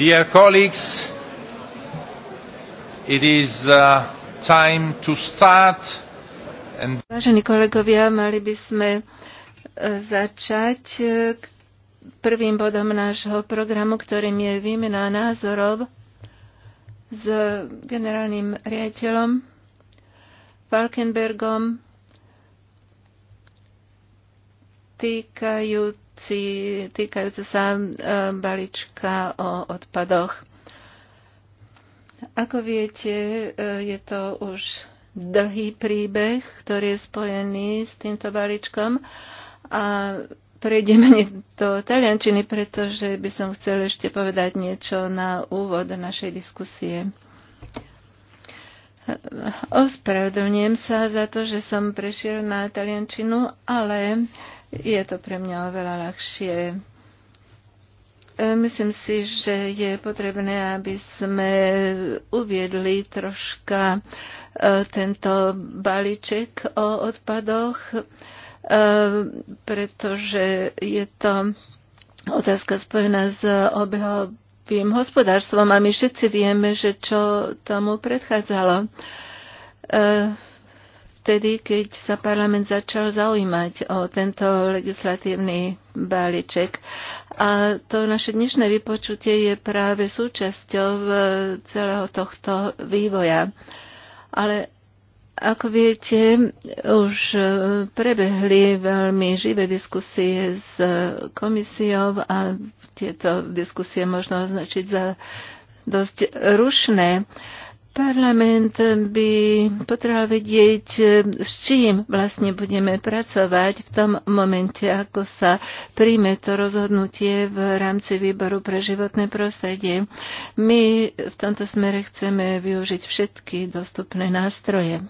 Dear colleagues, it is uh, time to start. And... Vážení kolegovia, mali by sme e, začať e, prvým bodom nášho programu, ktorým je výmena názorov s generálnym riaditeľom Falkenbergom týkajúc veci týkajúce sa e, balíčka o odpadoch. Ako viete, e, je to už dlhý príbeh, ktorý je spojený s týmto balíčkom a prejdeme do taliančiny, pretože by som chcel ešte povedať niečo na úvod našej diskusie. Ospravedlňujem sa za to, že som prešiel na taliančinu, ale je to pre mňa oveľa ľahšie. E, myslím si, že je potrebné, aby sme uviedli troška e, tento balíček o odpadoch, e, pretože je to otázka spojená s obehovým hospodárstvom a my všetci vieme, že čo tomu predchádzalo vtedy, keď sa parlament začal zaujímať o tento legislatívny balíček. A to naše dnešné vypočutie je práve súčasťou e, celého tohto vývoja. Ale ako viete, už e, prebehli veľmi živé diskusie s komisiou a tieto diskusie možno označiť za dosť rušné. Uh, Parlament by potreboval vedieť, s čím vlastne budeme pracovať v tom momente, ako sa príjme to rozhodnutie v rámci výboru pre životné prostredie. My v tomto smere chceme využiť všetky dostupné nástroje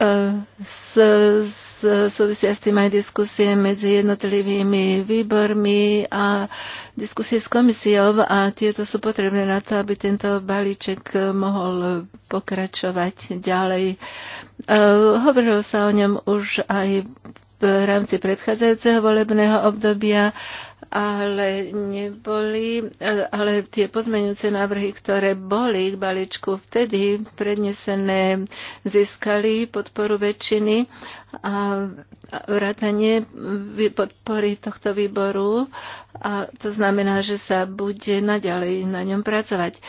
s, s, súvisia s tým aj diskusie medzi jednotlivými výbormi a diskusie s komisiou a tieto sú potrebné na to, aby tento balíček mohol pokračovať ďalej. E, hovorilo sa o ňom už aj v v rámci predchádzajúceho volebného obdobia, ale neboli, ale tie pozmeňujúce návrhy, ktoré boli k balíčku vtedy prednesené, získali podporu väčšiny a vrátanie podpory tohto výboru a to znamená, že sa bude naďalej na ňom pracovať. E,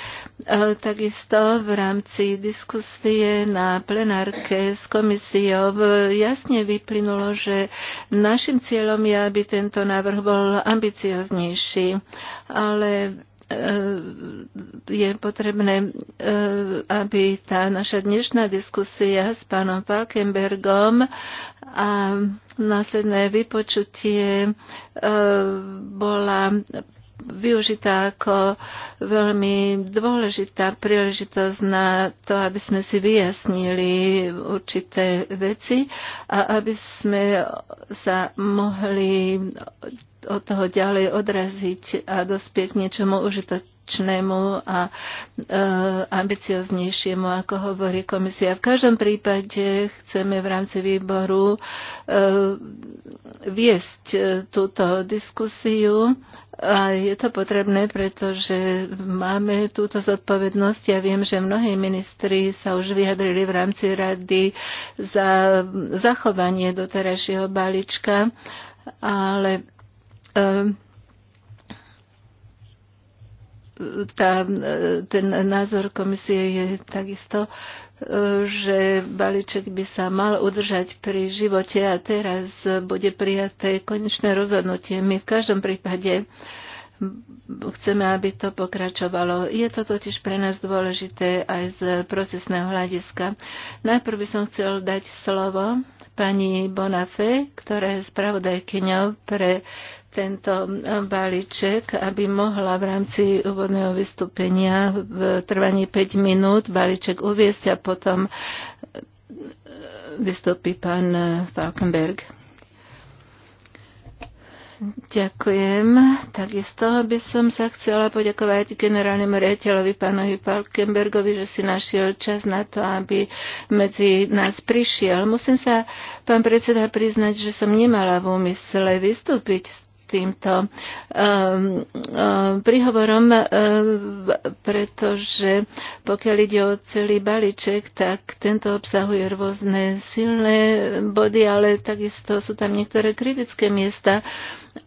takisto v rámci diskusie na plenárke s komisiou jasne vyplynulo, že našim cieľom je, aby tento návrh bol ambicioznejší, ale E, je potrebné, e, aby tá naša dnešná diskusia s pánom Falkenbergom a následné vypočutie e, bola využitá ako veľmi dôležitá príležitosť na to, aby sme si vyjasnili určité veci a aby sme sa mohli od toho ďalej odraziť a dospieť k niečomu užitočnému a e, ambicioznejšiemu, ako hovorí komisia. V každom prípade chceme v rámci výboru e, viesť eh, túto diskusiu a je to potrebné, pretože máme túto zodpovednosť. Ja viem, že mnohí ministri sa už vyjadrili v rámci rady za hm, zachovanie doterajšieho balíčka, ale Ehm, tá, ten názor komisie je takisto, ehm, že balíček by sa mal udržať pri živote a teraz bude prijaté konečné rozhodnutie. My v každom prípade chceme, aby to pokračovalo. Je to totiž pre nás dôležité aj z procesného hľadiska. Najprv by som chcel dať slovo pani Bonafé, ktorá je spravodajkyňou pre tento um, balíček, aby mohla v rámci úvodného vystúpenia v trvaní 5 minút balíček uviesť a potom uh, vystúpi pán uh, Falkenberg. Ďakujem. Takisto by som sa chcela poďakovať generálnemu riaditeľovi pánovi Falkenbergovi, že si našiel čas na to, aby medzi nás prišiel. Musím sa, pán predseda, priznať, že som nemala v úmysle vystúpiť z týmto um, um, príhovorom, um, pretože pokiaľ ide o celý balíček, tak tento obsahuje rôzne silné body, ale takisto sú tam niektoré kritické miesta,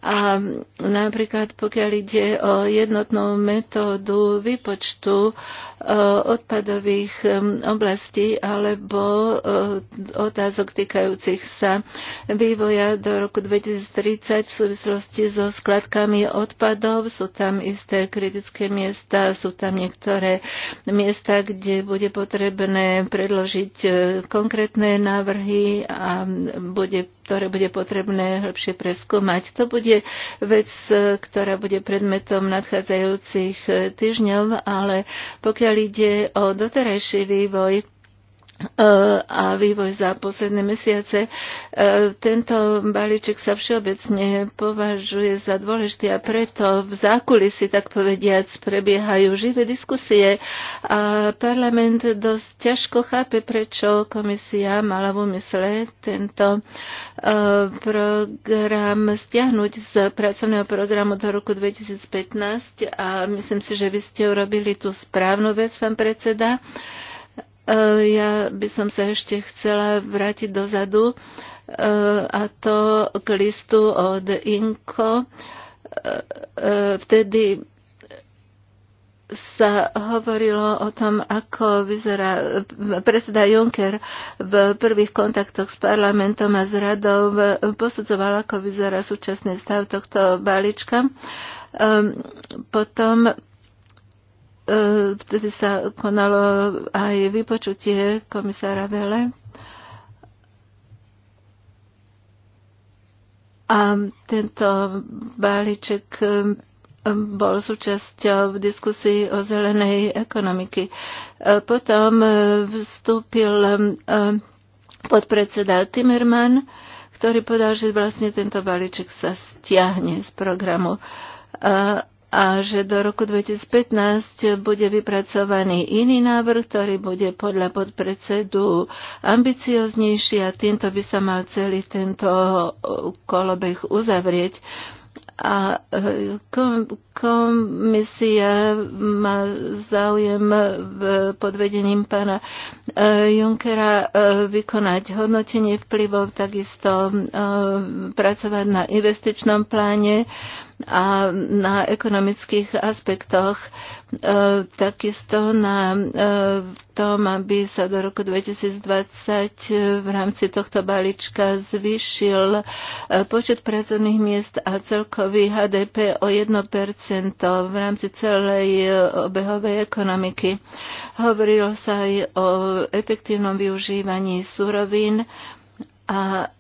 a napríklad pokiaľ ide o jednotnú metódu výpočtu e, odpadových e, oblastí alebo e, otázok týkajúcich sa vývoja do roku 2030 v súvislosti so skladkami odpadov. Sú tam isté kritické miesta, sú tam niektoré miesta, kde bude potrebné predložiť konkrétne návrhy a bude ktoré bude potrebné hĺbšie preskúmať. To bude vec, ktorá bude predmetom nadchádzajúcich týždňov, ale pokiaľ ide o doterajší vývoj, E, a vývoj za posledné mesiace. E, tento balíček sa všeobecne považuje za dôležitý a preto v zákulisi, tak povediac, prebiehajú živé diskusie a parlament dosť ťažko chápe, prečo komisia mala v úmysle tento e, program stiahnuť z pracovného programu do roku 2015 a myslím si, že vy ste urobili tú správnu vec, pán predseda E, ja by som sa ešte chcela vrátiť dozadu e, a to k listu od Inko. E, vtedy sa hovorilo o tom, ako vyzerá predseda Juncker v prvých kontaktoch s parlamentom a s radou posudzoval, ako vyzerá súčasný stav tohto balíčka. Potom E, vtedy sa konalo aj vypočutie komisára Vele. A tento balíček e, bol súčasťou diskusii o zelenej ekonomiky. E, potom vstúpil podpredseda Timerman, ktorý povedal, že vlastne tento balíček sa stiahne z programu. A, a že do roku 2015 bude vypracovaný iný návrh, ktorý bude podľa podpredsedu ambicioznejší a týmto by sa mal celý tento kolobeh uzavrieť. A komisia má záujem pod vedením pána e, Junkera e, vykonať hodnotenie vplyvov, takisto e, pracovať na investičnom pláne a na ekonomických aspektoch, e, takisto na e, tom, aby sa do roku 2020 v rámci tohto balíčka zvýšil e, počet pracovných miest a celkový HDP o 1% v rámci celej obehovej ekonomiky. Hovorilo sa aj o efektívnom využívaní surovín a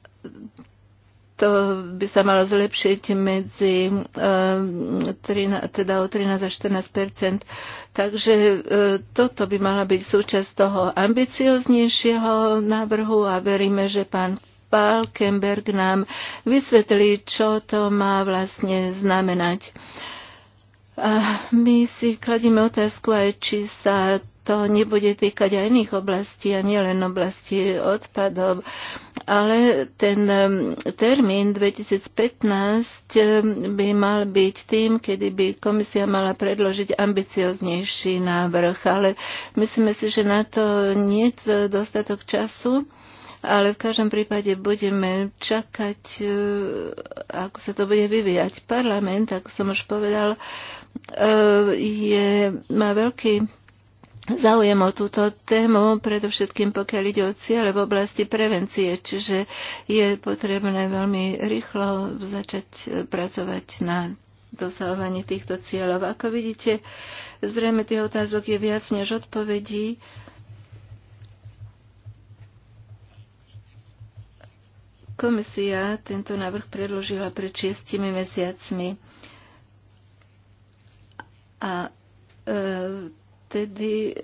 to by sa malo zlepšiť medzi eh, teda o 13 až 14 Takže eh, toto by mala byť súčasť toho ambicioznejšieho návrhu a veríme, že pán Falkenberg nám vysvetlí, čo to má vlastne znamenať. A my si kladíme otázku aj, či sa to nebude týkať aj iných oblastí a nielen oblasti odpadov. Ale ten um, termín 2015 um, by mal byť tým, kedy by komisia mala predložiť ambicioznejší návrh. Ale myslíme si, že na to nie je dostatok času ale v každom prípade budeme čakať, uh, ako sa to bude vyvíjať. Parlament, ako som už povedal, uh, je, má veľký záujem o túto tému, predovšetkým pokiaľ ide o ciele v oblasti prevencie, čiže je potrebné veľmi rýchlo začať eh, pracovať na dosahovaní týchto cieľov. Ako vidíte, zrejme tých otázok je viac než odpovedí. Komisia tento návrh predložila pred šiestimi mesiacmi a e, vtedy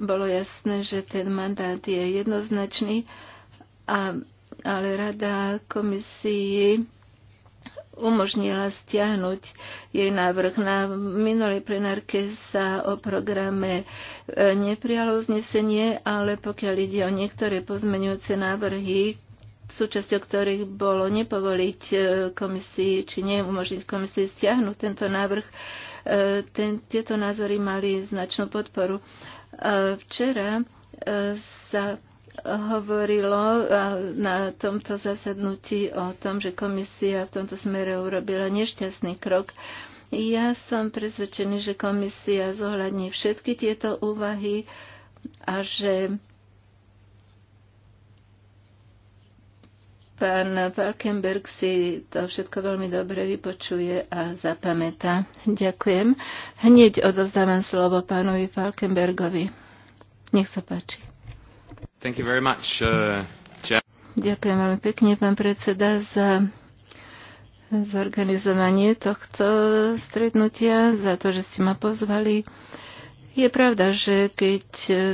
bolo jasné, že ten mandát je jednoznačný, a, ale rada komisii umožnila stiahnuť jej návrh. Na minulej plenárke sa o programe e, neprijalo uznesenie, ale pokiaľ ide o niektoré pozmeňujúce návrhy, súčasťou ktorých bolo nepovoliť e, komisii či neumožniť komisii stiahnuť tento návrh, E, ten, tieto názory mali značnú podporu. E, včera e, sa hovorilo na tomto zasadnutí o tom, že komisia v tomto smere urobila nešťastný krok. Ja som presvedčený, že komisia zohľadní všetky tieto úvahy a že Pán Falkenberg si to všetko veľmi dobre vypočuje a zapamätá. Ďakujem. Hneď odovzdávam slovo pánovi Falkenbergovi. Nech sa páči. Thank you very much, uh, Ďakujem veľmi pekne, pán predseda, za zorganizovanie tohto stretnutia, za to, že ste ma pozvali. Je pravda, že keď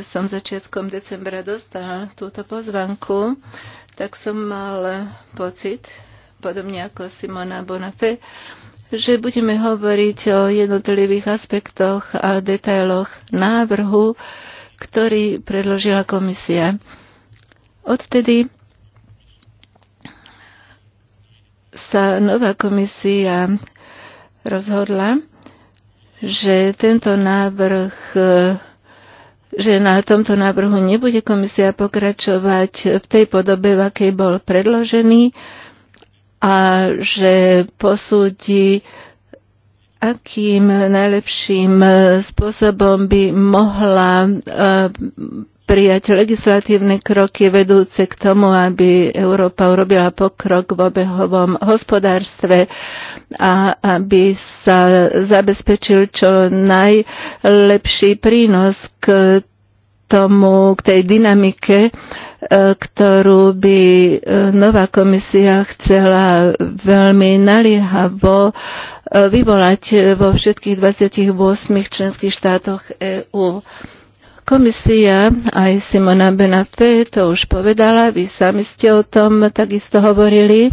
som začiatkom decembra dostal túto pozvanku, uh, tak som mal pocit, podobne ako Simona Bonafé, že budeme hovoriť o jednotlivých aspektoch a detailoch návrhu, ktorý predložila komisia. Odtedy sa nová komisia rozhodla, že tento návrh že na tomto návrhu nebude komisia pokračovať v tej podobe, v akej bol predložený a že posúdi, akým najlepším spôsobom by mohla eh, prijať legislatívne kroky vedúce k tomu, aby Európa urobila pokrok v obehovom hospodárstve a aby sa zabezpečil čo najlepší prínos k tomu, k tej dynamike, e, ktorú by e, nová komisia chcela veľmi naliehavo e, vyvolať vo všetkých 28 členských štátoch EÚ. Komisia aj Simona Benafé to už povedala, vy sami ste o tom takisto hovorili, e,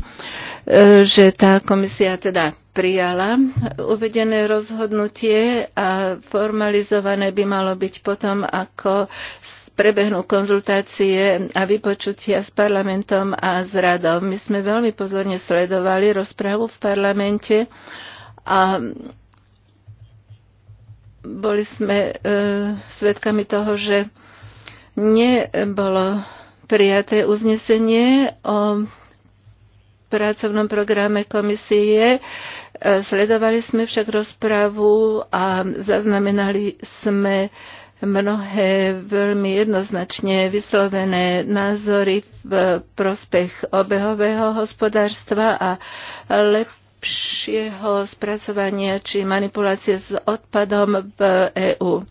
že tá komisia teda prijala uvedené rozhodnutie a formalizované by malo byť potom, ako prebehnú konzultácie a vypočutia s parlamentom a s radou. My sme veľmi pozorne sledovali rozprávu v parlamente a boli sme e, svedkami toho, že nebolo prijaté uznesenie o pracovnom programe komisie. E, sledovali sme však rozpravu a zaznamenali sme mnohé veľmi jednoznačne vyslovené názory v prospech obehového hospodárstva a lep lepšieho spracovania či manipulácie s odpadom v EÚ.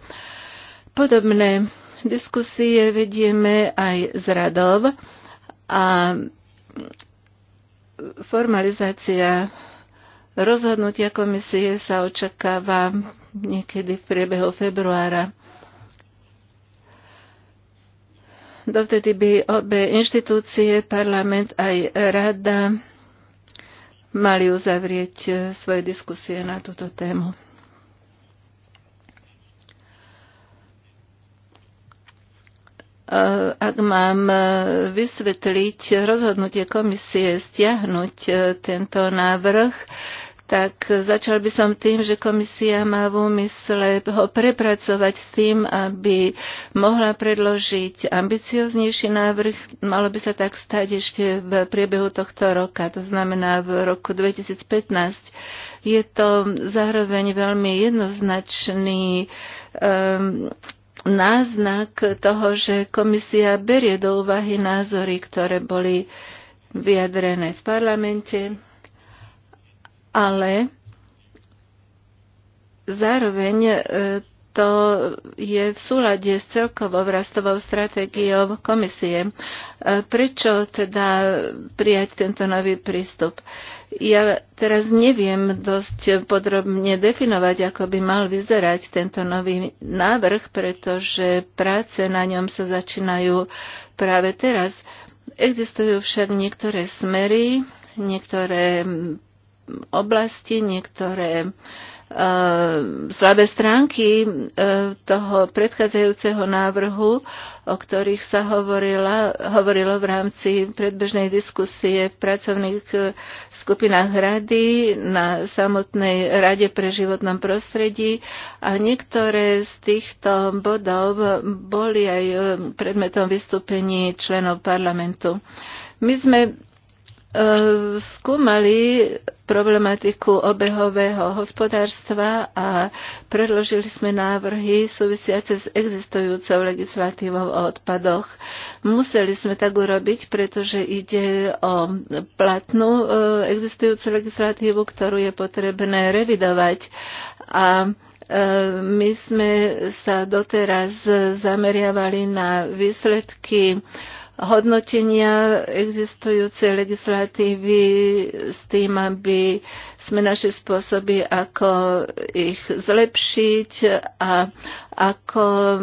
Podobné diskusie vedieme aj z radov a formalizácia rozhodnutia komisie sa očakáva niekedy v priebehu februára. Dovtedy by obe inštitúcie, parlament aj rada, mali uzavrieť e, svoje diskusie na túto tému. E, ak mám e, vysvetliť rozhodnutie komisie stiahnuť tento návrh, tak začal by som tým, že komisia má v úmysle ho prepracovať s tým, aby mohla predložiť ambicioznejší návrh. Malo by sa tak stať ešte v priebehu tohto roka, to znamená v roku 2015. Je to zároveň veľmi jednoznačný um, náznak toho, že komisia berie do úvahy názory, ktoré boli vyjadrené v parlamente ale zároveň e, to je v súlade s celkovou rastovou stratégiou komisie. E, prečo teda prijať tento nový prístup? Ja teraz neviem dosť podrobne definovať, ako by mal vyzerať tento nový návrh, pretože práce na ňom sa začínajú práve teraz. Existujú však niektoré smery, niektoré oblasti, niektoré e, slabé stránky e, toho predchádzajúceho návrhu, o ktorých sa hovorila, hovorilo v rámci predbežnej diskusie v pracovných e, skupinách rady na samotnej Rade pre životnom prostredí a niektoré z týchto bodov boli aj predmetom vystúpení členov parlamentu. My sme E, skúmali problematiku obehového hospodárstva a predložili sme návrhy súvisiace s existujúcou legislatívou o odpadoch. Museli sme tak urobiť, pretože ide o platnú e, existujúcu legislatívu, ktorú je potrebné revidovať. A e, my sme sa doteraz zameriavali na výsledky hodnotenia existujúcej legislatívy s tým, aby sme našli spôsoby, ako ich zlepšiť a ako e,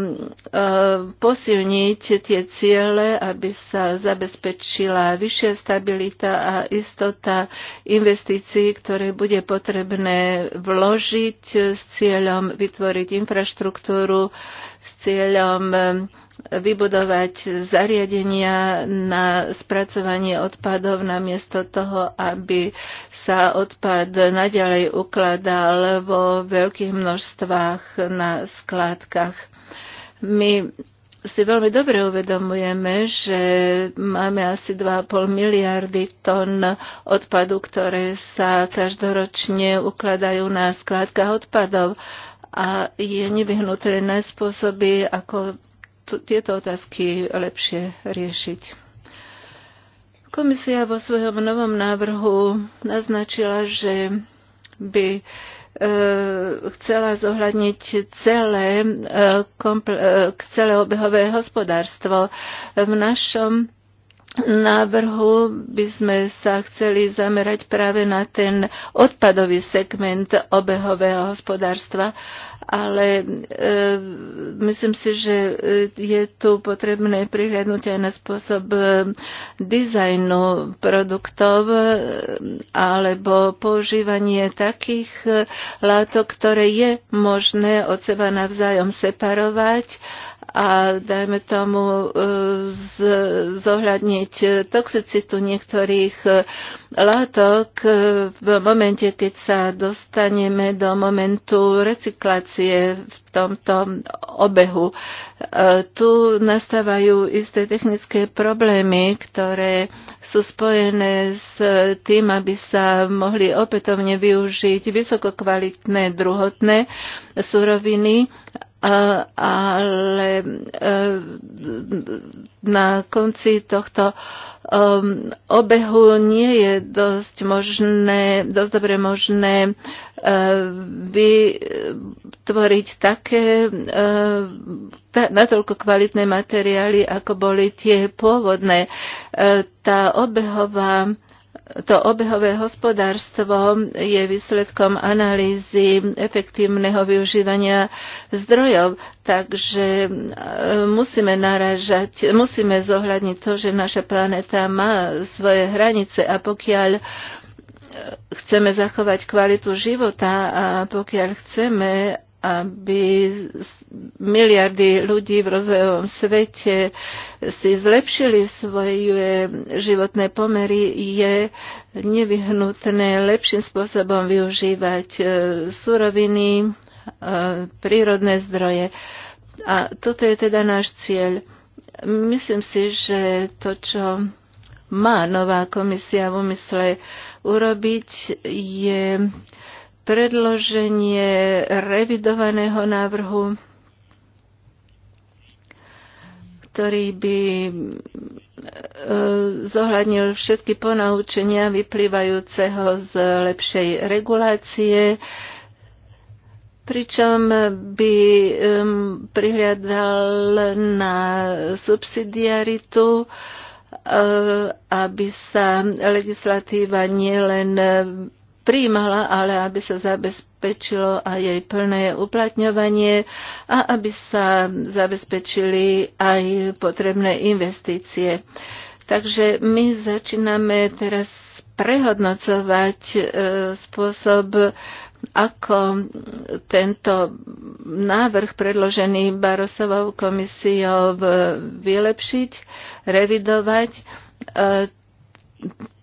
posilniť tie ciele, aby sa zabezpečila vyššia stabilita a istota investícií, ktoré bude potrebné vložiť s cieľom vytvoriť infraštruktúru, s cieľom vybudovať zariadenia na spracovanie odpadov namiesto toho, aby sa odpad naďalej ukladal vo veľkých množstvách na skládkach. My si veľmi dobre uvedomujeme, že máme asi 2,5 miliardy tón odpadu, ktoré sa každoročne ukladajú na skládkach odpadov a je nevyhnutné spôsoby, ako tieto otázky lepšie riešiť. Komisia vo svojom novom návrhu naznačila, že by e, chcela zohľadniť celé, e, komple, e, celé obehové hospodárstvo. V našom návrhu by sme sa chceli zamerať práve na ten odpadový segment obehového hospodárstva, ale e, myslím si, že e, je tu potrebné prihľadnúť aj na spôsob e, dizajnu produktov e, alebo používanie takých látok, ktoré je možné od seba navzájom separovať a dajme tomu e, z, zohľadniť toxicitu niektorých e, látok e, v momente, keď sa dostaneme do momentu recyklácie v tomto obehu. Tu nastávajú isté technické problémy, ktoré sú spojené s tým, aby sa mohli opätovne využiť vysokokvalitné druhotné suroviny ale e, na konci tohto um, obehu nie je dosť možné, dosť dobre možné e, vytvoriť také e, natoľko kvalitné materiály, ako boli tie pôvodné. Tá obehová to obehové hospodárstvo je výsledkom analýzy efektívneho využívania zdrojov, takže e, musíme naražať, musíme zohľadniť to, že naša planéta má svoje hranice a pokiaľ e, chceme zachovať kvalitu života a pokiaľ chceme, aby miliardy ľudí v rozvojovom svete si zlepšili svoje životné pomery, je nevyhnutné lepším spôsobom využívať e, suroviny, e, prírodné zdroje. A toto je teda náš cieľ. Myslím si, že to, čo má nová komisia v úmysle urobiť, je predloženie revidovaného návrhu, ktorý by e, zohľadnil všetky ponaučenia vyplývajúceho z lepšej regulácie, pričom by prihľadal na subsidiaritu, e, aby sa legislatíva nielen prijímala, ale aby sa zabezpečilo aj jej plné uplatňovanie a aby sa zabezpečili aj potrebné investície. Takže my začíname teraz prehodnocovať e, spôsob, ako tento návrh predložený Barosovou komisiou vylepšiť, revidovať e,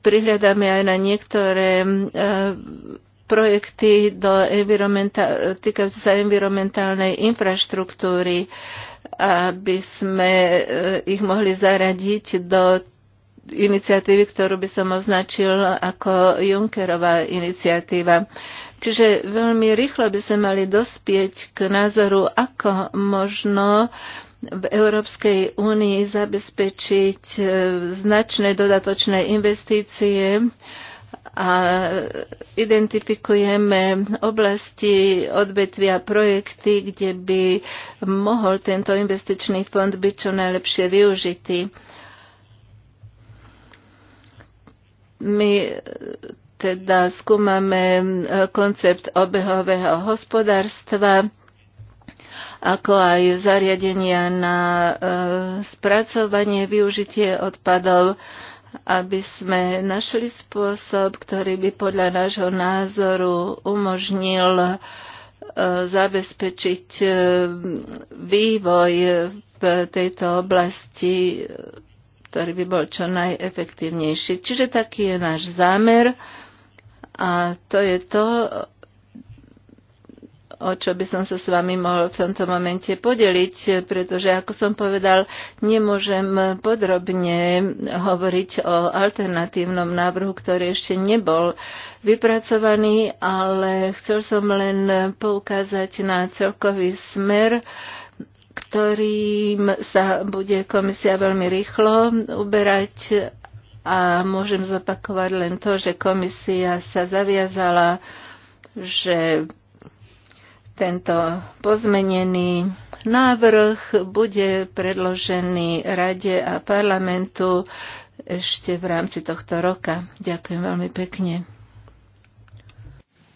prihľadáme aj na niektoré e, projekty do environmenta- týkajúce sa environmentálnej infraštruktúry, aby sme e, ich mohli zaradiť do iniciatívy, ktorú by som označil ako Junckerová iniciatíva. Čiže veľmi rýchlo by sme mali dospieť k názoru, ako možno uh, v Európskej únii zabezpečiť e, značné dodatočné investície a identifikujeme oblasti, odvetvia, projekty, kde by mohol tento investičný fond byť čo najlepšie využitý. My e, teda skúmame e, koncept obehového hospodárstva, ako aj zariadenia na eh, spracovanie, využitie odpadov, aby sme našli spôsob, ktorý by podľa nášho názoru umožnil eh, zabezpečiť eh, vývoj v tejto oblasti, ktorý by bol čo najefektívnejší. Čiže taký je náš zámer a to je to, o čo by som sa s vami mohol v tomto momente podeliť, pretože, ako som povedal, nemôžem podrobne hovoriť o alternatívnom návrhu, ktorý ešte nebol vypracovaný, ale chcel som len poukázať na celkový smer, ktorým sa bude komisia veľmi rýchlo uberať a môžem zopakovať len to, že komisia sa zaviazala, že tento pozmenený návrh bude predložený Rade a parlamentu ešte v rámci tohto roka. Ďakujem veľmi pekne.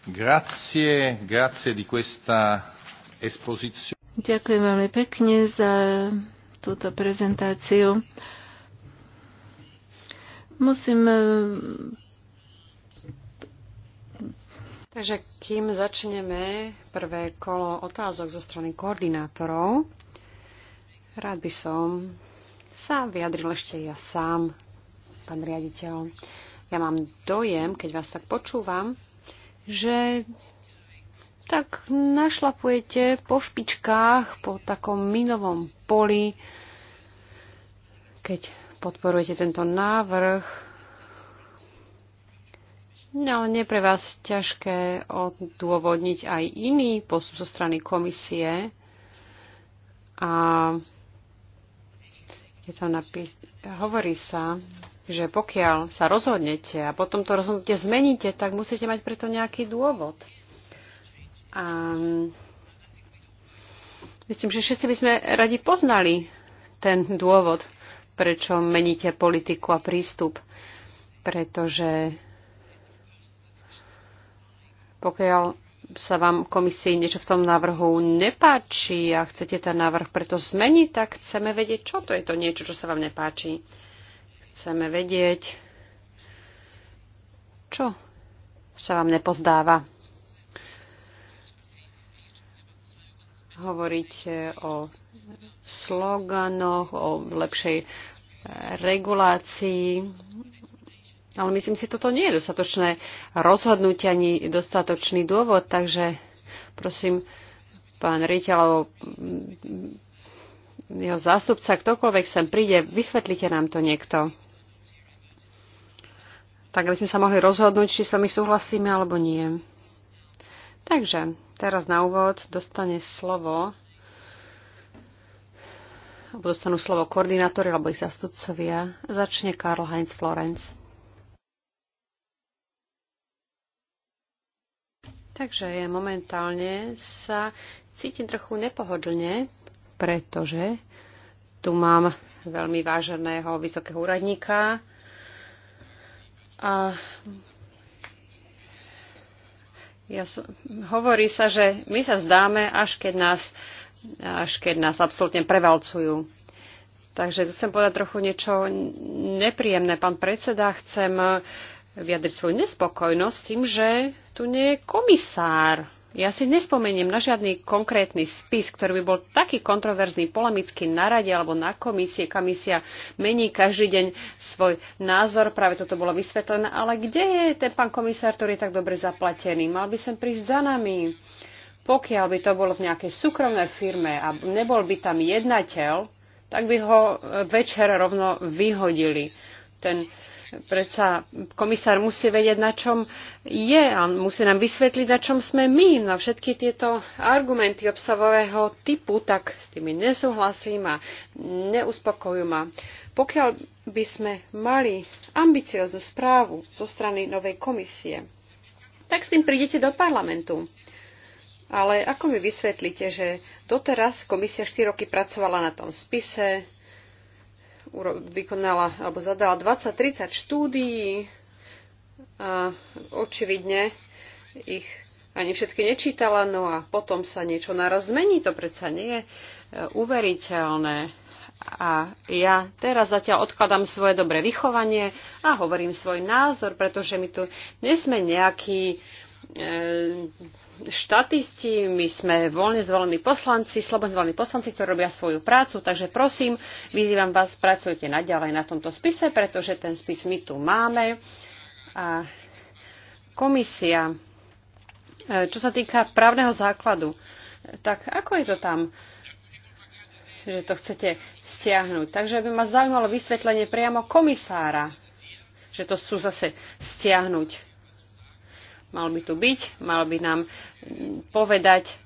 Grazie, grazie di questa esposizione. Ďakujem veľmi pekne za túto prezentáciu. Musím Takže kým začneme prvé kolo otázok zo strany koordinátorov, rád by som sa vyjadril ešte ja sám, pán riaditeľ. Ja mám dojem, keď vás tak počúvam, že tak našlapujete po špičkách, po takom minovom poli, keď podporujete tento návrh, No, nie pre vás ťažké odôvodniť aj iný postup zo strany komisie. A je tam napí- hovorí sa, že pokiaľ sa rozhodnete a potom to rozhodnutie zmeníte, tak musíte mať preto nejaký dôvod. A myslím, že všetci by sme radi poznali ten dôvod, prečo meníte politiku a prístup. Pretože pokiaľ sa vám komisii niečo v tom návrhu nepáči a chcete ten návrh preto zmeniť, tak chceme vedieť, čo to je to niečo, čo sa vám nepáči. Chceme vedieť, čo sa vám nepozdáva. Hovoríte o sloganoch, o lepšej regulácii. Ale myslím si, toto nie je dostatočné rozhodnutie ani dostatočný dôvod, takže prosím, pán riaditeľ alebo mm, jeho zástupca, ktokoľvek sem príde, vysvetlite nám to niekto. Tak, aby sme sa mohli rozhodnúť, či sa my súhlasíme alebo nie. Takže, teraz na úvod dostane slovo alebo dostanú slovo koordinátory alebo ich zastupcovia. Začne Karl Heinz Florenz. Takže ja momentálne sa cítim trochu nepohodlne, pretože tu mám veľmi váženého vysokého úradníka a ja som, hovorí sa, že my sa zdáme, až keď nás, až keď nás absolútne prevalcujú. Takže tu chcem povedať trochu niečo nepríjemné. Pán predseda, chcem uh, vyjadriť svoju nespokojnosť tým, že tu nie je komisár. Ja si nespomeniem na žiadny konkrétny spis, ktorý by bol taký kontroverzný, polemický na rade alebo na komisie. Komisia mení každý deň svoj názor, práve toto bolo vysvetlené. Ale kde je ten pán komisár, ktorý je tak dobre zaplatený? Mal by som prísť za nami. Pokiaľ by to bolo v nejakej súkromnej firme a nebol by tam jednateľ, tak by ho večer rovno vyhodili. Ten Predsa komisár musí vedieť, na čom je a musí nám vysvetliť, na čom sme my. Na všetky tieto argumenty obsahového typu, tak s tými nesúhlasím a neuspokojujú ma. Pokiaľ by sme mali ambicioznú správu zo strany novej komisie, tak s tým prídete do parlamentu. Ale ako mi vysvetlíte, že doteraz komisia 4 roky pracovala na tom spise, vykonala alebo zadala 20-30 štúdií a očividne ich ani všetky nečítala, no a potom sa niečo naraz zmení, to predsa nie je e, uveriteľné. A ja teraz zatiaľ odkladám svoje dobré vychovanie a hovorím svoj názor, pretože my tu nesme nejaký e, štatisti, my sme voľne zvolení poslanci, slobodne zvolení poslanci, ktorí robia svoju prácu, takže prosím, vyzývam vás, pracujte naďalej na tomto spise, pretože ten spis my tu máme. A komisia, e, čo sa týka právneho základu, tak ako je to tam? že to chcete stiahnuť. Takže by ma zaujímalo vysvetlenie priamo komisára, že to chcú zase stiahnuť mal by tu byť, mal by nám povedať,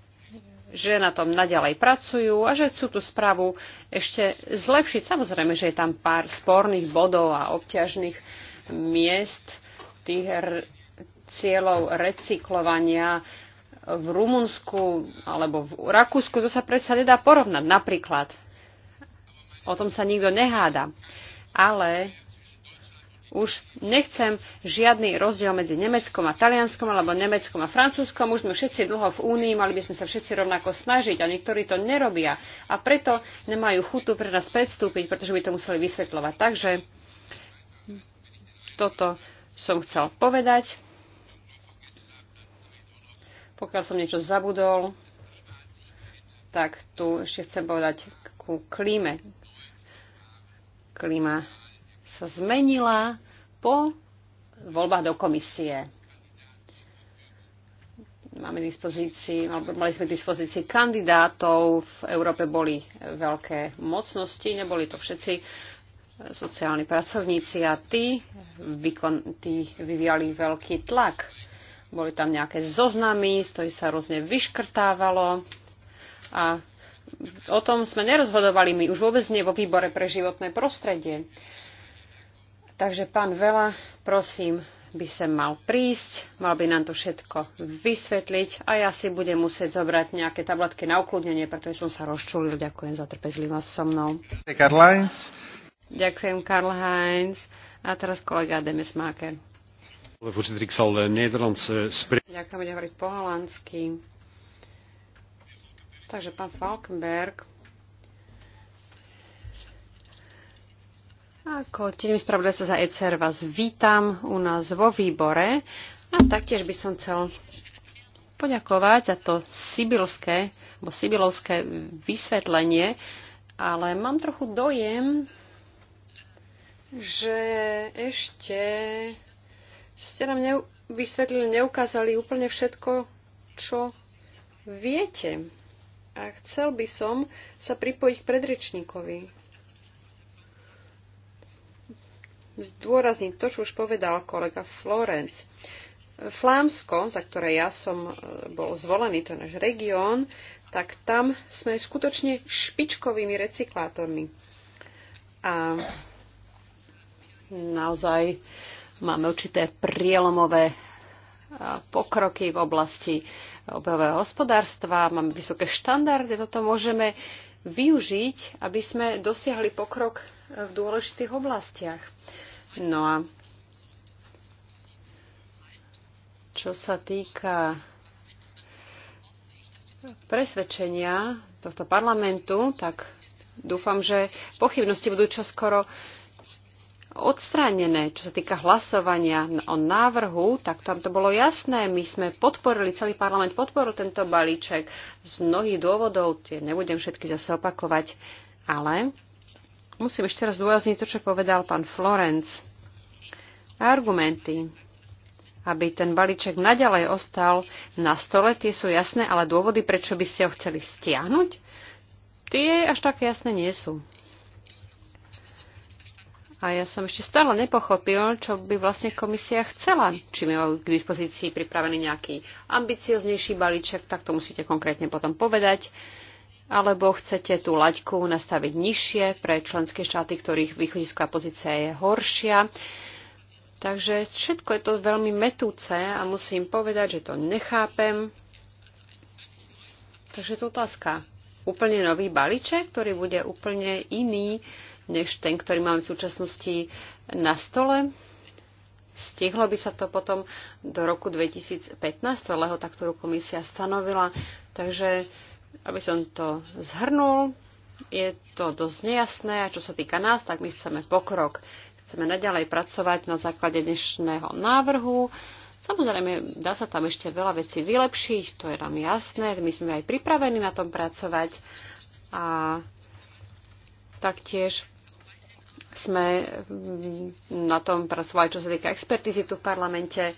že na tom naďalej pracujú a že chcú tú správu ešte zlepšiť. Samozrejme, že je tam pár sporných bodov a obťažných miest tých cieľov recyklovania v Rumunsku alebo v Rakúsku. To sa predsa nedá porovnať napríklad. O tom sa nikto neháda. Ale už nechcem žiadny rozdiel medzi Nemeckom a Talianskom alebo Nemeckom a Francúzskom. Už sme všetci dlho v Únii, mali by sme sa všetci rovnako snažiť a niektorí to nerobia. A preto nemajú chutu pre nás predstúpiť, pretože by to museli vysvetľovať. Takže toto som chcel povedať. Pokiaľ som niečo zabudol, tak tu ešte chcem povedať ku klíme. Klíma sa zmenila po voľbách do komisie. Máme dispozícii, alebo mali sme k dispozícii kandidátov, v Európe boli veľké mocnosti, neboli to všetci sociálni pracovníci a tí, výkon, tí vyvíjali veľký tlak. Boli tam nejaké zoznamy, z ktorých sa rôzne vyškrtávalo a o tom sme nerozhodovali my, už vôbec nie vo výbore pre životné prostredie. Takže pán Vela, prosím, by sem mal prísť, mal by nám to všetko vysvetliť a ja si budem musieť zobrať nejaké tabletky na ukludnenie, pretože som sa rozčulil. Ďakujem za trpezlivosť so mnou. Karl Heinz. Ďakujem, Karl Heinz. A teraz kolega Demis Voorzitter, Ďakujem, eh, eh, bude hovoriť po holandsky. Takže pán Falkenberg, Ako tým spravodajca za ECR vás vítam u nás vo výbore a taktiež by som chcel poďakovať za to sibilské, bo sibilovské vysvetlenie, ale mám trochu dojem, že ešte ste nám neu, vysvetlili, neukázali úplne všetko, čo viete. A chcel by som sa pripojiť k predrečníkovi zdôrazniť to, čo už povedal kolega Florenc. Flámsko, za ktoré ja som e, bol zvolený, to je náš región, tak tam sme skutočne špičkovými recyklátormi. A naozaj máme určité prielomové e, pokroky v oblasti obehového hospodárstva, máme vysoké štandardy, toto môžeme využiť, aby sme dosiahli pokrok v dôležitých oblastiach. No a čo sa týka presvedčenia tohto parlamentu, tak dúfam, že pochybnosti budú čoskoro odstránené. Čo sa týka hlasovania o návrhu, tak tam to bolo jasné. My sme podporili, celý parlament podporil tento balíček z mnohých dôvodov, tie nebudem všetky zase opakovať, ale Musím ešte raz dôrazniť to, čo povedal pán Florenc. Argumenty, aby ten balíček naďalej ostal na stole, tie sú jasné, ale dôvody, prečo by ste ho chceli stiahnuť, tie až tak jasné nie sú. A ja som ešte stále nepochopil, čo by vlastne komisia chcela. Či mi k dispozícii pripravený nejaký ambicioznejší balíček, tak to musíte konkrétne potom povedať alebo chcete tú laťku nastaviť nižšie pre členské štáty, ktorých východisková pozícia je horšia. Takže všetko je to veľmi metúce a musím povedať, že to nechápem. Takže to otázka. Úplne nový balíček, ktorý bude úplne iný než ten, ktorý máme v súčasnosti na stole. Stihlo by sa to potom do roku 2015, to takto komisia stanovila. Takže aby som to zhrnul, je to dosť nejasné a čo sa týka nás, tak my chceme pokrok. Chceme naďalej pracovať na základe dnešného návrhu. Samozrejme, dá sa tam ešte veľa vecí vylepšiť, to je nám jasné, my sme aj pripravení na tom pracovať a taktiež sme mm, na tom pracovali, čo sa týka expertizy tu v parlamente.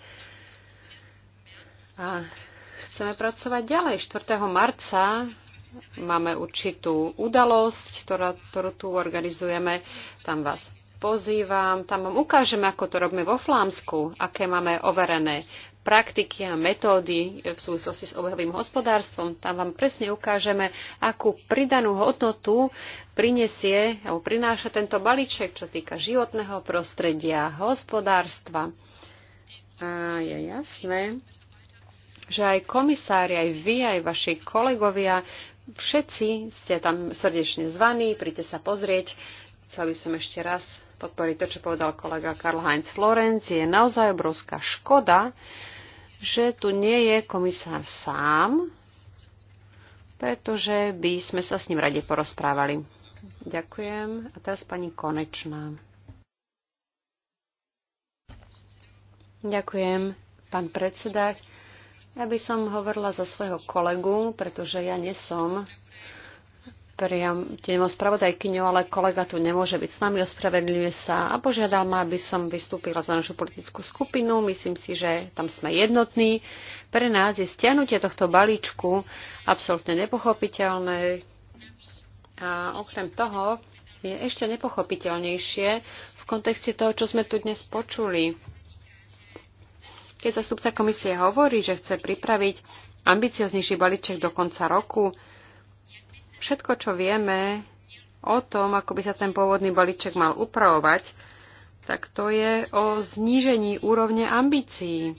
A chceme pracovať ďalej. 4. marca máme určitú udalosť, ktorá, ktorú tu organizujeme. Tam vás pozývam, tam vám ukážeme, ako to robíme vo Flámsku, aké máme overené praktiky a metódy v súvislosti s obehovým hospodárstvom. Tam vám presne ukážeme, akú pridanú hodnotu prinesie alebo prináša tento balíček, čo týka životného prostredia, hospodárstva. A je jasné, že aj komisári, aj vy, aj vaši kolegovia, všetci ste tam srdečne zvaní, príďte sa pozrieť. Chcel by som ešte raz podporiť to, čo povedal kolega Karl Heinz Florenc. Je naozaj obrovská škoda, že tu nie je komisár sám, pretože by sme sa s ním rade porozprávali. Ďakujem. A teraz pani Konečná. Ďakujem, pán predseda. Ja by som hovorila za svojho kolegu, pretože ja nesom priam tým spravodajkyňou, ale kolega tu nemôže byť s nami, ospravedlňuje sa a požiadal ma, aby som vystúpila za našu politickú skupinu. Myslím si, že tam sme jednotní. Pre nás je stiahnutie tohto balíčku absolútne nepochopiteľné. A okrem toho je ešte nepochopiteľnejšie v kontexte toho, čo sme tu dnes počuli keď zastupca komisie hovorí, že chce pripraviť ambicioznejší balíček do konca roku, všetko, čo vieme o tom, ako by sa ten pôvodný balíček mal upravovať, tak to je o znížení úrovne ambícií.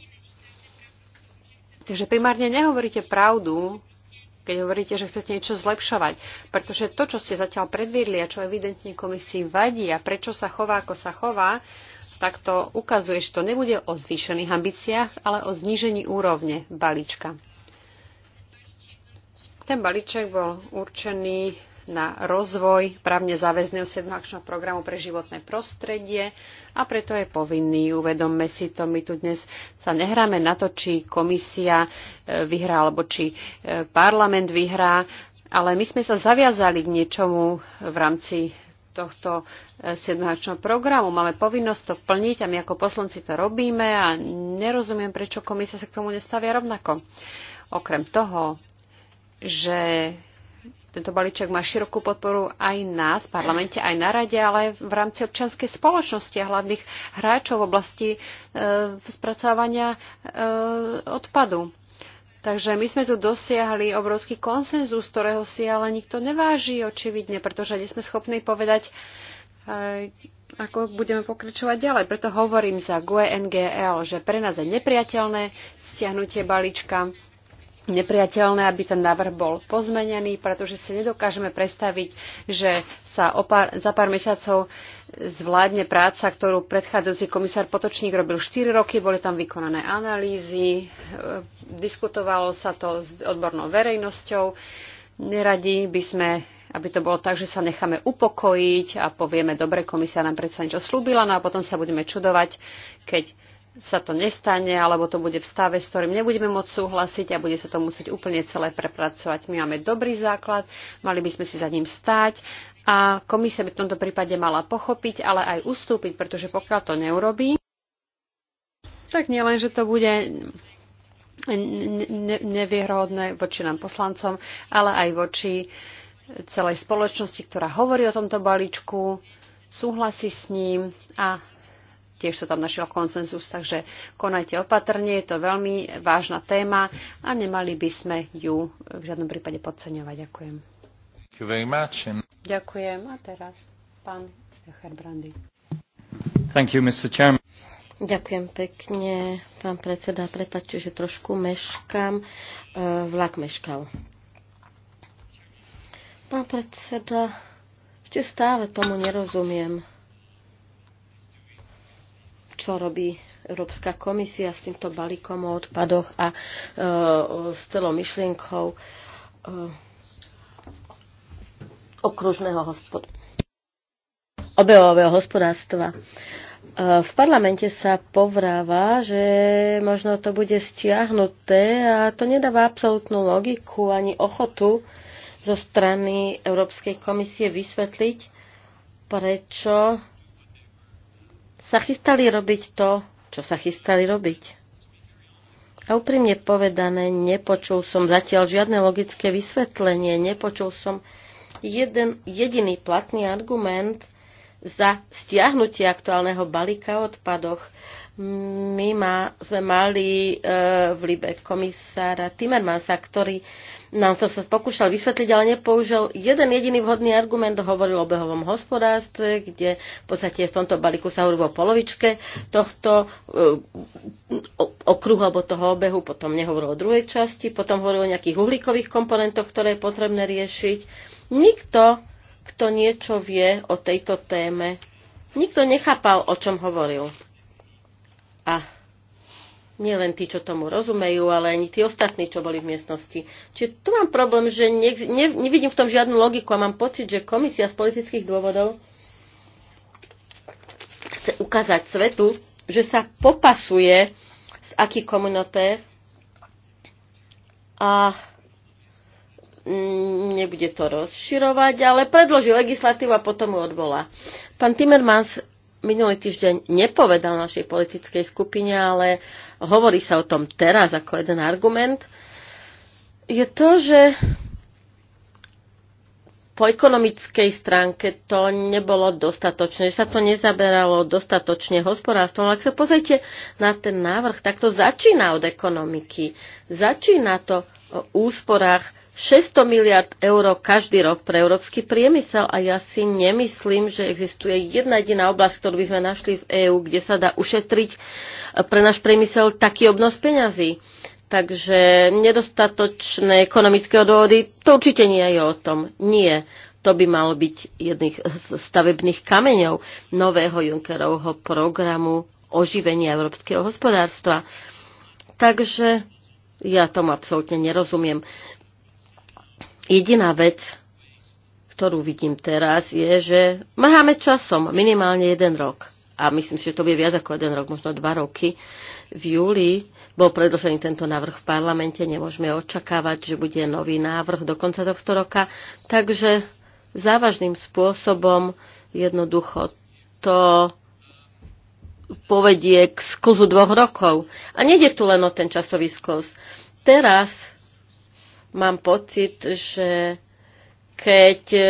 Takže primárne nehovoríte pravdu, keď hovoríte, že chcete niečo zlepšovať. Pretože to, čo ste zatiaľ predviedli a čo evidentne komisii vadí a prečo sa chová, ako sa chová, takto ukazuje, že to nebude o zvýšených ambíciách, ale o znížení úrovne balíčka. Ten balíček bol určený na rozvoj právne záväzného 7. akčného programu pre životné prostredie a preto je povinný. Uvedomme si to, my tu dnes sa nehráme na to, či komisia e, vyhrá alebo či e, parlament vyhrá, ale my sme sa zaviazali k niečomu v rámci tohto e, sedmáčného programu. Máme povinnosť to plniť a my ako poslanci to robíme a nerozumiem, prečo komisia sa k tomu nestavia rovnako. Okrem toho, že tento balíček má širokú podporu aj nás v parlamente, aj na rade, ale aj v rámci občianskej spoločnosti a hlavných hráčov v oblasti e, spracovania e, odpadu. Takže my sme tu dosiahli obrovský konsenzus, ktorého si ale nikto neváži očividne, pretože nie sme schopní povedať, e, ako budeme pokračovať ďalej. Preto hovorím za GUE NGL, že pre nás je nepriateľné stiahnutie balíčka nepriateľné, aby ten návrh bol pozmenený, pretože si nedokážeme predstaviť, že sa pár, za pár mesiacov zvládne práca, ktorú predchádzajúci komisár Potočník robil 4 roky, boli tam vykonané analýzy, e, diskutovalo sa to s odbornou verejnosťou. Neradi by sme aby to bolo tak, že sa necháme upokojiť a povieme, dobre, komisia nám predsa niečo slúbila, no a potom sa budeme čudovať, keď sa to nestane, alebo to bude v stave, s ktorým nebudeme môcť súhlasiť a bude sa to musieť úplne celé prepracovať. My máme dobrý základ, mali by sme si za ním stáť a komisia by v tomto prípade mala pochopiť, ale aj ustúpiť, pretože pokiaľ to neurobí, tak nielen, že to bude nevierohodné voči nám poslancom, ale aj voči celej spoločnosti, ktorá hovorí o tomto balíčku, súhlasí s ním a tiež sa tam našiel konsenzus, takže konajte opatrne, je to veľmi vážna téma a nemali by sme ju v žiadnom prípade podceňovať. Ďakujem. Ďakujem. A teraz pán Herbrandy. Thank you, Mr. Chairman. Ďakujem pekne, pán predseda. Prepačte, že trošku meškam. E, vlak meškal. Pán predseda, ešte stále tomu nerozumiem čo robí Európska komisia s týmto balíkom o odpadoch a e, s celou myšlienkou e, okružného hospod- obehového hospodárstva. E, v parlamente sa povráva, že možno to bude stiahnuté a to nedáva absolútnu logiku ani ochotu zo strany Európskej komisie vysvetliť, prečo sa chystali robiť to, čo sa chystali robiť. A úprimne povedané, nepočul som zatiaľ žiadne logické vysvetlenie, nepočul som jeden jediný platný argument za stiahnutie aktuálneho balíka o odpadoch. My ma, sme mali e, v Libe komisára Timmermansa, ktorý nám to sa pokúšal vysvetliť, ale nepoužil jeden jediný vhodný argument. Hovoril o behovom hospodárstve, kde v podstate v tomto balíku sa hovorí o polovičke tohto e, okruhu alebo toho obehu, potom nehovoril o druhej časti, potom hovoril o nejakých uhlíkových komponentoch, ktoré je potrebné riešiť. Nikto, kto niečo vie o tejto téme, nikto nechápal, o čom hovoril. A nie len tí, čo tomu rozumejú, ale ani tí ostatní, čo boli v miestnosti. Čiže tu mám problém, že ne, ne, nevidím v tom žiadnu logiku a mám pocit, že komisia z politických dôvodov chce ukázať svetu, že sa popasuje s aký komunoté. a mm, nebude to rozširovať, ale predloží legislatívu a potom ju odvolá. Pán Timmermans minulý týždeň nepovedal našej politickej skupine, ale hovorí sa o tom teraz ako jeden argument, je to, že po ekonomickej stránke to nebolo dostatočné, že sa to nezaberalo dostatočne hospodárstvom. Ak sa pozrite na ten návrh, tak to začína od ekonomiky. Začína to o úsporách 600 miliard eur každý rok pre európsky priemysel a ja si nemyslím, že existuje jedna jediná oblasť, ktorú by sme našli v EÚ, kde sa dá ušetriť e, pre náš priemysel taký obnos peňazí. Takže nedostatočné ekonomické odvody, to určite nie je o tom. Nie. To by malo byť jedných z stavebných kameňov nového Junckerovho programu oživenia európskeho hospodárstva. Takže ja tomu absolútne nerozumiem. Jediná vec, ktorú vidím teraz, je, že máme časom, minimálne jeden rok. A myslím si, že to bude viac ako jeden rok, možno dva roky. V júli bol predložený tento návrh v parlamente, nemôžeme očakávať, že bude nový návrh do konca tohto roka. Takže závažným spôsobom jednoducho to povedie k sklzu dvoch rokov. A nejde tu len o ten časový sklz. Teraz mám pocit, že keď e,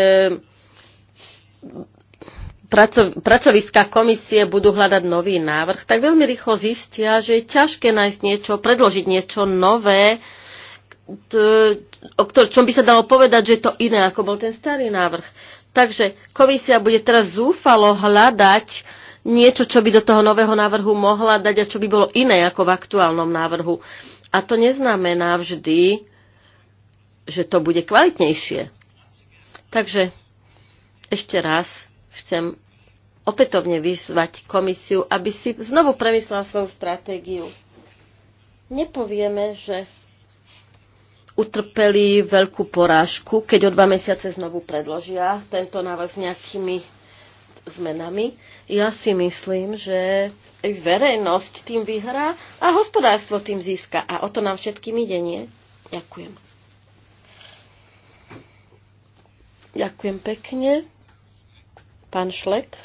pracoviská komisie budú hľadať nový návrh, tak veľmi rýchlo zistia, že je ťažké nájsť niečo, predložiť niečo nové, o čom by sa dalo povedať, že je to iné, ako bol ten starý návrh. Takže komisia bude teraz zúfalo hľadať niečo, čo by do toho nového návrhu mohla dať a čo by bolo iné ako v aktuálnom návrhu. A to neznamená vždy, že to bude kvalitnejšie. Takže ešte raz chcem opätovne vyzvať komisiu, aby si znovu premyslela svoju stratégiu. Nepovieme, že utrpeli veľkú porážku, keď o dva mesiace znovu predložia tento návrh s nejakými zmenami. Ja si myslím, že verejnosť tým vyhrá a hospodárstvo tým získa. A o to nám všetkým ide, nie? Ďakujem. Ďakujem pekne. Pán Šlek.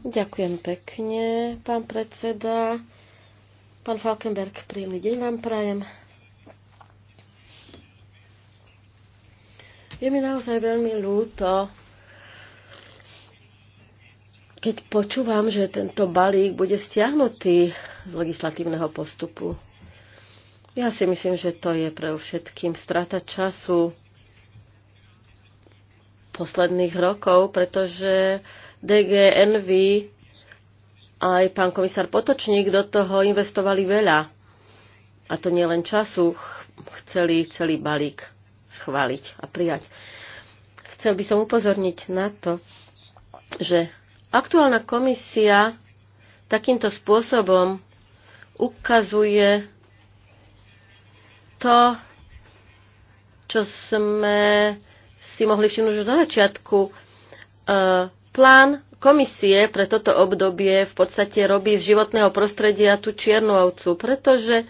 Ďakujem pekne, pán predseda. Pán Falkenberg, príjemný deň vám prajem. Je mi naozaj veľmi ľúto, keď počúvam, že tento balík bude stiahnutý z legislatívneho postupu. Ja si myslím, že to je pre všetkým strata času posledných rokov, pretože DGNV aj pán komisár Potočník do toho investovali veľa. A to nielen času, chceli celý balík schváliť a prijať. Chcel by som upozorniť na to, že aktuálna komisia takýmto spôsobom ukazuje to, čo sme si mohli všimnúť už na začiatku. E, plán komisie pre toto obdobie v podstate robí z životného prostredia tú čiernu ovcu, pretože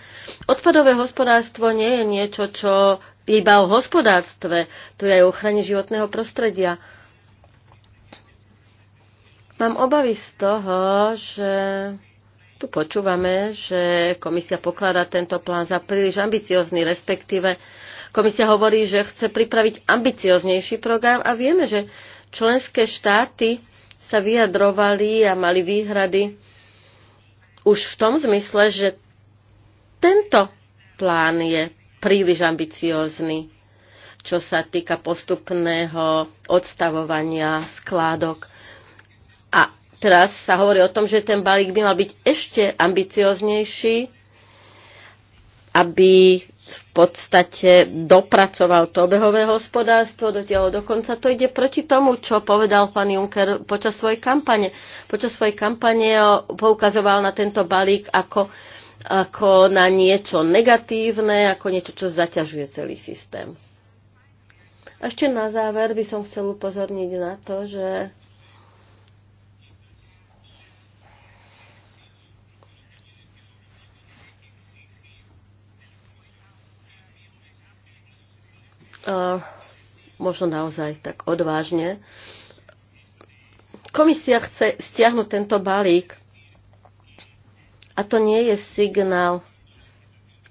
odpadové hospodárstvo nie je niečo, čo je iba o hospodárstve, to je aj o ochrane životného prostredia. Mám obavy z toho, že tu počúvame, že komisia pokladá tento plán za príliš ambiciozný, respektíve komisia hovorí, že chce pripraviť ambicioznejší program a vieme, že členské štáty sa vyjadrovali a mali výhrady už v tom zmysle, že tento plán je príliš ambiciózny, čo sa týka postupného odstavovania skládok teraz sa hovorí o tom, že ten balík by mal byť ešte ambicioznejší, aby v podstate dopracoval to obehové hospodárstvo, tieho dokonca. To ide proti tomu, čo povedal pán Juncker počas svojej kampane. Počas svojej kampane poukazoval na tento balík ako, ako na niečo negatívne, ako niečo, čo zaťažuje celý systém. A ešte na záver by som chcel upozorniť na to, že možno naozaj tak odvážne. Komisia chce stiahnuť tento balík a to nie je signál,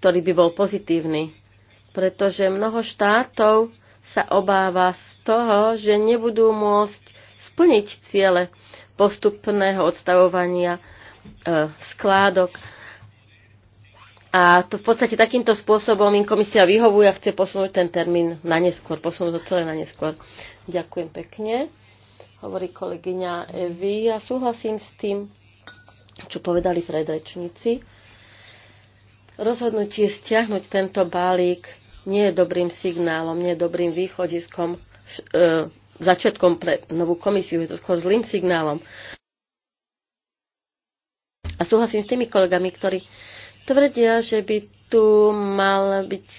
ktorý by bol pozitívny, pretože mnoho štátov sa obáva z toho, že nebudú môcť splniť ciele postupného odstavovania e, skládok a to v podstate takýmto spôsobom im komisia vyhovuje a chce posunúť ten termín na neskôr, posunúť to celé na neskôr. Ďakujem pekne, hovorí kolegyňa Evi. Ja súhlasím s tým, čo povedali predrečníci. Rozhodnutie stiahnuť tento balík nie je dobrým signálom, nie je dobrým východiskom, e, začiatkom pre novú komisiu, je to skôr zlým signálom. A súhlasím s tými kolegami, ktorí tvrdia, že by tu mal byť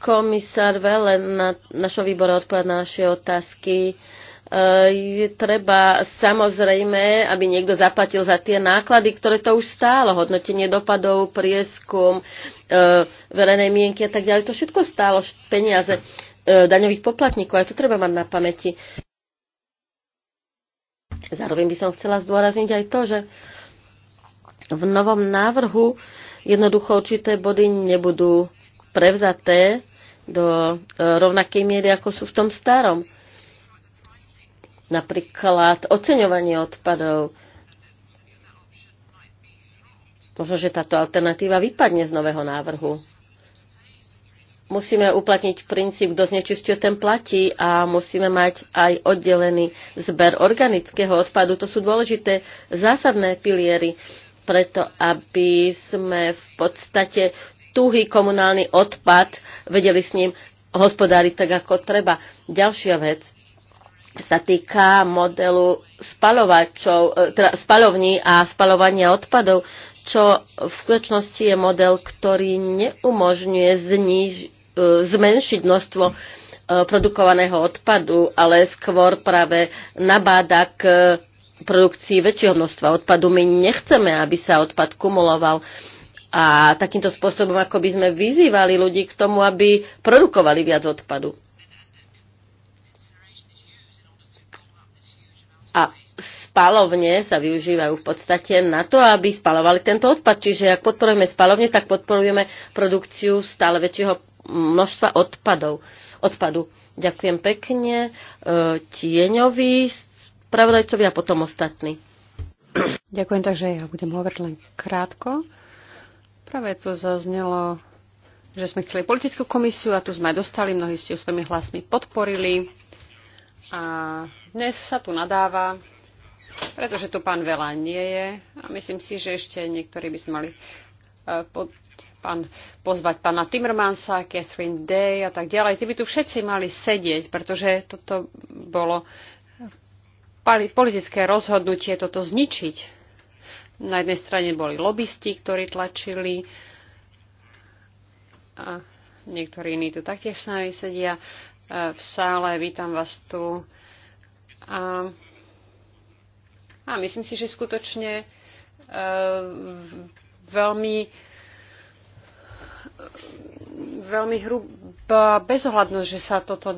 komisár vele na našom výbore odpovedať na naše otázky. E, je treba samozrejme, aby niekto zaplatil za tie náklady, ktoré to už stálo, hodnotenie dopadov, prieskum, e, verejnej mienky a tak ďalej. To všetko stálo peniaze e, daňových poplatníkov, aj to treba mať na pamäti. Zároveň by som chcela zdôrazniť aj to, že v novom návrhu jednoducho určité body nebudú prevzaté do e, rovnakej miery, ako sú v tom starom. Napríklad oceňovanie odpadov. Možno, že táto alternatíva vypadne z nového návrhu. Musíme uplatniť princíp, kto znečistuje, ten platí a musíme mať aj oddelený zber organického odpadu. To sú dôležité zásadné piliery preto aby sme v podstate tuhý komunálny odpad vedeli s ním hospodáriť tak, ako treba. Ďalšia vec sa týka modelu spalovačov, e, teda spalovní a spalovania odpadov, čo v skutočnosti je model, ktorý neumožňuje zniž, e, zmenšiť množstvo e, produkovaného odpadu, ale skôr práve nabáda k produkcii väčšieho množstva odpadu. My nechceme, aby sa odpad kumuloval a takýmto spôsobom, ako by sme vyzývali ľudí k tomu, aby produkovali viac odpadu. A spalovne sa využívajú v podstate na to, aby spalovali tento odpad. Čiže ak podporujeme spalovne, tak podporujeme produkciu stále väčšieho množstva odpadov. odpadu. Ďakujem pekne. E, Tieňový spravodajcovia a potom ostatní. Ďakujem, takže ja budem hovoriť len krátko. Práve tu zaznelo, že sme chceli politickú komisiu a tu sme aj dostali, mnohí ste ju svojimi hlasmi podporili. A dnes sa tu nadáva, pretože tu pán Vela nie je a myslím si, že ešte niektorí by sme mali e, pod, pán, pozvať pána Timmermansa, Catherine Day a tak ďalej. Tí by tu všetci mali sedieť, pretože toto bolo politické rozhodnutie toto zničiť. Na jednej strane boli lobbysti, ktorí tlačili a niektorí iní tu taktiež s nami sedia e, v sále. Vítam vás tu. A, a myslím si, že skutočne e, veľmi e, veľmi hrub, bezohľadnosť, že sa toto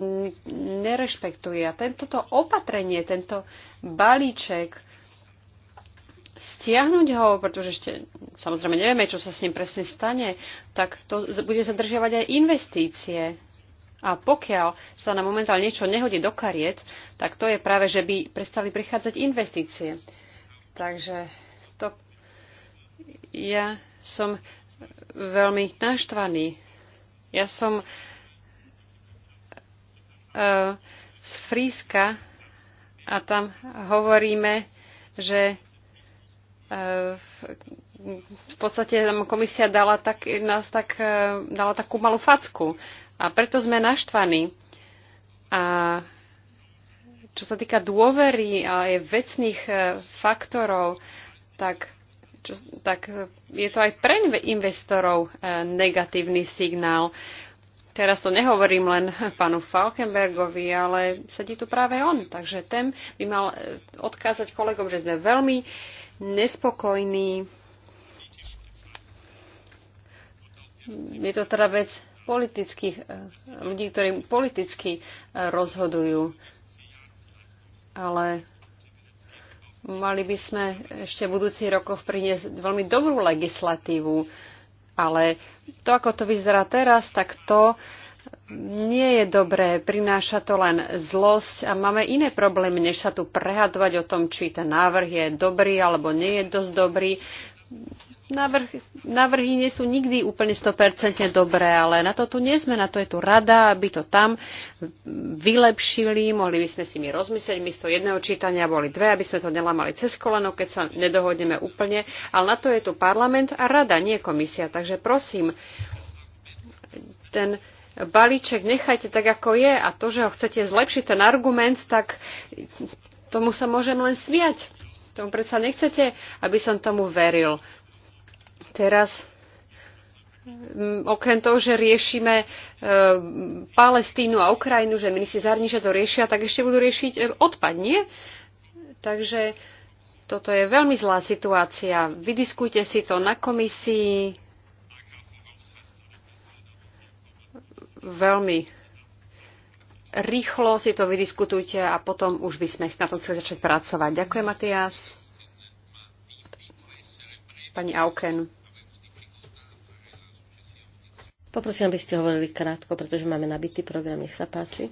nerešpektuje. A tento opatrenie, tento balíček, stiahnuť ho, pretože ešte samozrejme nevieme, čo sa s ním presne stane, tak to bude zadržiavať aj investície. A pokiaľ sa na momentálne niečo nehodí do kariet, tak to je práve, že by prestali prichádzať investície. Takže to ja som veľmi naštvaný. Ja som uh, z Fríska a tam hovoríme, že e, v podstate nám komisia dala tak, nás tak, e, dala takú malú facku. A preto sme naštvaní. A čo sa týka dôvery a aj vecných e, faktorov, tak, čo, tak je to aj pre investorov negatívny signál. Teraz to nehovorím len pánu Falkenbergovi, ale sedí tu práve on. Takže ten by mal e, odkázať kolegom, že sme veľmi nespokojní. Je to teda vec politických e, ľudí, ktorí politicky e, rozhodujú. Ale mali by sme ešte v budúcich rokoch priniesť veľmi dobrú legislatívu ale to, ako to vyzerá teraz, tak to nie je dobré. Prináša to len zlosť a máme iné problémy, než sa tu prehadovať o tom, či ten návrh je dobrý alebo nie je dosť dobrý. Návrh, návrhy nie sú nikdy úplne 100% dobré, ale na to tu nie sme, na to je tu rada, aby to tam vylepšili, mohli by sme si mi rozmyslieť, my z toho jedného čítania boli dve, aby sme to nelámali cez koleno, keď sa nedohodneme úplne, ale na to je tu parlament a rada, nie komisia. Takže prosím, ten balíček nechajte tak, ako je a to, že ho chcete zlepšiť, ten argument, tak tomu sa môžem len smiať. Tomu predsa nechcete, aby som tomu veril teraz mm, okrem toho, že riešime e, Palestínu a Ukrajinu, že ministri zahraničia to riešia, tak ešte budú riešiť e, odpad, nie? Takže toto je veľmi zlá situácia. Vydiskujte si to na komisii. Veľmi rýchlo si to vydiskutujte a potom už by sme na tom chceli začať pracovať. Ďakujem, Matias. Pani Auken. Poprosím, aby ste hovorili krátko, pretože máme nabitý program, nech sa páči.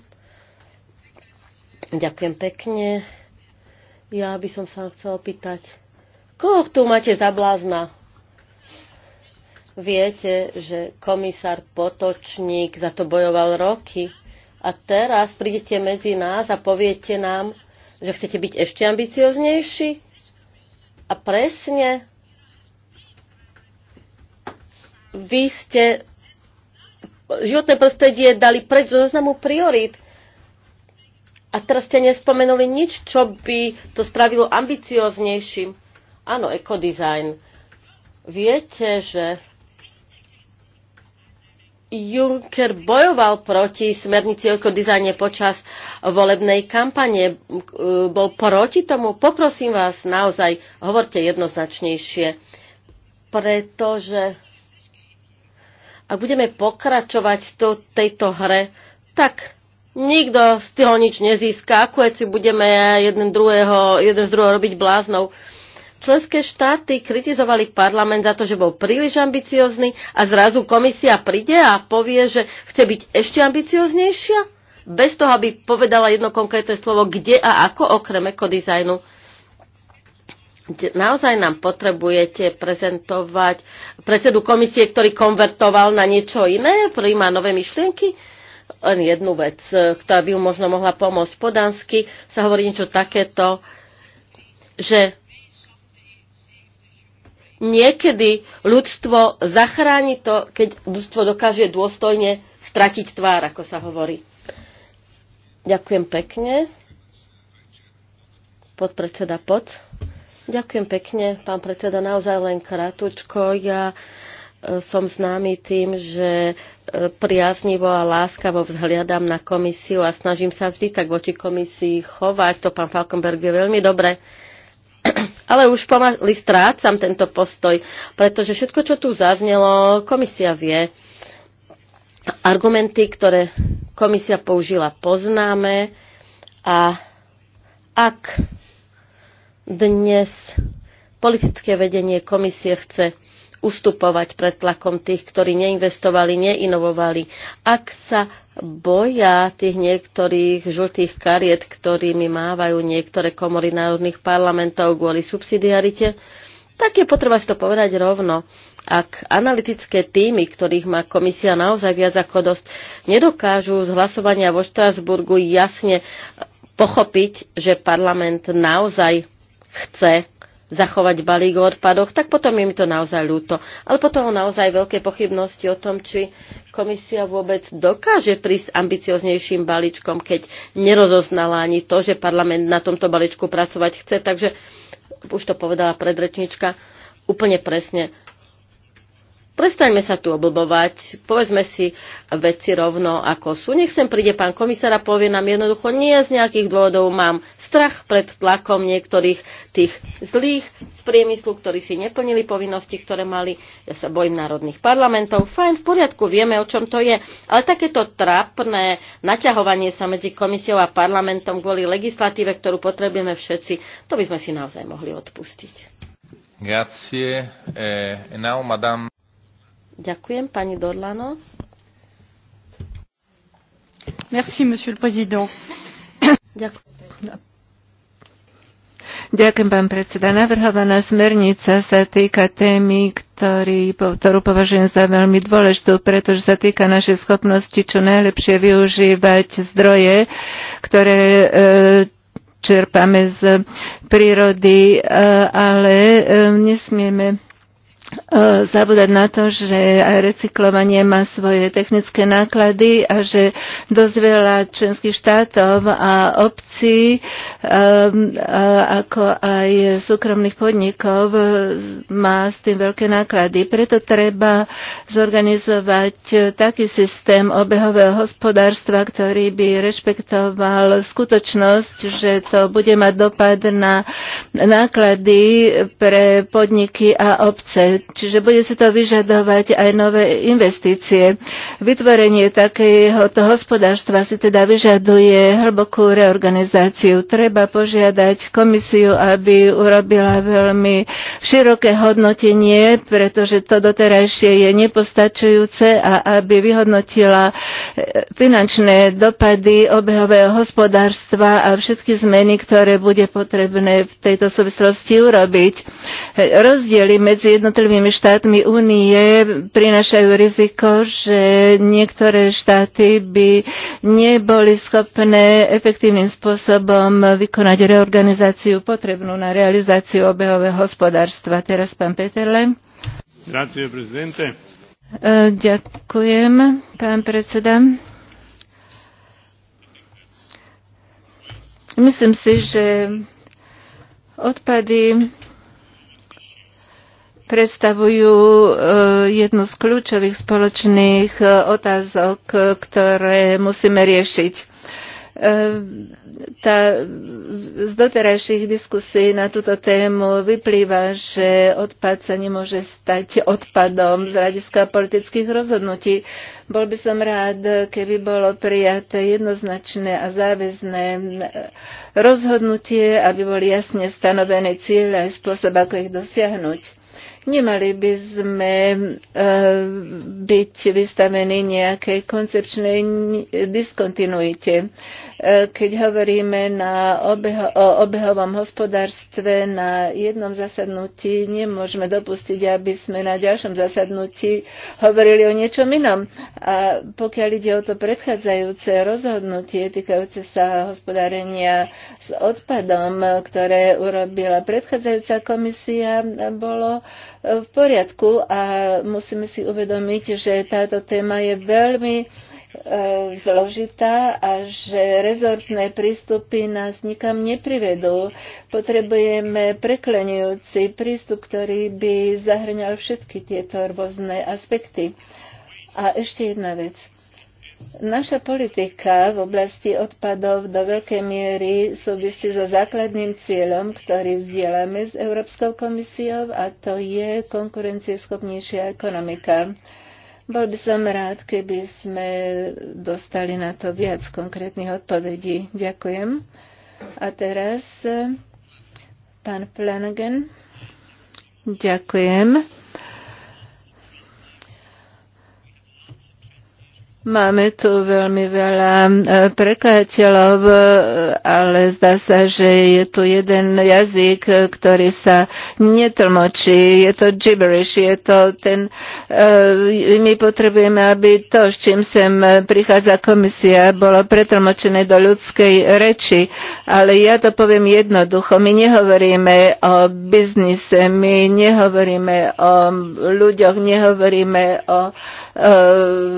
Ďakujem pekne. Ja by som sa chcela opýtať, koho tu máte za blázna? Viete, že komisár Potočník za to bojoval roky a teraz prídete medzi nás a poviete nám, že chcete byť ešte ambicioznejší? A presne vy ste životné prostredie dali preč zo zoznamu priorít. A teraz ste nespomenuli nič, čo by to spravilo ambicioznejším. Áno, ekodizajn. Viete, že Juncker bojoval proti smernici o ekodizajne počas volebnej kampane. Bol proti tomu? Poprosím vás naozaj, hovorte jednoznačnejšie, pretože ak budeme pokračovať to, tejto hre, tak nikto z toho nič nezíska. ako si budeme jeden, druhého, jeden z druhého robiť bláznou. Členské štáty kritizovali parlament za to, že bol príliš ambiciozný a zrazu komisia príde a povie, že chce byť ešte ambicioznejšia? Bez toho, aby povedala jedno konkrétne slovo, kde a ako, okrem ekodizajnu naozaj nám potrebujete prezentovať predsedu komisie, ktorý konvertoval na niečo iné, príjma nové myšlienky? Len jednu vec, e, ktorá by mu možno mohla pomôcť. Podansky sa hovorí niečo takéto, že niekedy ľudstvo zachráni to, keď ľudstvo dokáže dôstojne stratiť tvár, ako sa hovorí. Ďakujem pekne. Podpredseda Poc. Ďakujem pekne, pán predseda, naozaj len kratučko. Ja e, som známy tým, že e, priaznivo a láskavo vzhliadam na komisiu a snažím sa vždy tak voči komisii chovať. To pán Falkenberg je veľmi dobre. Ale už pomaly strácam tento postoj, pretože všetko, čo tu zaznelo, komisia vie. Argumenty, ktoré komisia použila, poznáme a ak dnes politické vedenie komisie chce ustupovať pred tlakom tých, ktorí neinvestovali, neinovovali. Ak sa boja tých niektorých žltých kariet, ktorými mávajú niektoré komory národných parlamentov kvôli subsidiarite, tak je potreba si to povedať rovno. Ak analytické týmy, ktorých má komisia naozaj viac ako dosť, nedokážu z hlasovania vo Štrasburgu jasne pochopiť, že parlament naozaj chce zachovať balík o odpadoch, tak potom je mi to naozaj ľúto. Ale potom naozaj veľké pochybnosti o tom, či komisia vôbec dokáže prísť ambicioznejším balíčkom, keď nerozoznala ani to, že parlament na tomto balíčku pracovať chce. Takže už to povedala predrečnička úplne presne. Prestaňme sa tu oblbovať, povedzme si veci rovno ako sú. Nech sem príde pán komisár a povie nám jednoducho, nie z nejakých dôvodov mám strach pred tlakom niektorých tých zlých z priemyslu, ktorí si neplnili povinnosti, ktoré mali. Ja sa bojím národných parlamentov. Fajn, v poriadku, vieme, o čom to je. Ale takéto trápne naťahovanie sa medzi komisiou a parlamentom kvôli legislatíve, ktorú potrebujeme všetci, to by sme si naozaj mohli odpustiť. Grazie. Eh, now, madame... Ďakujem, pani Dorlano. Merci, monsieur le président. Ďakujem. pán predseda. Navrhovaná smernica sa týka témy, ktorý, ktorú považujem za veľmi dôležitú, pretože sa týka našej schopnosti čo najlepšie využívať zdroje, ktoré e, čerpame z prírody, e, ale e, nesmieme zabúdať na to, že aj recyklovanie má svoje technické náklady a že dosť veľa členských štátov a obcí, ako aj súkromných podnikov, má s tým veľké náklady. Preto treba zorganizovať taký systém obehového hospodárstva, ktorý by rešpektoval skutočnosť, že to bude mať dopad na náklady pre podniky a obce Čiže bude si to vyžadovať aj nové investície. Vytvorenie takéhoto hospodárstva si teda vyžaduje hlbokú reorganizáciu. Treba požiadať komisiu, aby urobila veľmi široké hodnotenie, pretože to doterajšie je nepostačujúce a aby vyhodnotila e, finančné dopady obehového hospodárstva a všetky zmeny, ktoré bude potrebné v tejto súvislosti urobiť. Rozdiely medzi jednotlivými jednotlivými štátmi únie prinašajú riziko, že niektoré štáty by neboli schopné efektívnym spôsobom vykonať reorganizáciu potrebnú na realizáciu obehového hospodárstva. Teraz pán Peterle. Grazie, prezidente. E, ďakujem, pán predseda. Myslím si, že odpady predstavujú eh, jednu z kľúčových spoločných eh, otázok, ktoré musíme riešiť eh, tá, z doterajších diskusí na túto tému vyplýva, že odpad sa nemôže stať odpadom z hľadiska politických rozhodnutí. Bol by som rád, keby bolo prijaté jednoznačné a záväzné rozhodnutie, aby boli jasne stanovené cieľe a spôsob, ako ich dosiahnuť. Nemali by sme eh, byť vystavení nejakej koncepčnej diskontinuite. Eh, keď hovoríme na obeho, o obehovom hospodárstve na jednom zasadnutí, nemôžeme dopustiť, aby sme na ďalšom zasadnutí hovorili o niečom inom. A pokiaľ ide o to predchádzajúce rozhodnutie týkajúce sa hospodárenia s odpadom, ktoré urobila predchádzajúca komisia, bolo v poriadku a musíme si uvedomiť, že táto téma je veľmi e, zložitá a že rezortné prístupy nás nikam neprivedú. Potrebujeme preklenujúci prístup, ktorý by zahrňal všetky tieto rôzne aspekty. A ešte jedna vec. Naša politika v oblasti odpadov do veľkej miery súvisí so základným cieľom, ktorý vzdielame s Európskou komisiou a to je konkurencieschopnejšia ekonomika. Bol by som rád, keby sme dostali na to viac konkrétnych odpovedí. Ďakujem. A teraz eh, pán Flanagan. Ďakujem. Máme tu veľmi veľa e, prekladateľov, e, ale zdá sa, že je tu jeden jazyk, e, ktorý sa netlmočí. Je to gibberish, je to ten... My potrebujeme, aby to, s čím sem prichádza komisia, bolo pretlmočené do ľudskej reči. Ale ja to poviem jednoducho. My nehovoríme o biznise, my nehovoríme o ľuďoch, nehovoríme o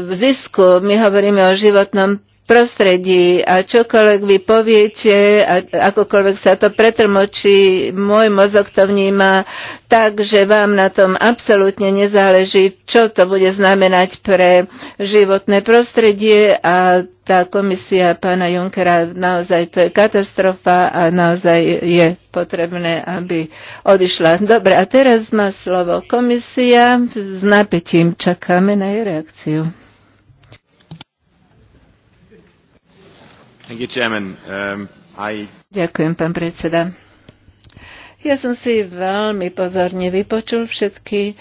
v zisku. My hovoríme o životnom prostredí a čokoľvek vy poviete, a akokoľvek sa to pretrmočí, môj mozog to vníma tak, že vám na tom absolútne nezáleží, čo to bude znamenať pre životné prostredie a tá komisia pána Junkera, naozaj to je katastrofa a naozaj je potrebné, aby odišla. Dobre, a teraz má slovo komisia. S napätím čakáme na jej reakciu. Um, Ďakujem, pán predseda. Ja som si veľmi pozorne vypočul všetky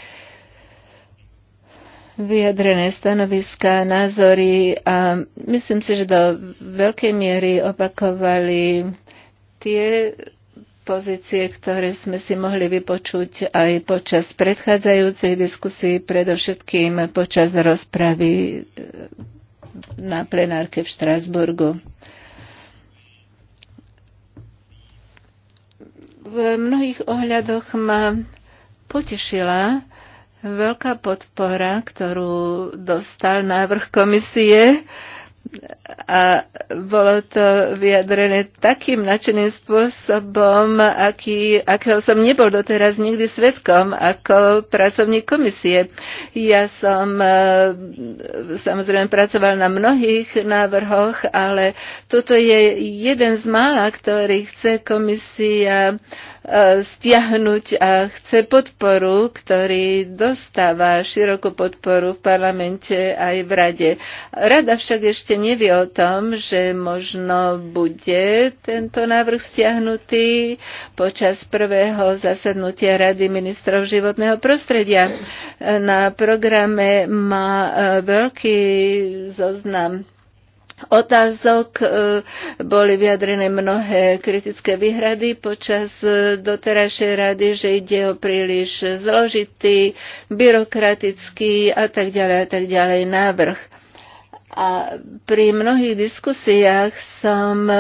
vyjadrené stanoviská, názory a myslím si, že do veľkej miery opakovali tie pozície, ktoré sme si mohli vypočuť aj počas predchádzajúcej diskusí, predovšetkým počas rozpravy na plenárke v Štrásburgu. V mnohých ohľadoch ma potešila veľká podpora, ktorú dostal návrh komisie a bolo to vyjadrené takým nadšeným spôsobom, aký, akého som nebol doteraz nikdy svetkom ako pracovník komisie. Ja som e, samozrejme pracoval na mnohých návrhoch, ale toto je jeden z mála, ktorý chce komisia stiahnuť a chce podporu, ktorý dostáva širokú podporu v parlamente aj v rade. Rada však ešte nevie o tom, že možno bude tento návrh stiahnutý počas prvého zasadnutia Rady ministrov životného prostredia. Na programe má e, veľký zoznam otázok. E, boli vyjadrené mnohé kritické výhrady počas e, doterajšej rady, že ide o príliš zložitý, byrokratický a tak ďalej a tak ďalej návrh. A pri mnohých diskusiách som e,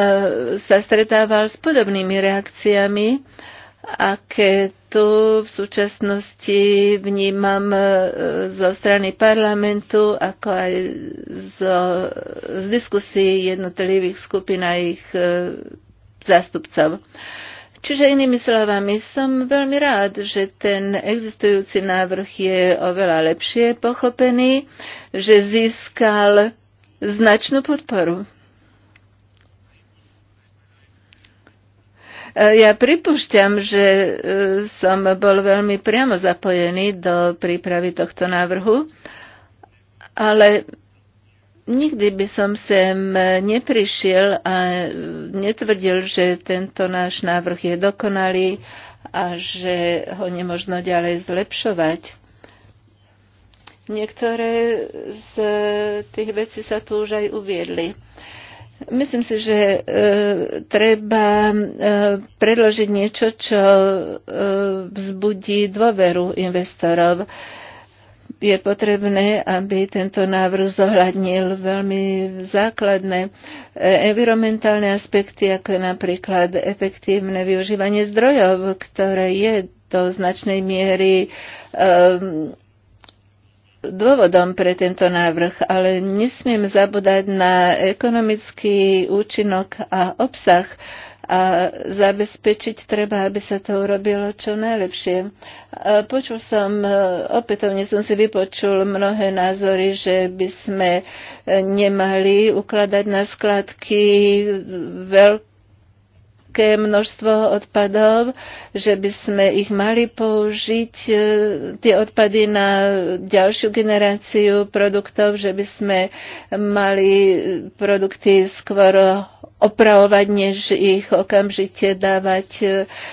sa stretával s podobnými reakciami, aké tu v súčasnosti vnímam e, zo strany parlamentu, ako aj zo, z diskusí jednotlivých skupín a ich e, zástupcov. Čiže inými slovami, som veľmi rád, že ten existujúci návrh je oveľa lepšie pochopený, že získal značnú podporu. E, ja pripúšťam, že e, som bol veľmi priamo zapojený do prípravy tohto návrhu, ale nikdy by som sem neprišiel a netvrdil, že tento náš návrh je dokonalý a že ho nemožno ďalej zlepšovať. Niektoré z tých vecí sa tu už aj uviedli Myslím si, že e, treba e, predložiť niečo, čo e, vzbudí dôveru investorov. Je potrebné, aby tento návrh zohľadnil veľmi základné e, environmentálne aspekty, ako je napríklad efektívne využívanie zdrojov, ktoré je do značnej miery E, dôvodom pre tento návrh, ale nesmiem zabúdať na ekonomický účinok a obsah a zabezpečiť treba, aby sa to urobilo čo najlepšie. Počul som, opätovne som si vypočul mnohé názory, že by sme nemali ukladať na skladky veľké veľké množstvo odpadov, že by sme ich mali použiť, e, tie odpady na ďalšiu generáciu produktov, že by sme mali produkty skôr opravovať, než ich okamžite dávať e,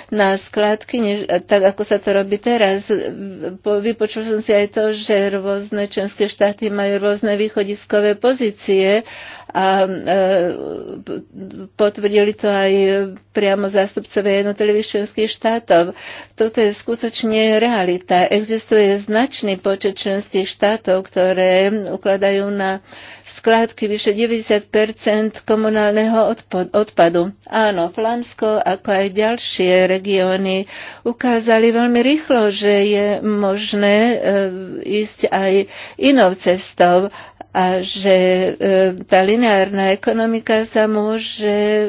na skladky, než, tak ako sa to robí teraz. Vypočul som si aj to, že rôzne členské štáty majú rôzne východiskové pozície a e, potvrdili to aj priamo zástupcovia jednotlivých členských štátov. Toto je skutočne realita. Existuje značný počet členských štátov, ktoré ukladajú na e, skládky vyše 90 komunálneho odpadu. Áno, Flámsko, ako aj ďalšie regióny, ukázali veľmi rýchlo, že je možné e, ísť aj inou cestou a že e, tá lineárna ekonomika sa môže e,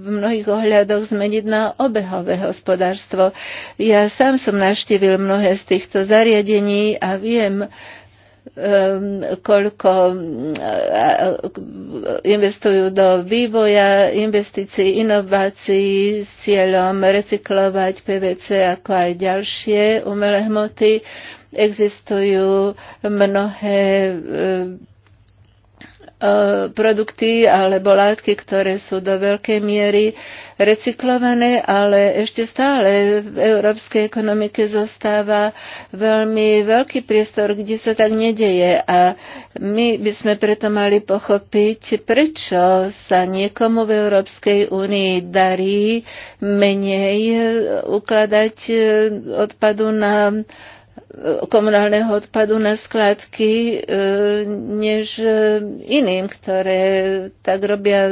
v mnohých ohľadoch zmeniť na obehové hospodárstvo. Ja sám som navštívil mnohé z týchto zariadení a viem, Um, koľko uh, investujú do vývoja, investícií, inovácií s cieľom recyklovať PVC ako aj ďalšie umelé hmoty. Existujú mnohé E, produkty alebo látky, ktoré sú do veľkej miery recyklované, ale ešte stále v európskej ekonomike zostáva veľmi veľký priestor, kde sa tak nedeje. A my by sme preto mali pochopiť, prečo sa niekomu v Európskej únii darí menej ukladať odpadu na E, komunálneho odpadu na skládky e, než e, iným, ktoré tak robia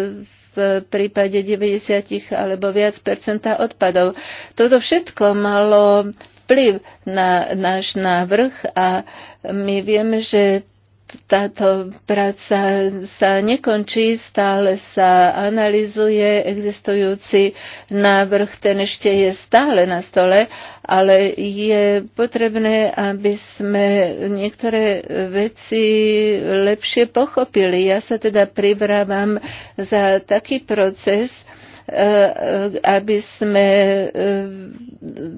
v prípade 90 alebo viac percenta odpadov. Toto všetko malo vplyv na náš návrh a my vieme, že táto práca sa nekončí, stále sa analizuje existujúci návrh, ten ešte je stále na stole, ale je potrebné, aby sme niektoré veci lepšie pochopili. Ja sa teda pribrávam za taký proces, Eh, aby sme eh,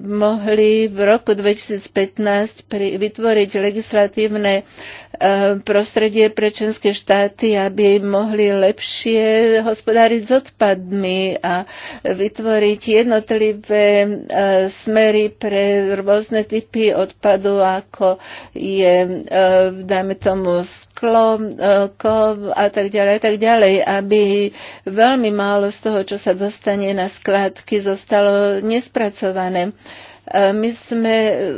mohli v roku 2015 vytvoriť legislatívne eh, prostredie pre členské štáty, aby mohli lepšie hospodáriť s odpadmi a vytvoriť jednotlivé smery pre rôzne typy odpadu, ako je, dajme tomu, E, kov a tak ďalej a tak ďalej, aby veľmi málo z toho, čo sa dostane na skladky, zostalo nespracované. E, my sme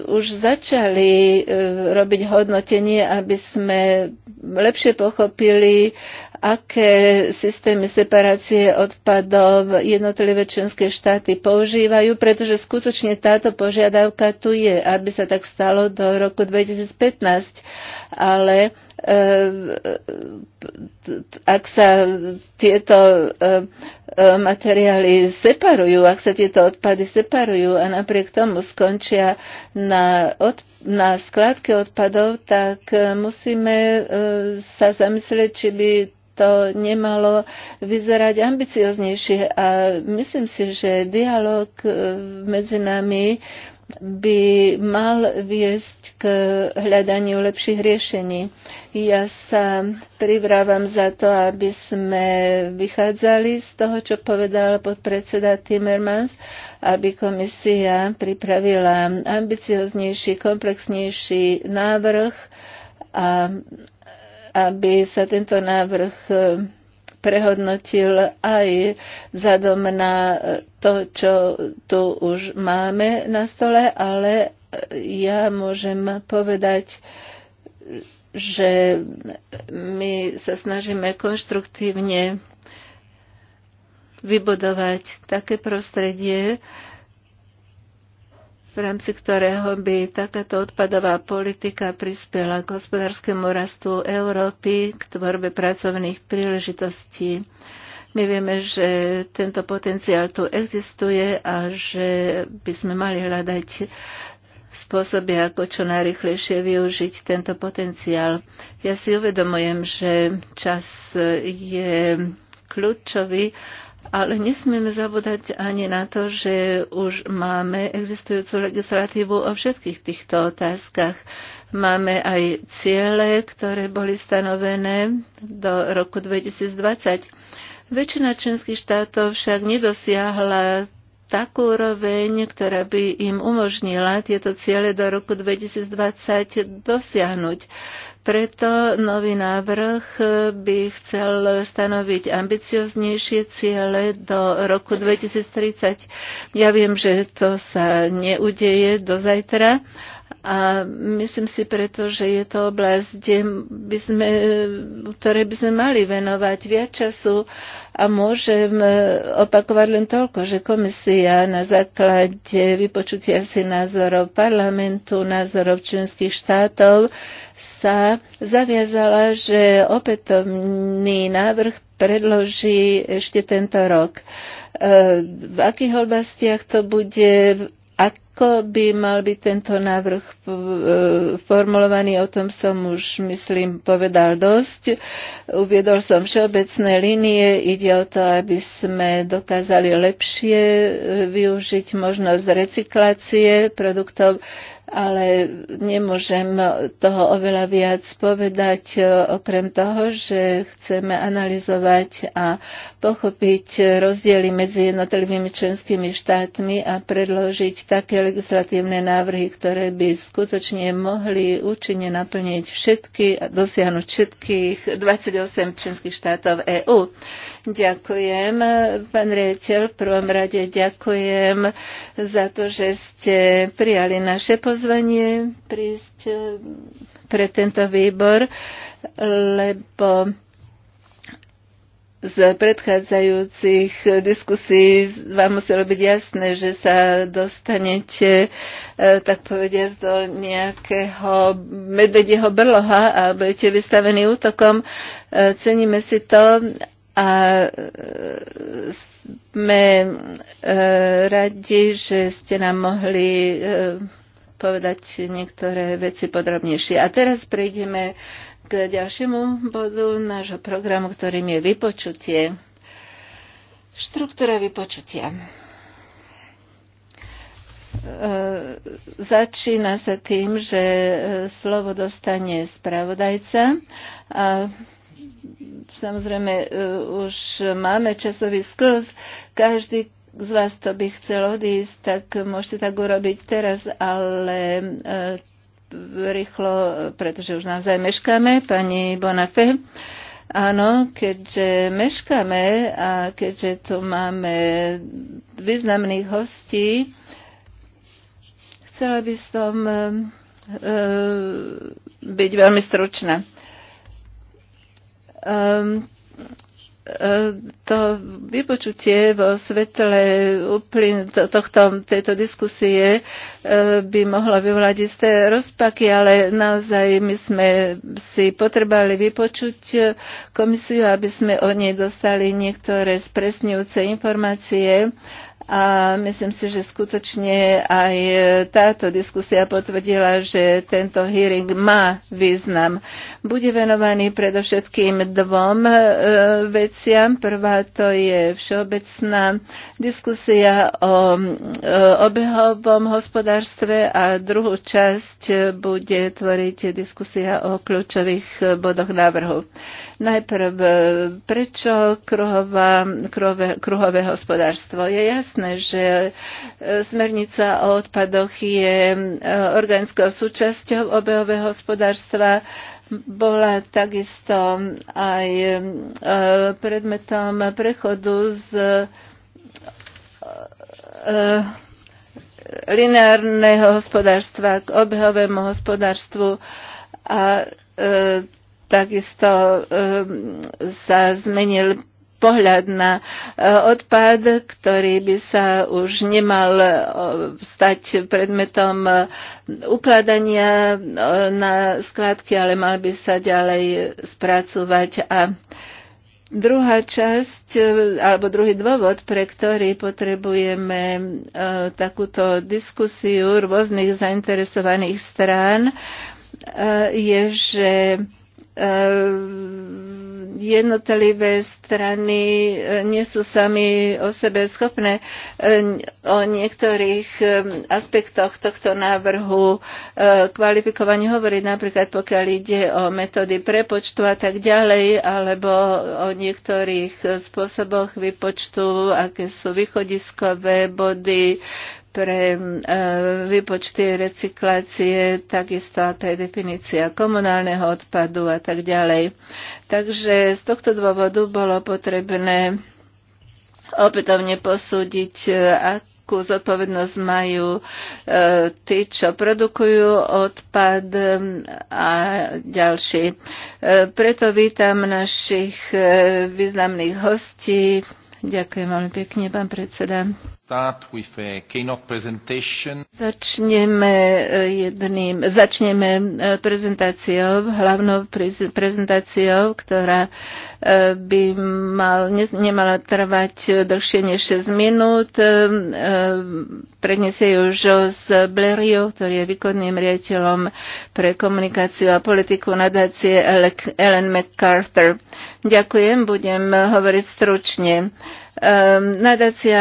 už začali e, robiť hodnotenie, aby sme lepšie pochopili, aké systémy separácie odpadov jednotlivé členské štáty používajú, pretože skutočne táto požiadavka tu je, aby sa tak stalo do roku 2015. Ale Eh, ak sa tieto eh, eh, materiály separujú, ak sa tieto odpady separujú a napriek tomu skončia na, od, na skládke odpadov, tak musíme sa zamyslieť, či by to nemalo vyzerať ambicioznejšie. A myslím si, že dialog medzi nami by mal viesť k hľadaniu lepších riešení. Ja sa privrávam za to, aby sme vychádzali z toho, čo povedal podpredseda Timmermans, aby komisia pripravila ambicioznejší, komplexnejší návrh a aby sa tento návrh eh, prehodnotil aj vzhľadom na to, čo tu už máme na stole, ale ja môžem povedať, že my sa snažíme konštruktívne vybudovať také prostredie, v rámci ktorého by takáto odpadová politika prispela k hospodárskému rastu Európy, k tvorbe pracovných príležitostí. My vieme, že tento potenciál tu existuje a že by sme mali hľadať spôsoby, ako čo najrychlejšie využiť tento potenciál. Ja si uvedomujem, že čas je kľúčový, ale nesmieme zabúdať ani na to, že už máme existujúcu legislatívu o všetkých týchto otázkach. Máme aj ciele, ktoré boli stanovené do roku 2020 Väčšina členských štátov však nedosiahla takú úroveň, ktorá by im umožnila tieto ciele do roku 2020 dosiahnuť. Preto nový návrh by chcel stanoviť ambicioznejšie ciele do roku 2030. Ja viem, že to sa neudeje do zajtra, a myslím si preto, že je to oblasť, kde by sme, ktoré by sme mali venovať viac času a môžem e, opakovať len toľko, že komisia na základe vypočutia si názorov parlamentu, názorov členských štátov sa zaviazala, že opätovný návrh predloží ešte tento rok. E, v akých oblastiach to bude, ak ako by mal byť tento návrh eh, formulovaný, o tom som už, myslím, povedal dosť. Uviedol som všeobecné línie, ide o to, aby sme dokázali lepšie eh, využiť možnosť recyklácie produktov, ale nemôžem toho oveľa viac povedať, eh, okrem toho, že chceme analyzovať a pochopiť rozdiely medzi jednotlivými členskými štátmi a predložiť také legislatívne návrhy, ktoré by skutočne mohli účinne naplniť všetky a dosiahnuť všetkých 28 členských štátov EÚ. Ďakujem, pán riaditeľ. V prvom rade ďakujem za to, že ste prijali naše pozvanie prísť eh, pre tento výbor, lebo z predchádzajúcich diskusí vám muselo byť jasné, že sa dostanete, e, tak povediať, do nejakého medvedieho brloha a budete vystavení útokom. E, ceníme si to a e, sme radi, že ste nám mohli povedať niektoré veci podrobnejšie. A teraz prejdeme k ďalšiemu bodu nášho programu, ktorým je vypočutie. Štruktúra vypočutia. E, začína sa tým, že e, slovo dostane spravodajca a samozrejme e, už máme časový skluz. Každý, z vás to by chcel odísť, tak môžete tak urobiť teraz, ale rýchlo, pretože už naozaj meškáme. Pani Bonafé. Áno, keďže meškáme a keďže tu máme významných hostí, chcela by som e, e byť veľmi stručná. Um, E, to vypočutie vo svetle úplne tohto, tejto diskusie e, by mohlo vyvolať isté rozpaky, ale naozaj my sme si potrebali vypočuť komisiu, aby sme od nej dostali niektoré spresňujúce informácie a myslím si, že skutočne aj e, táto diskusia potvrdila, že tento hearing má význam. Bude venovaný predovšetkým dvom e, veciam. Prvá to je všeobecná diskusia o e, obehovom hospodárstve a druhú časť bude tvoriť diskusia o kľúčových bodoch návrhu. E, Najprv, e, prečo kruhová, kruhové, kruhové hospodárstvo? Je jasné, že e, smernica o odpadoch je e, organickou súčasťou obehového hospodárstva bola takisto aj predmetom prechodu z lineárneho hospodárstva k obehovému hospodárstvu a Takisto ehm, sa zmenil pohľad na eh, odpad, ktorý by sa už nemal eh, stať predmetom eh, ukladania na skládky, ale mal by sa ďalej spracovať a Druhá časť, alebo druhý dôvod, pre ktorý potrebujeme takúto diskusiu rôznych zainteresovaných strán, je, že Ehm, jednotlivé strany eh, nie sú sami o sebe schopné eh, o niektorých ehm, aspektoch tohto návrhu eh, kvalifikovane hovoriť, napríklad pokiaľ ide o metódy prepočtu a tak ďalej, alebo o niektorých spôsoboch vypočtu, aké sú východiskové body, pre e, vypočty recyklácie, takisto to je definícia komunálneho odpadu a tak ďalej. Takže z tohto dôvodu bolo potrebné opätovne posúdiť, e, akú zodpovednosť majú e, tí, čo produkujú odpad a ďalší. Preto vítam našich významných hostí. Ďakujem veľmi pekne, pán predseda. Začneme, eh, jedným, začneme eh, prezentáciou, hlavnou prezentáciou, ktorá eh, by mal, ne, nemala trvať dlhšie než 6 minút. Predniesie ju Jos Blerio, ktorý je výkonným riaditeľom pre komunikáciu a politiku nadácie Ellen MacArthur. Ďakujem, budem hovoriť stručne. Um, ehm, nadácia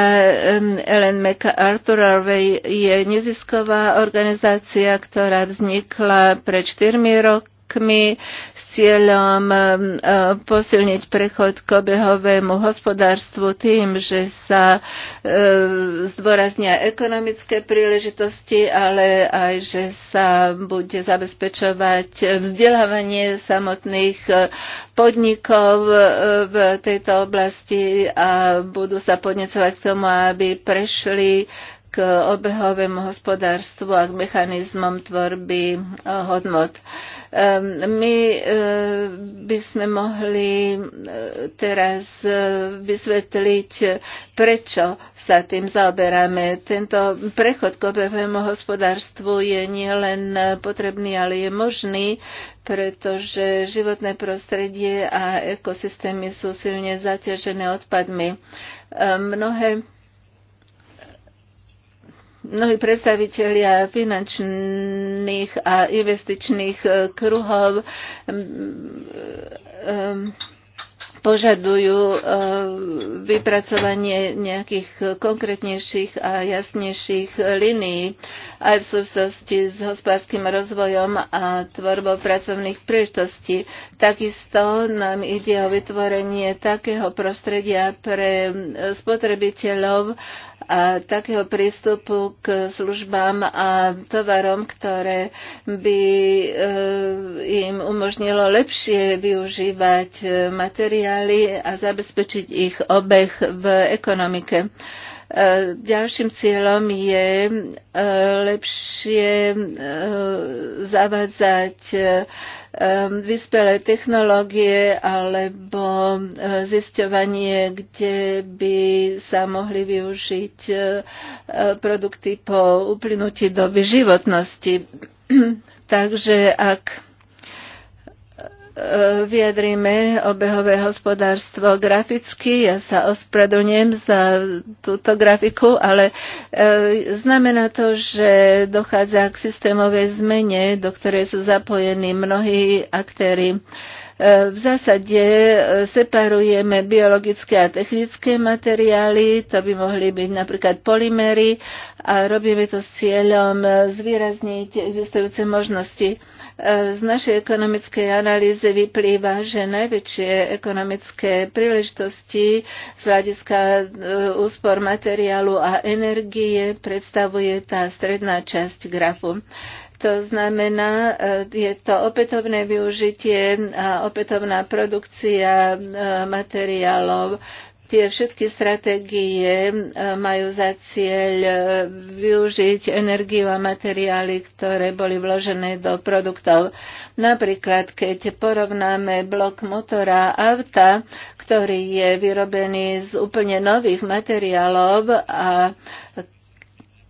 um, ehm, Ellen MacArthurovej je nezisková organizácia, ktorá vznikla pred 4 rokmi krokmi s cieľom um, uh, posilniť prechod k obehovému hospodárstvu tým, že sa uh, zdôraznia ekonomické príležitosti, ale aj, že sa bude zabezpečovať vzdelávanie samotných uh, podnikov v tejto oblasti a budú sa podnecovať k tomu, aby prešli k obehovému hospodárstvu a k mechanizmom tvorby hodnot. Ehm, my ehm, by sme mohli ehm, teraz vysvetliť, prečo sa tým zaoberáme. Tento prechod k obehovému hospodárstvu je nielen potrebný, ale je možný, pretože životné prostredie a ekosystémy sú silne zaťažené odpadmi. Mnohé mnohí predstavitelia finančných a investičných eh, kruhov mm, eh, požadujú eh, vypracovanie nejakých konkrétnejších a jasnejších linií aj v súvislosti s hospodárským rozvojom a tvorbou pracovných príležitostí. Takisto nám ide o vytvorenie takého prostredia pre spotrebiteľov, a takého prístupu k službám a tovarom, ktoré by e, im umožnilo lepšie využívať e, materiály a zabezpečiť ich obeh v ekonomike. E, ďalším cieľom je lepšie zavádzať vyspelé technológie alebo e, zisťovanie, kde by sa mohli využiť e, produkty po uplynutí doby životnosti. Takže ak E, vyjadríme obehové hospodárstvo graficky. Ja sa ospravedlňujem za túto grafiku, ale e, znamená to, že dochádza k systémovej zmene, do ktorej sú zapojení mnohí aktéry. E, v zásade separujeme biologické a technické materiály, to by mohli byť napríklad polymery a robíme to s cieľom zvýrazniť existujúce možnosti z našej ekonomickej analýzy vyplýva, že najväčšie ekonomické príležitosti z hľadiska e, úspor materiálu a energie predstavuje tá stredná časť grafu. To znamená, e, je to opätovné využitie a opätovná produkcia e, materiálov Tie všetky stratégie e, majú za cieľ e, využiť energiu a materiály, ktoré boli vložené do produktov. Napríklad, keď porovnáme blok motora auta, ktorý je vyrobený z úplne nových materiálov a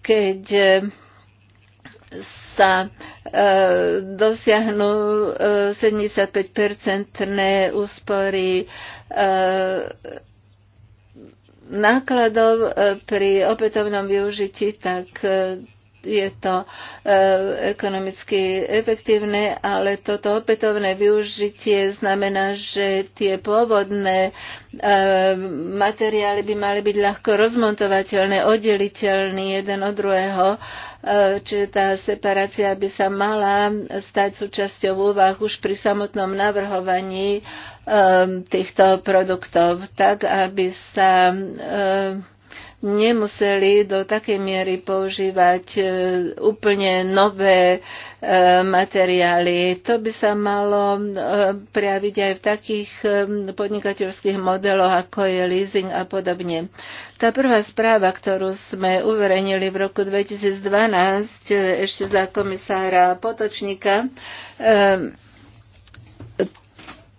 keď e, sa e, dosiahnu e, 75-percentné úspory e, nákladov eh, pri opätovnom využití, tak eh, je to e, ekonomicky efektívne, ale toto opätovné využitie znamená, že tie pôvodné e, materiály by mali byť ľahko rozmontovateľné, oddeliteľné jeden od druhého, e, čiže tá separácia by sa mala stať súčasťou úvah už pri samotnom navrhovaní týchto produktov, tak aby sa nemuseli do takej miery používať e, úplne nové e, materiály. To by sa malo e, prejaviť aj v takých podnikateľských modeloch, ako je leasing a podobne. Tá prvá správa, ktorú sme uverejnili v roku 2012 ešte za komisára Potočníka,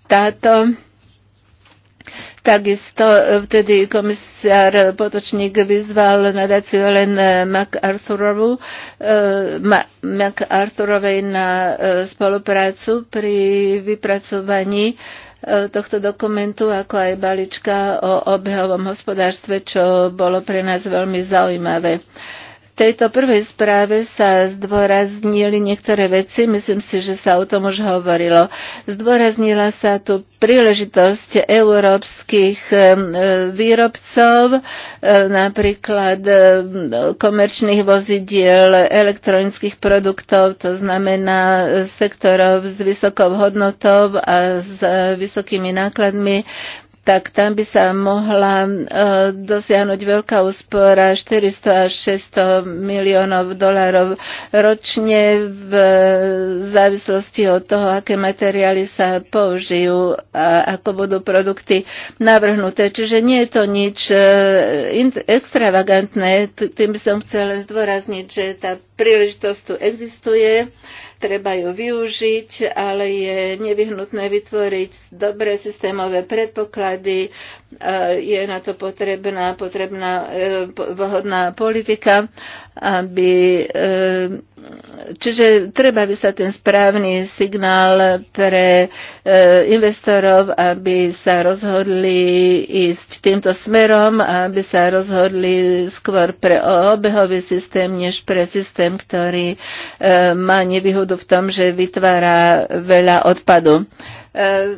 táto Takisto e, vtedy komisár Potočník vyzval nadáciu Ellen e, e, MacArthurovej na spoluprácu pri vypracovaní tohto dokumentu, ako aj balíčka o obehovom hospodárstve, čo bolo pre nás veľmi zaujímavé tejto prvej správe sa zdôraznili niektoré veci, myslím si, že sa o tom už hovorilo. Zdôraznila sa tu príležitosť európskych e, výrobcov, e, napríklad e, komerčných vozidiel, elektronických produktov, to znamená sektorov s vysokou hodnotou a s vysokými nákladmi tak tam by sa mohla e, dosiahnuť veľká úspora 400 až 600 miliónov dolárov ročne v závislosti od toho, aké materiály sa použijú a ako budú produkty navrhnuté. Čiže nie je to nič e, extravagantné. Tým by som chcela zdôrazniť, že tá príležitosť tu existuje, treba ju využiť, ale je nevyhnutné vytvoriť dobré systémové predpoklady, e, je na to potrebná, potrebná e, vhodná politika, aby e, Čiže treba sa ten správny signál pre e, investorov, aby sa rozhodli ísť týmto smerom, aby sa rozhodli skôr pre obehový systém, než pre systém, ktorý e, má nevýhodu v tom, že vytvára veľa odpadu. Eh,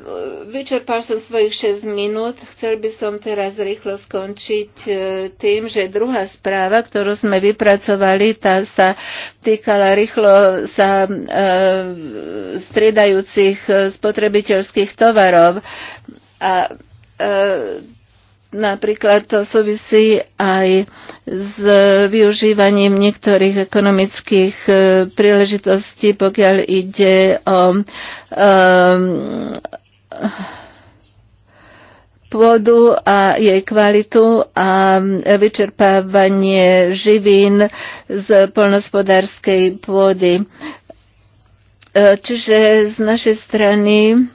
vyčerpal som svojich 6 minút. Chcel by som teraz rýchlo skončiť eh, tým, že druhá správa, ktorú sme vypracovali, tá sa týkala rýchlo sa eh, striedajúcich spotrebiteľských tovarov. A Napríklad to súvisí aj s využívaním niektorých ekonomických e, príležitostí, pokiaľ ide o um, pôdu a jej kvalitu a vyčerpávanie živín z polnospodárskej pôdy. E, čiže z našej strany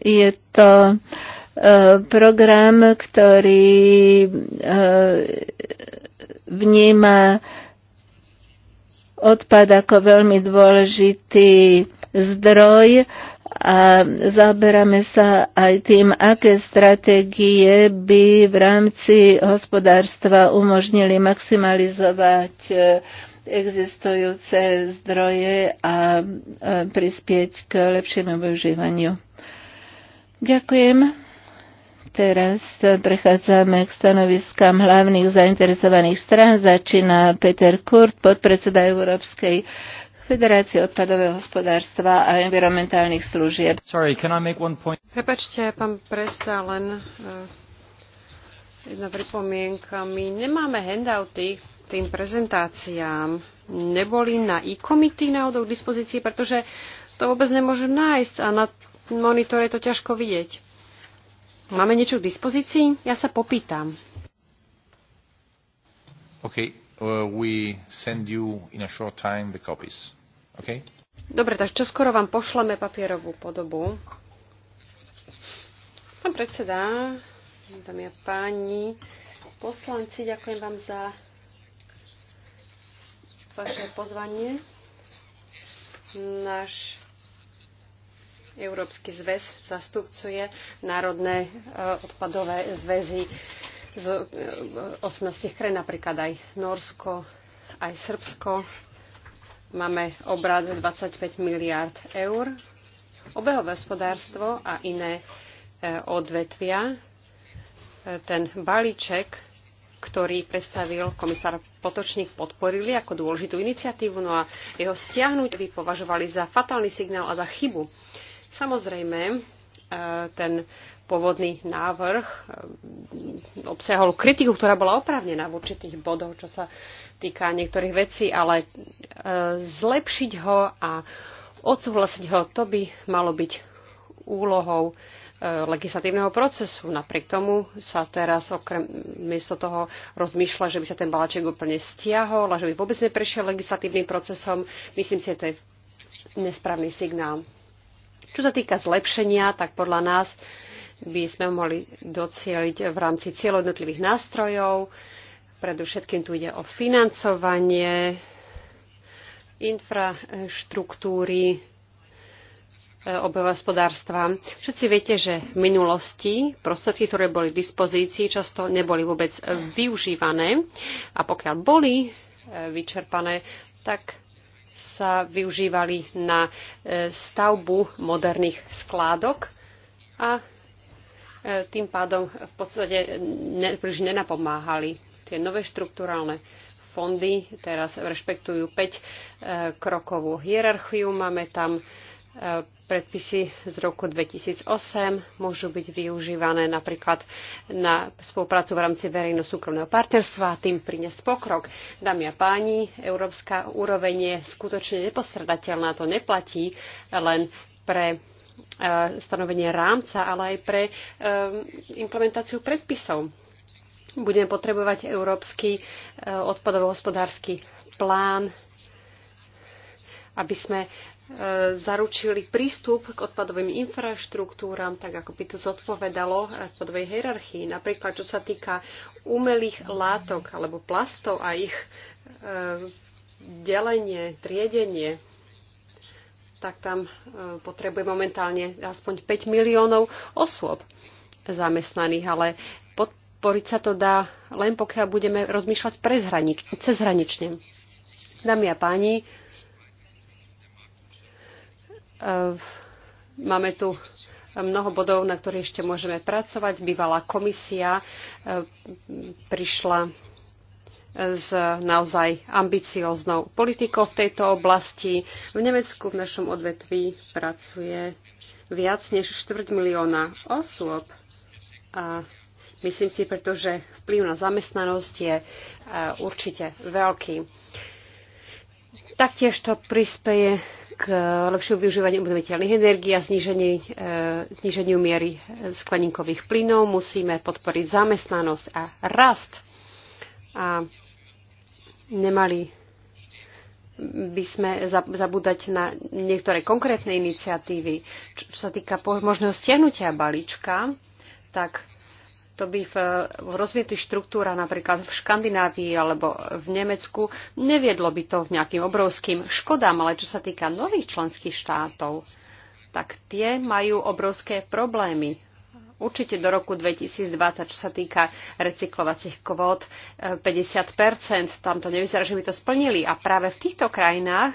je to uh, Eh, program, ktorý eh, vníma odpad ako veľmi dôležitý zdroj a zaberáme sa aj tým, aké stratégie by v rámci hospodárstva umožnili maximalizovať eh, existujúce zdroje a prispieť k lepšiemu využívaniu. Ďakujem. Teraz prechádzame k stanoviskám hlavných zainteresovaných strán. Začína Peter Kurt, podpredseda Európskej Federácie odpadového hospodárstva a environmentálnych služieb. Sorry, can I make one point? Prepačte, pán Presta, len uh, jedna pripomienka. My nemáme handouty k tým prezentáciám. Neboli na e komity náhodou k dispozícii, pretože to vôbec nemôžem nájsť a na monitore je to ťažko vidieť. Máme niečo k dispozícii? Ja sa popýtam. OK, uh, we send you in a short time the copies. OK? Dobre, tak čo skoro vám pošleme papierovú podobu. Pán predseda, dámy a páni, poslanci, ďakujem vám za vaše pozvanie. Náš Európsky zväz zastupcuje národné e, odpadové zväzy z 18 e, krajín, napríklad aj Norsko, aj Srbsko. Máme obrad 25 miliárd eur. Obehové hospodárstvo a iné e, odvetvia. Ten balíček ktorý predstavil komisár Potočník, podporili ako dôležitú iniciatívu, no a jeho stiahnuť považovali za fatálny signál a za chybu. Samozrejme, e, ten pôvodný návrh e, obsahol kritiku, ktorá bola oprávnená v určitých bodoch, čo sa týka niektorých vecí, ale e, zlepšiť ho a odsúhlasiť ho, to by malo byť úlohou legislatívneho procesu. Napriek tomu sa teraz okrem, miesto toho rozmýšľa, že by sa ten balaček úplne stiahol a že by vôbec neprešiel legislatívnym procesom. Myslím si, že to je nesprávny signál. Čo sa týka zlepšenia, tak podľa nás by sme mohli docieliť v rámci cieľov jednotlivých nástrojov. Predovšetkým tu ide o financovanie, infraštruktúry, e, obyhospodárstva. Všetci viete, že v minulosti prostredky, ktoré boli v dispozícii, často neboli vôbec využívané a pokiaľ boli e, vyčerpané, tak sa využívali na e, stavbu moderných skládok a e, tým pádom v podstate ne, príliš nenapomáhali. Tie nové štruktúrálne fondy teraz rešpektujú 5 e, krokovú hierarchiu. Máme tam predpisy z roku 2008 môžu byť využívané napríklad na spoluprácu v rámci verejno-súkromného partnerstva a tým priniesť pokrok. Dámy a páni, európska úroveň je skutočne nepostradateľná. To neplatí len pre e, stanovenie rámca, ale aj pre e, implementáciu predpisov. Budeme potrebovať európsky e, odpadovo-hospodársky plán, aby sme zaručili prístup k odpadovým infraštruktúram, tak ako by to zodpovedalo eh, odpadovej hierarchii. Napríklad, čo sa týka umelých látok alebo plastov a ich eh, delenie, triedenie, tak tam eh, potrebuje momentálne aspoň 5 miliónov osôb zamestnaných, ale podporiť sa to dá len pokiaľ budeme rozmýšľať cezhranične. Dámy a páni, Máme tu mnoho bodov, na ktorých ešte môžeme pracovať. Bývalá komisia e, prišla e, s naozaj ambicióznou politikou v tejto oblasti. V Nemecku v našom odvetví pracuje viac než 4 milióna osôb a myslím si, pretože vplyv na zamestnanosť je e, určite veľký. Taktiež to prispieje k e, lepšiemu využívaniu obnoviteľných energií a e, zníženiu miery e, skleníkových plynov. Musíme podporiť zamestnanosť a rast. A nemali by sme zabúdať na niektoré konkrétne iniciatívy. Čo sa týka možného stiahnutia balíčka, tak to by v, v rozvietých štruktúrach, napríklad v Škandinávii alebo v Nemecku, neviedlo by to v nejakým obrovským škodám, ale čo sa týka nových členských štátov, tak tie majú obrovské problémy. Určite do roku 2020, čo sa týka recyklovacích kvót, 50 eh, tam to nevyzerá, že by to splnili. A práve v týchto krajinách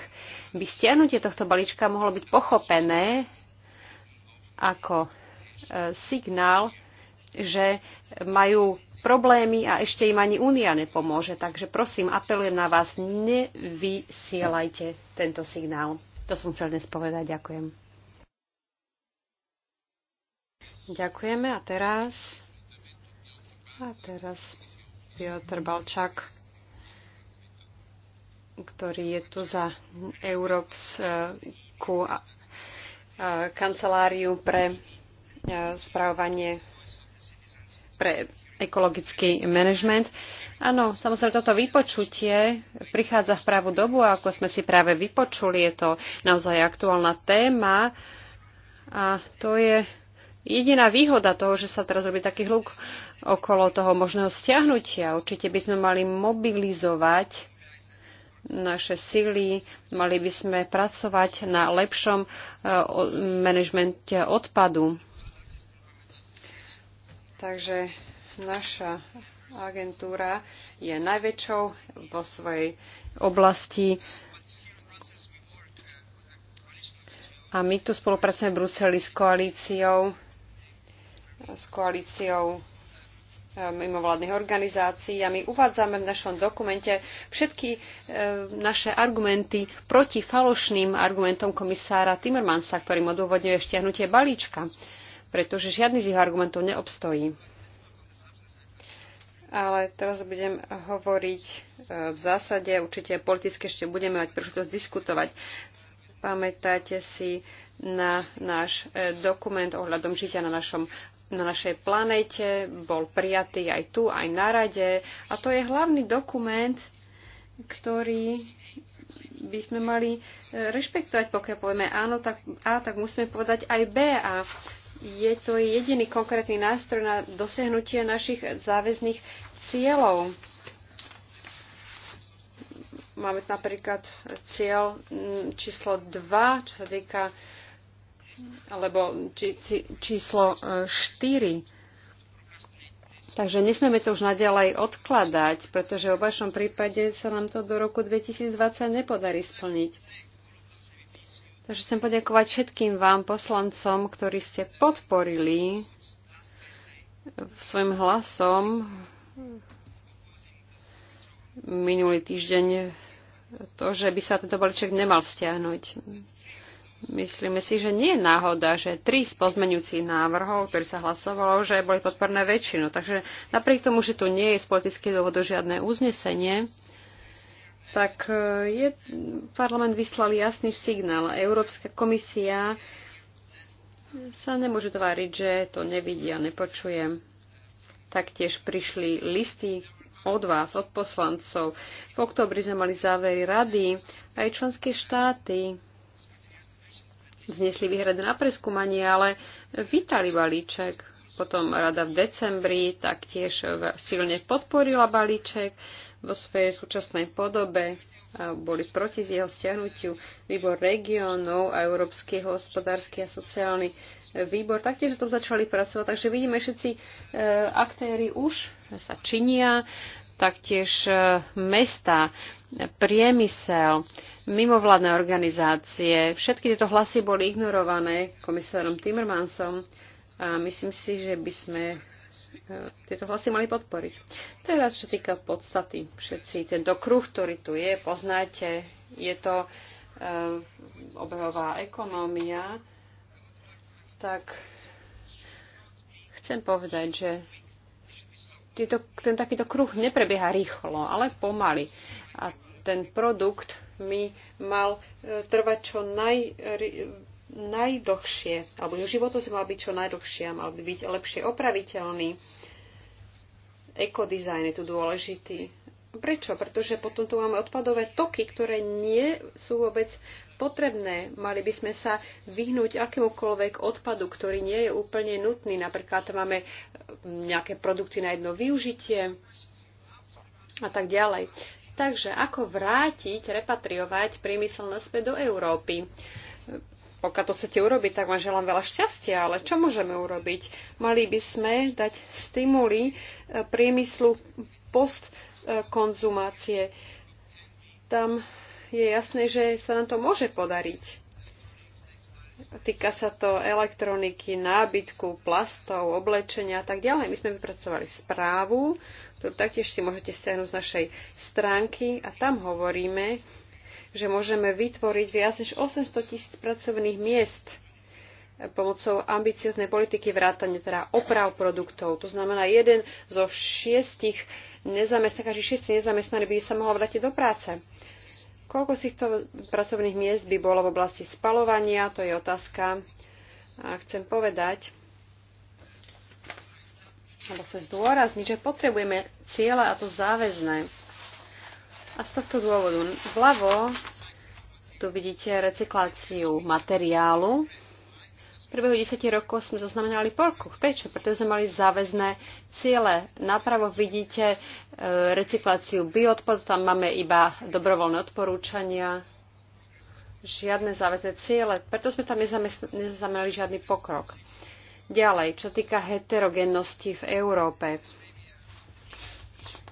by stiahnutie tohto balíčka mohlo byť pochopené ako eh, signál, že majú problémy a ešte im ani Únia nepomôže. Takže prosím, apelujem na vás, nevysielajte tento signál. To som chcel dnes povedať. Ďakujem. Ďakujeme a teraz... A teraz Piotr Balčak, ktorý je tu za Európsku eh, eh, kanceláriu pre eh, spravovanie pre ekologický manažment. Áno, samozrejme toto vypočutie prichádza v pravú dobu a ako sme si práve vypočuli, je to naozaj aktuálna téma a to je jediná výhoda toho, že sa teraz robí taký hluk okolo toho možného stiahnutia. Určite by sme mali mobilizovať naše sily, mali by sme pracovať na lepšom eh, manažmente odpadu. Takže naša agentúra je najväčšou vo svojej oblasti. A my tu spolupracujeme v Bruseli s koalíciou, s koalíciou e, mimovládnych organizácií a my uvádzame v našom dokumente všetky e, naše argumenty proti falošným argumentom komisára Timmermansa, ktorým odôvodňuje štiahnutie balíčka pretože žiadny z ich argumentov neobstojí. Ale teraz budem hovoriť e, v zásade, určite politicky ešte budeme mať príležitosť diskutovať. Pamätáte si na náš e, dokument ohľadom žitia na našom na našej planete, bol prijatý aj tu, aj na rade. A to je hlavný dokument, ktorý by sme mali e, rešpektovať, pokiaľ povieme áno, tak A, tak musíme povedať aj B. A je to jediný konkrétny nástroj na dosiahnutie našich záväzných cieľov. Máme tu napríklad cieľ mm, číslo 2, čo sa týka, alebo či, či, číslo 4. E, Takže nesmieme to už naďalej odkladať, pretože v obačnom prípade sa nám to do roku 2020 nepodarí splniť. Takže chcem poďakovať všetkým vám, poslancom, ktorí ste podporili svojim hlasom minulý týždeň to, že by sa tento balíček nemal stiahnuť. Myslíme si, že nie je náhoda, že tri z pozmenujúcich návrhov, ktoré sa hlasovalo, že boli podporné väčšinu. Takže napriek tomu, že tu nie je z politických dôvodov žiadne uznesenie, tak e, je, parlament vyslal jasný signál. Európska komisia sa nemôže tváriť, že to nevidí a nepočuje. Taktiež prišli listy od vás, od poslancov. V oktobri sme mali závery rady, aj členské štáty znesli výhrady na preskúmanie, ale vítali balíček. Potom rada v decembri taktiež silne podporila balíček vo svojej súčasnej podobe a boli proti z jeho stiahnutiu výbor regiónov a Európsky hospodársky a sociálny výbor. Taktiež to začali pracovať, takže vidíme, všetci e, aktéry už sa činia, taktiež e, mesta, priemysel, mimovládne organizácie. Všetky tieto hlasy boli ignorované komisárom Timmermansom a myslím si, že by sme E, tieto hlasy mali podporiť. Teraz, čo týka podstaty, všetci tento kruh, ktorý tu je, poznáte, je to e, obehová ekonómia, tak chcem povedať, že tieto, ten takýto kruh neprebieha rýchlo, ale pomaly. A ten produkt mi mal e, trvať čo naj, e, najdlhšie, alebo jeho si mal byť čo najdlhšie, mal by byť lepšie opraviteľný. Ekodizajn je tu dôležitý. Prečo? Pretože potom tu máme odpadové toky, ktoré nie sú vôbec potrebné. Mali by sme sa vyhnúť akémukoľvek odpadu, ktorý nie je úplne nutný. Napríklad máme mm, nejaké produkty na jedno využitie a tak ďalej. Takže ako vrátiť, repatriovať priemysel naspäť do Európy? Pokiaľ to chcete urobiť, tak vám želám veľa šťastia, ale čo môžeme urobiť? Mali by sme dať stimuly e, priemyslu postkonzumácie. Tam je jasné, že sa nám to môže podariť. Týka sa to elektroniky, nábytku, plastov, oblečenia a tak ďalej. My sme vypracovali správu, ktorú taktiež si môžete stiahnuť z našej stránky a tam hovoríme, že môžeme vytvoriť viac než 800 tisíc pracovných miest pomocou ambicioznej politiky vrátane teda oprav produktov. To znamená, jeden zo šiestich nezamestnaných, každý šiestý nezamestnaný by sa mohol vrátiť do práce. Koľko z týchto pracovných miest by bolo v oblasti spalovania? To je otázka. A chcem povedať, alebo chcem zdôrazniť, že potrebujeme ciele a to záväzné a z tohto dôvodu vľavo tu vidíte recykláciu materiálu. V priebehu 10 rokov sme zaznamenali poruch. Prečo? Pretože sme mali záväzné ciele. Napravo vidíte e, recykláciu bioodpadu, tam máme iba dobrovoľné odporúčania, žiadne záväzné ciele, preto sme tam nezaznamenali žiadny pokrok. Ďalej, čo týka heterogennosti v Európe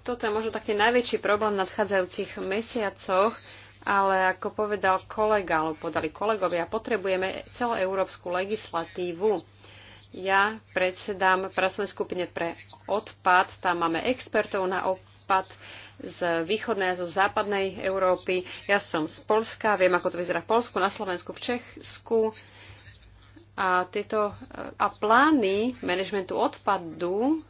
toto je možno taký najväčší problém v nadchádzajúcich mesiacoch, ale ako povedal kolega, alebo podali kolegovia, potrebujeme celoeurópsku legislatívu. Ja predsedám pracovnej skupine pre odpad, tam máme expertov na odpad z východnej a zo západnej Európy. Ja som z Polska, viem, ako to vyzerá v Polsku, na Slovensku, v Česku. A, tieto, a plány manažmentu odpadu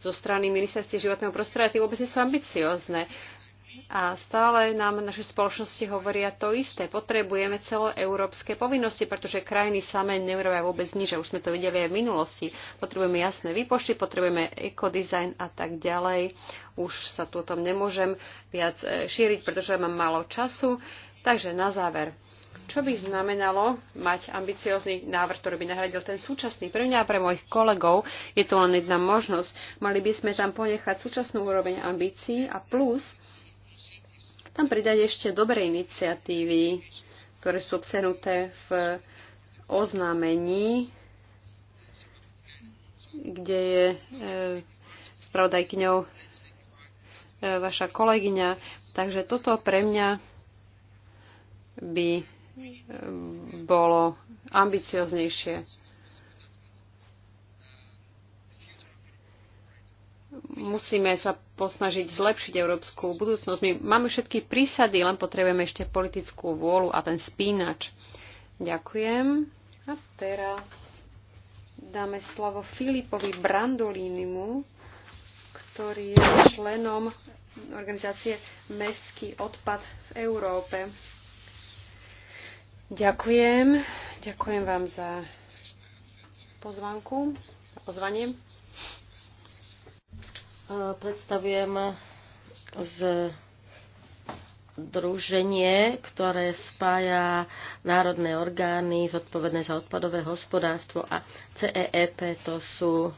zo strany ministerstie životného prostredia, tie vôbec nie sú ambiciózne. A stále nám naše spoločnosti hovoria to isté. Potrebujeme celoeurópske povinnosti, pretože krajiny samé neurobia vôbec nič. Už sme to videli aj v minulosti. Potrebujeme jasné výpočty, potrebujeme ekodizajn a tak ďalej. Už sa tu o tom nemôžem viac eh, šíriť, pretože mám málo času. Takže na záver. Čo by znamenalo mať ambiciózny návrh, ktorý by nahradil ten súčasný? Pre mňa a pre mojich kolegov je to len jedna možnosť. Mali by sme tam ponechať súčasnú úroveň ambícií a plus tam pridať ešte dobré iniciatívy, ktoré sú obsenuté v oznámení, kde je e, spravodajkňou e, vaša kolegyňa. Takže toto pre mňa by bolo ambicioznejšie. Musíme sa posnažiť zlepšiť európsku budúcnosť. My máme všetky prísady, len potrebujeme ešte politickú vôľu a ten spínač. Ďakujem. A teraz dáme slovo Filipovi Brandolínimu, ktorý je členom organizácie Mestský odpad v Európe. Ďakujem. Ďakujem vám za pozvanku, pozvanie. E, predstavujem z druženie, ktoré spája národné orgány zodpovedné za odpadové hospodárstvo a CEEP to sú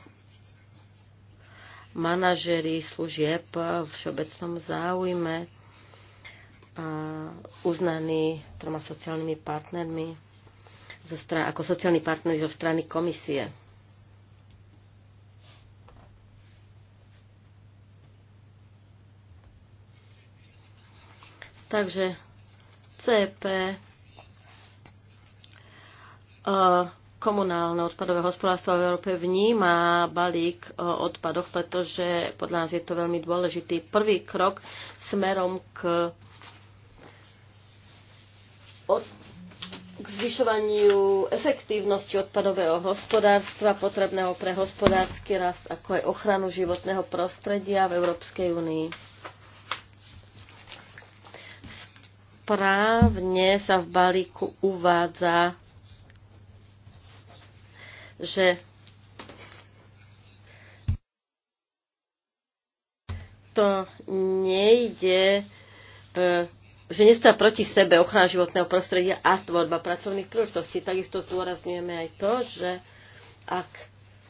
manažery služieb v všeobecnom záujme uznaný troma sociálnymi partnermi zo strany, ako sociálny partner zo strany komisie. Takže CP komunálne odpadové hospodárstvo v Európe vníma balík o odpadoch, pretože podľa nás je to veľmi dôležitý prvý krok smerom k zvyšovaniu efektívnosti odpadového hospodárstva, potrebného pre hospodársky rast, ako aj ochranu životného prostredia v Európskej únii. Správne sa v balíku uvádza, že to nejde e, že nestoja proti sebe ochrana životného prostredia a tvorba pracovných príležitostí. Takisto zdôrazňujeme aj to, že ak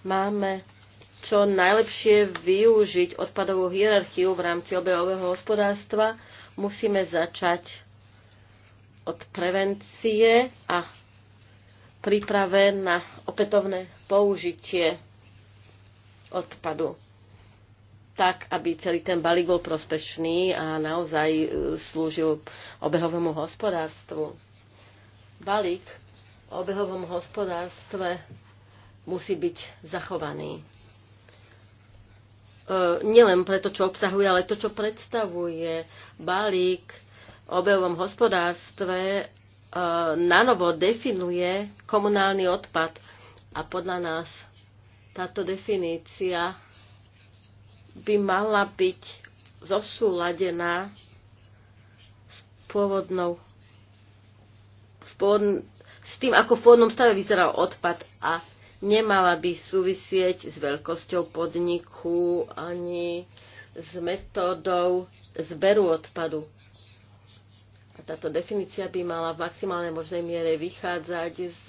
máme čo najlepšie využiť odpadovú hierarchiu v rámci obehového hospodárstva, musíme začať od prevencie a príprave na opätovné použitie odpadu tak, aby celý ten balík bol prospešný a naozaj e, slúžil obehovému hospodárstvu. Balík o obehovom hospodárstve musí byť zachovaný. E, nielen pre to, čo obsahuje, ale to, čo predstavuje balík o obehovom hospodárstve, e, nanovo definuje komunálny odpad a podľa nás táto definícia by mala byť zosúladená s pôvodnou s, pôvodn- s tým, ako v pôvodnom stave vyzeral odpad a nemala by súvisieť s veľkosťou podniku ani s metódou zberu odpadu. A táto definícia by mala v maximálnej možnej miere vychádzať z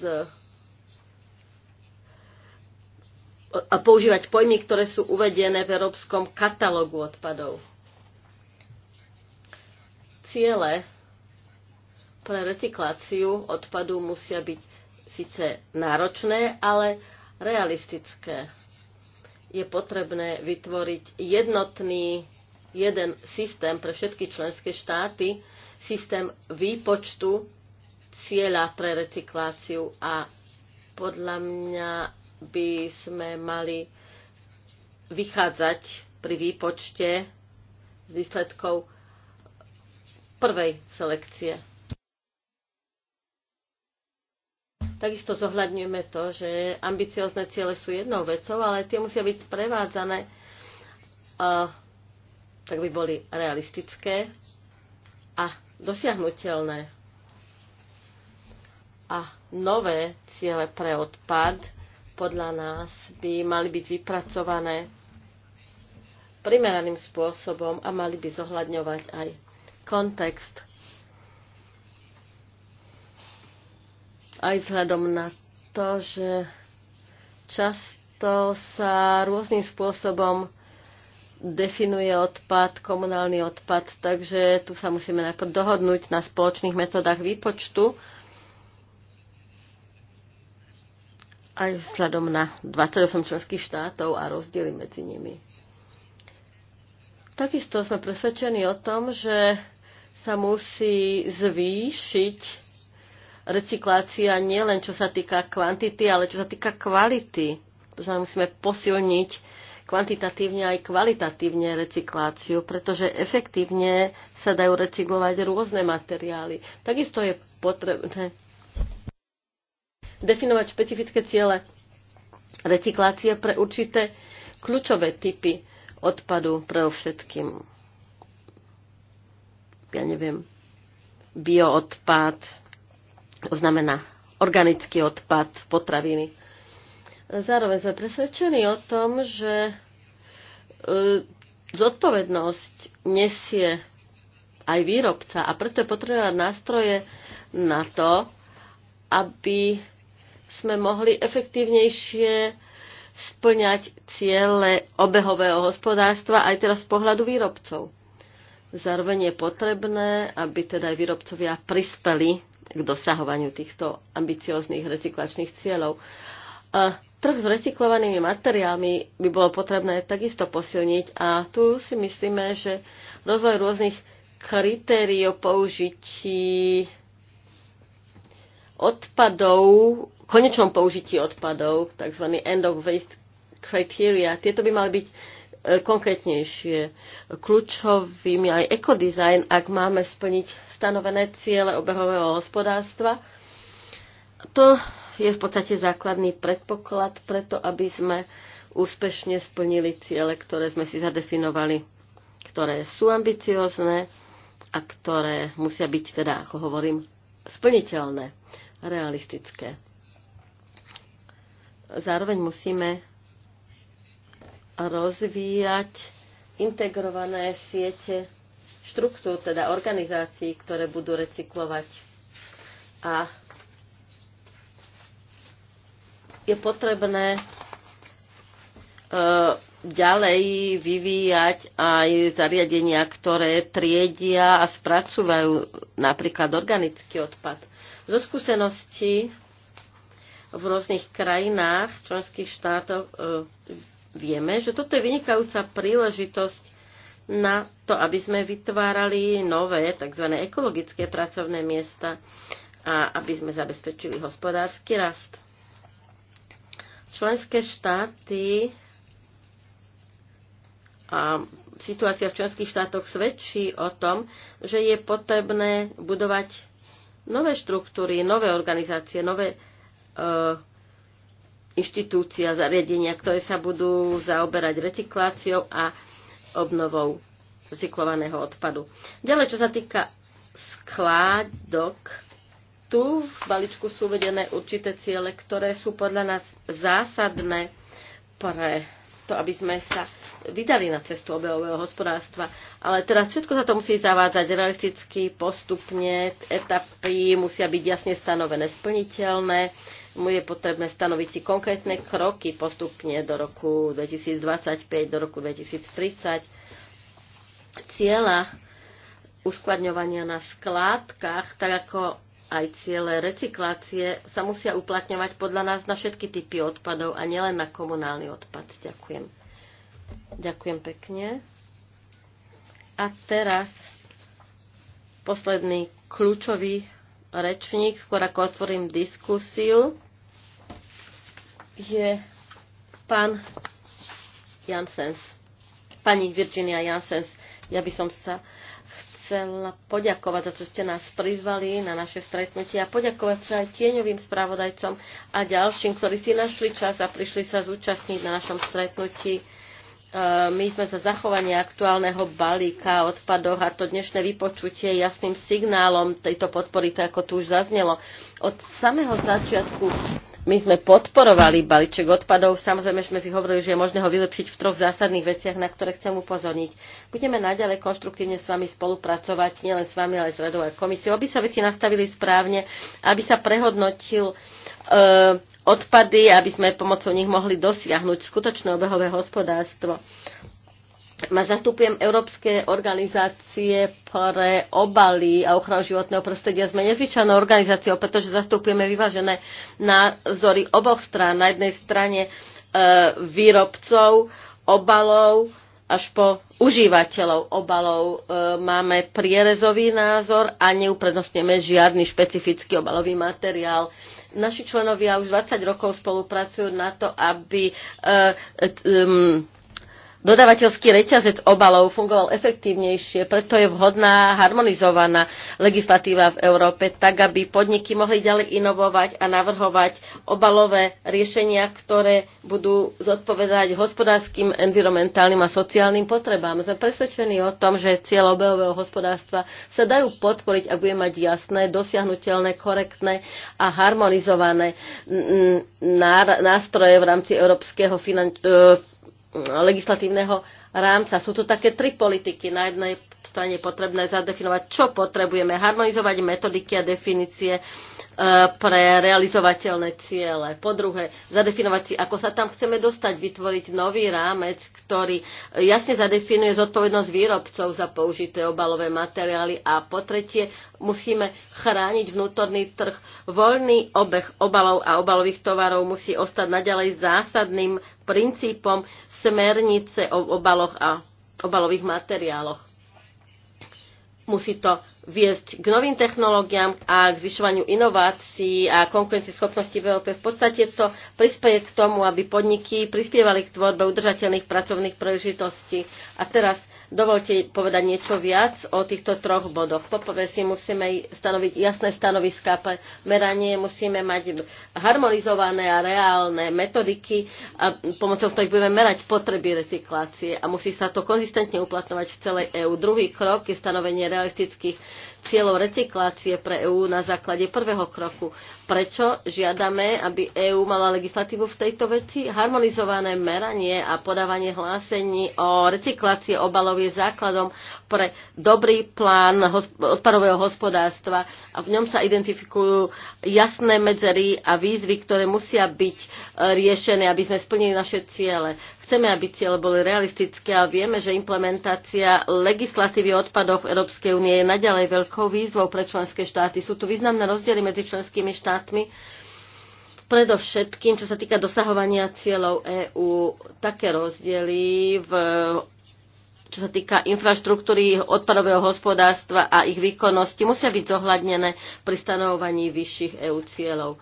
a používať pojmy, ktoré sú uvedené v Európskom katalógu odpadov. Ciele pre recykláciu odpadu musia byť síce náročné, ale realistické. Je potrebné vytvoriť jednotný jeden systém pre všetky členské štáty, systém výpočtu cieľa pre recykláciu a podľa mňa by sme mali vychádzať pri výpočte z výsledkov prvej selekcie. Takisto zohľadňujeme to, že ambiciozne ciele sú jednou vecou, ale tie musia byť sprevádzané, uh, tak by boli realistické a dosiahnutelné. A nové ciele pre odpad podľa nás by mali byť vypracované primeraným spôsobom a mali by zohľadňovať aj kontext. Aj vzhľadom na to, že často sa rôznym spôsobom definuje odpad, komunálny odpad, takže tu sa musíme najprv dohodnúť na spoločných metodách výpočtu aj vzhľadom na 28 členských štátov a rozdiely medzi nimi. Takisto sme presvedčení o tom, že sa musí zvýšiť recyklácia nielen čo sa týka kvantity, ale čo sa týka kvality. To znamená, musíme posilniť kvantitatívne aj kvalitatívne recykláciu, pretože efektívne sa dajú recyklovať rôzne materiály. Takisto je potrebné definovať špecifické ciele recyklácie pre určité kľúčové typy odpadu pre všetkým. Ja neviem, bioodpad, to znamená organický odpad, potraviny. Zároveň sme presvedčení o tom, že e, zodpovednosť nesie aj výrobca a preto je potrebovať nástroje na to, aby sme mohli efektívnejšie splňať ciele obehového hospodárstva aj teraz z pohľadu výrobcov. Zároveň je potrebné, aby teda aj výrobcovia prispeli k dosahovaniu týchto ambicióznych recyklačných cieľov. A trh s recyklovanými materiálmi by bolo potrebné takisto posilniť a tu si myslíme, že rozvoj rôznych kritérií o použití odpadov konečnom použití odpadov, tzv. end of waste criteria. Tieto by mali byť e, konkrétnejšie. Kľúčovým je aj ekodizajn, ak máme splniť stanovené ciele obehového hospodárstva. To je v podstate základný predpoklad preto, aby sme úspešne splnili ciele, ktoré sme si zadefinovali, ktoré sú ambiciozne a ktoré musia byť teda, ako hovorím, splniteľné, realistické zároveň musíme rozvíjať integrované siete štruktúr, teda organizácií, ktoré budú recyklovať. A je potrebné e, ďalej vyvíjať aj zariadenia, ktoré triedia a spracúvajú napríklad organický odpad. Zo skúseností v rôznych krajinách, členských štátoch, e, vieme, že toto je vynikajúca príležitosť na to, aby sme vytvárali nové tzv. ekologické pracovné miesta a aby sme zabezpečili hospodársky rast. Členské štáty a situácia v členských štátoch svedčí o tom, že je potrebné budovať nové štruktúry, nové organizácie, nové Eh, inštitúcia, zariadenia, ktoré sa budú zaoberať recykláciou a obnovou recyklovaného odpadu. Ďalej, čo sa týka skládok, tu v balíčku sú uvedené určité ciele, ktoré sú podľa nás zásadné pre to, aby sme sa vydali na cestu obehového hospodárstva. Ale teraz všetko sa to musí zavádzať realisticky, postupne, etapy musia byť jasne stanovené, splniteľné. Mu je potrebné stanoviť si konkrétne kroky postupne do roku 2025, do roku 2030. Cieľa uskladňovania na skládkach, tak ako aj ciele recyklácie sa musia uplatňovať podľa nás na všetky typy odpadov a nielen na komunálny odpad. Ďakujem. Ďakujem pekne. A teraz posledný kľúčový rečník, skôr ako otvorím diskusiu, je pán Jansens. Pani Virginia Jansens, ja by som sa chcela poďakovať za to, ste nás prizvali na naše stretnutie a poďakovať sa aj tieňovým spravodajcom a ďalším, ktorí si našli čas a prišli sa zúčastniť na našom stretnutí E, my sme za zachovanie aktuálneho balíka odpadov a to dnešné vypočutie jasným signálom tejto podpory, to ako tu už zaznelo. Od samého začiatku my sme podporovali balíček odpadov, samozrejme sme si hovorili, že je možné ho vylepšiť v troch zásadných veciach, na ktoré chcem upozorniť. Budeme naďalej konštruktívne s vami spolupracovať, nielen s vami, ale aj s Radovou komisiou, aby sa veci nastavili správne, aby sa prehodnotil uh, odpady, aby sme pomocou nich mohli dosiahnuť skutočné obehové hospodárstvo. Ma zastupujem Európske organizácie pre obaly a ochranu životného prostredia. Sme nezvyčajnou organizáciou, pretože zastupujeme vyvážené názory oboch strán. Na jednej strane e, výrobcov obalov až po užívateľov obalov. E, máme prierezový názor a neuprednostňujeme žiadny špecifický obalový materiál. E, Naši členovia už 20 rokov spolupracujú na to, aby eh, dodavateľský reťazec obalov fungoval efektívnejšie, preto je vhodná harmonizovaná legislatíva v Európe, tak aby podniky mohli ďalej inovovať a navrhovať obalové riešenia, ktoré budú zodpovedať hospodárskym, environmentálnym a sociálnym potrebám. Sme presvedčení o tom, že cieľ obehového hospodárstva sa dajú podporiť, ak bude mať jasné, dosiahnutelné, korektné a harmonizované nástroje v rámci európskeho finančného e, legislatívneho rámca. Sú to také tri politiky. Na jednej strane potrebné zadefinovať, čo potrebujeme, harmonizovať metodiky a definície Eh, pre realizovateľné ciele. Po druhé, zadefinovať si, ako sa tam chceme dostať, vytvoriť nový rámec, ktorý jasne zadefinuje zodpovednosť výrobcov za použité obalové materiály. A po tretie, musíme chrániť vnútorný trh. Voľný obeh obalov a obalových tovarov musí ostať naďalej zásadným princípom smernice o obaloch a obalových materiáloch. Musí to viesť k novým technológiám a k zvyšovaniu inovácií a konkurencieschopnosti v Európe. V podstate to prispieje k tomu, aby podniky prispievali k tvorbe udržateľných pracovných príležitostí. A teraz Dovolte povedať niečo viac o týchto troch bodoch. Poprvé si musíme stanoviť jasné stanoviská meranie, musíme mať harmonizované a reálne metodiky, a pomocou ktorých budeme merať potreby recyklácie a musí sa to konzistentne uplatňovať v celej EÚ. Druhý krok je stanovenie realistických cieľov recyklácie pre EÚ na základe prvého kroku. Prečo žiadame, aby EÚ mala legislatívu v tejto veci? Harmonizované meranie a podávanie hlásení o recyklácie obalov je základom pre dobrý plán odpadového hospodárstva a v ňom sa identifikujú jasné medzery a výzvy, ktoré musia byť e, riešené, aby sme splnili naše ciele. Chceme, aby ciele boli realistické a vieme, že implementácia legislatívy o odpadoch Európskej únie je naďalej veľkou výzvou pre členské štáty. Sú tu významné rozdiely medzi členskými štátmi, predovšetkým, čo sa týka dosahovania cieľov EÚ, také rozdiely v čo sa týka infraštruktúry odpadového hospodárstva a ich výkonnosti, musia byť zohľadnené pri stanovovaní vyšších EU cieľov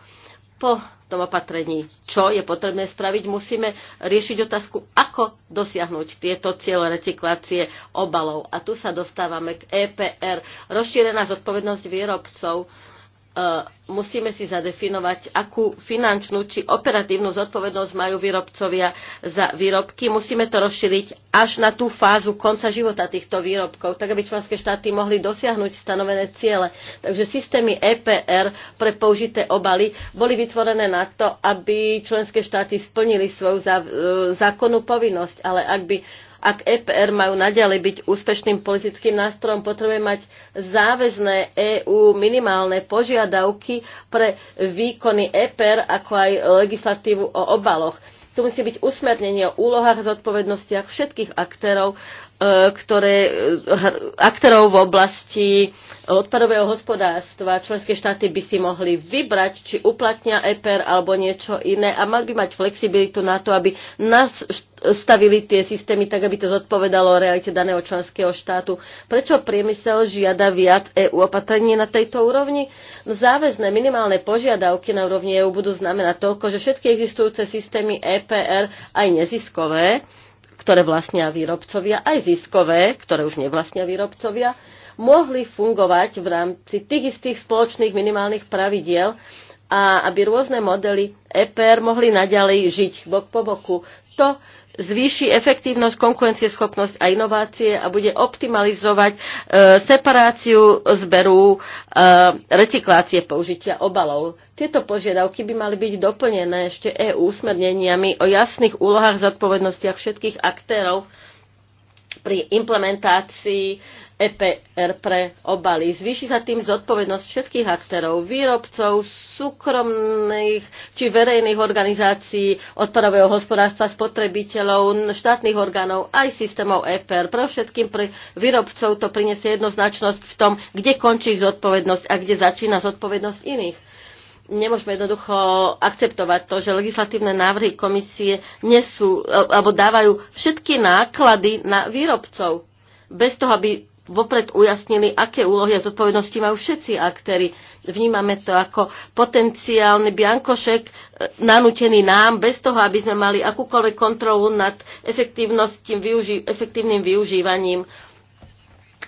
po tom opatrení, čo je potrebné spraviť, musíme riešiť otázku, ako dosiahnuť tieto cieľe recyklácie obalov. A tu sa dostávame k EPR, rozšírená zodpovednosť výrobcov E, musíme si zadefinovať, akú finančnú či operatívnu zodpovednosť majú výrobcovia za výrobky. Musíme to rozšíriť až na tú fázu konca života týchto výrobkov, tak aby členské štáty mohli dosiahnuť stanovené ciele. Takže systémy EPR pre použité obaly boli vytvorené na to, aby členské štáty splnili svoju e, zákonnú povinnosť, ale ak by ak EPR majú naďalej byť úspešným politickým nástrojom, potrebuje mať záväzné EÚ minimálne požiadavky pre výkony EPR, ako aj legislatívu o obaloch. Tu musí byť usmernenie o úlohách a zodpovednostiach všetkých aktérov E, ktoré, e, aktorov v oblasti e, odpadového hospodárstva. Členské štáty by si mohli vybrať, či uplatnia EPR alebo niečo iné a mali by mať flexibilitu na to, aby nás stavili tie systémy tak, aby to zodpovedalo realite daného členského štátu. Prečo priemysel žiada viac EU opatrenie na tejto úrovni? Záväzné minimálne požiadavky na úrovni EU budú znamenať toľko, že všetky existujúce systémy EPR, aj neziskové, ktoré vlastnia výrobcovia, aj ziskové, ktoré už nevlastnia výrobcovia, mohli fungovať v rámci tých istých spoločných minimálnych pravidiel a aby rôzne modely EPR mohli naďalej žiť bok po boku. To zvýši efektívnosť, konkurencieschopnosť a inovácie a bude optimalizovať e, separáciu zberu e, recyklácie použitia obalov. Tieto požiadavky by mali byť doplnené ešte EU usmerneniami o jasných úlohách, zodpovednostiach všetkých aktérov pri implementácii EPR pre obaly. Zvýši sa tým zodpovednosť všetkých aktérov, výrobcov, súkromných či verejných organizácií, odpadového hospodárstva, spotrebiteľov, štátnych orgánov, aj systémov EPR. Pre všetkým pre výrobcov to priniesie jednoznačnosť v tom, kde končí ich zodpovednosť a kde začína zodpovednosť iných nemôžeme jednoducho akceptovať to, že legislatívne návrhy komisie nesú, alebo dávajú všetky náklady na výrobcov, bez toho, aby vopred ujasnili, aké úlohy a zodpovednosti majú všetci aktéry. Vnímame to ako potenciálny biankošek e, nanútený nám, bez toho, aby sme mali akúkoľvek kontrolu nad využi- efektívnym využívaním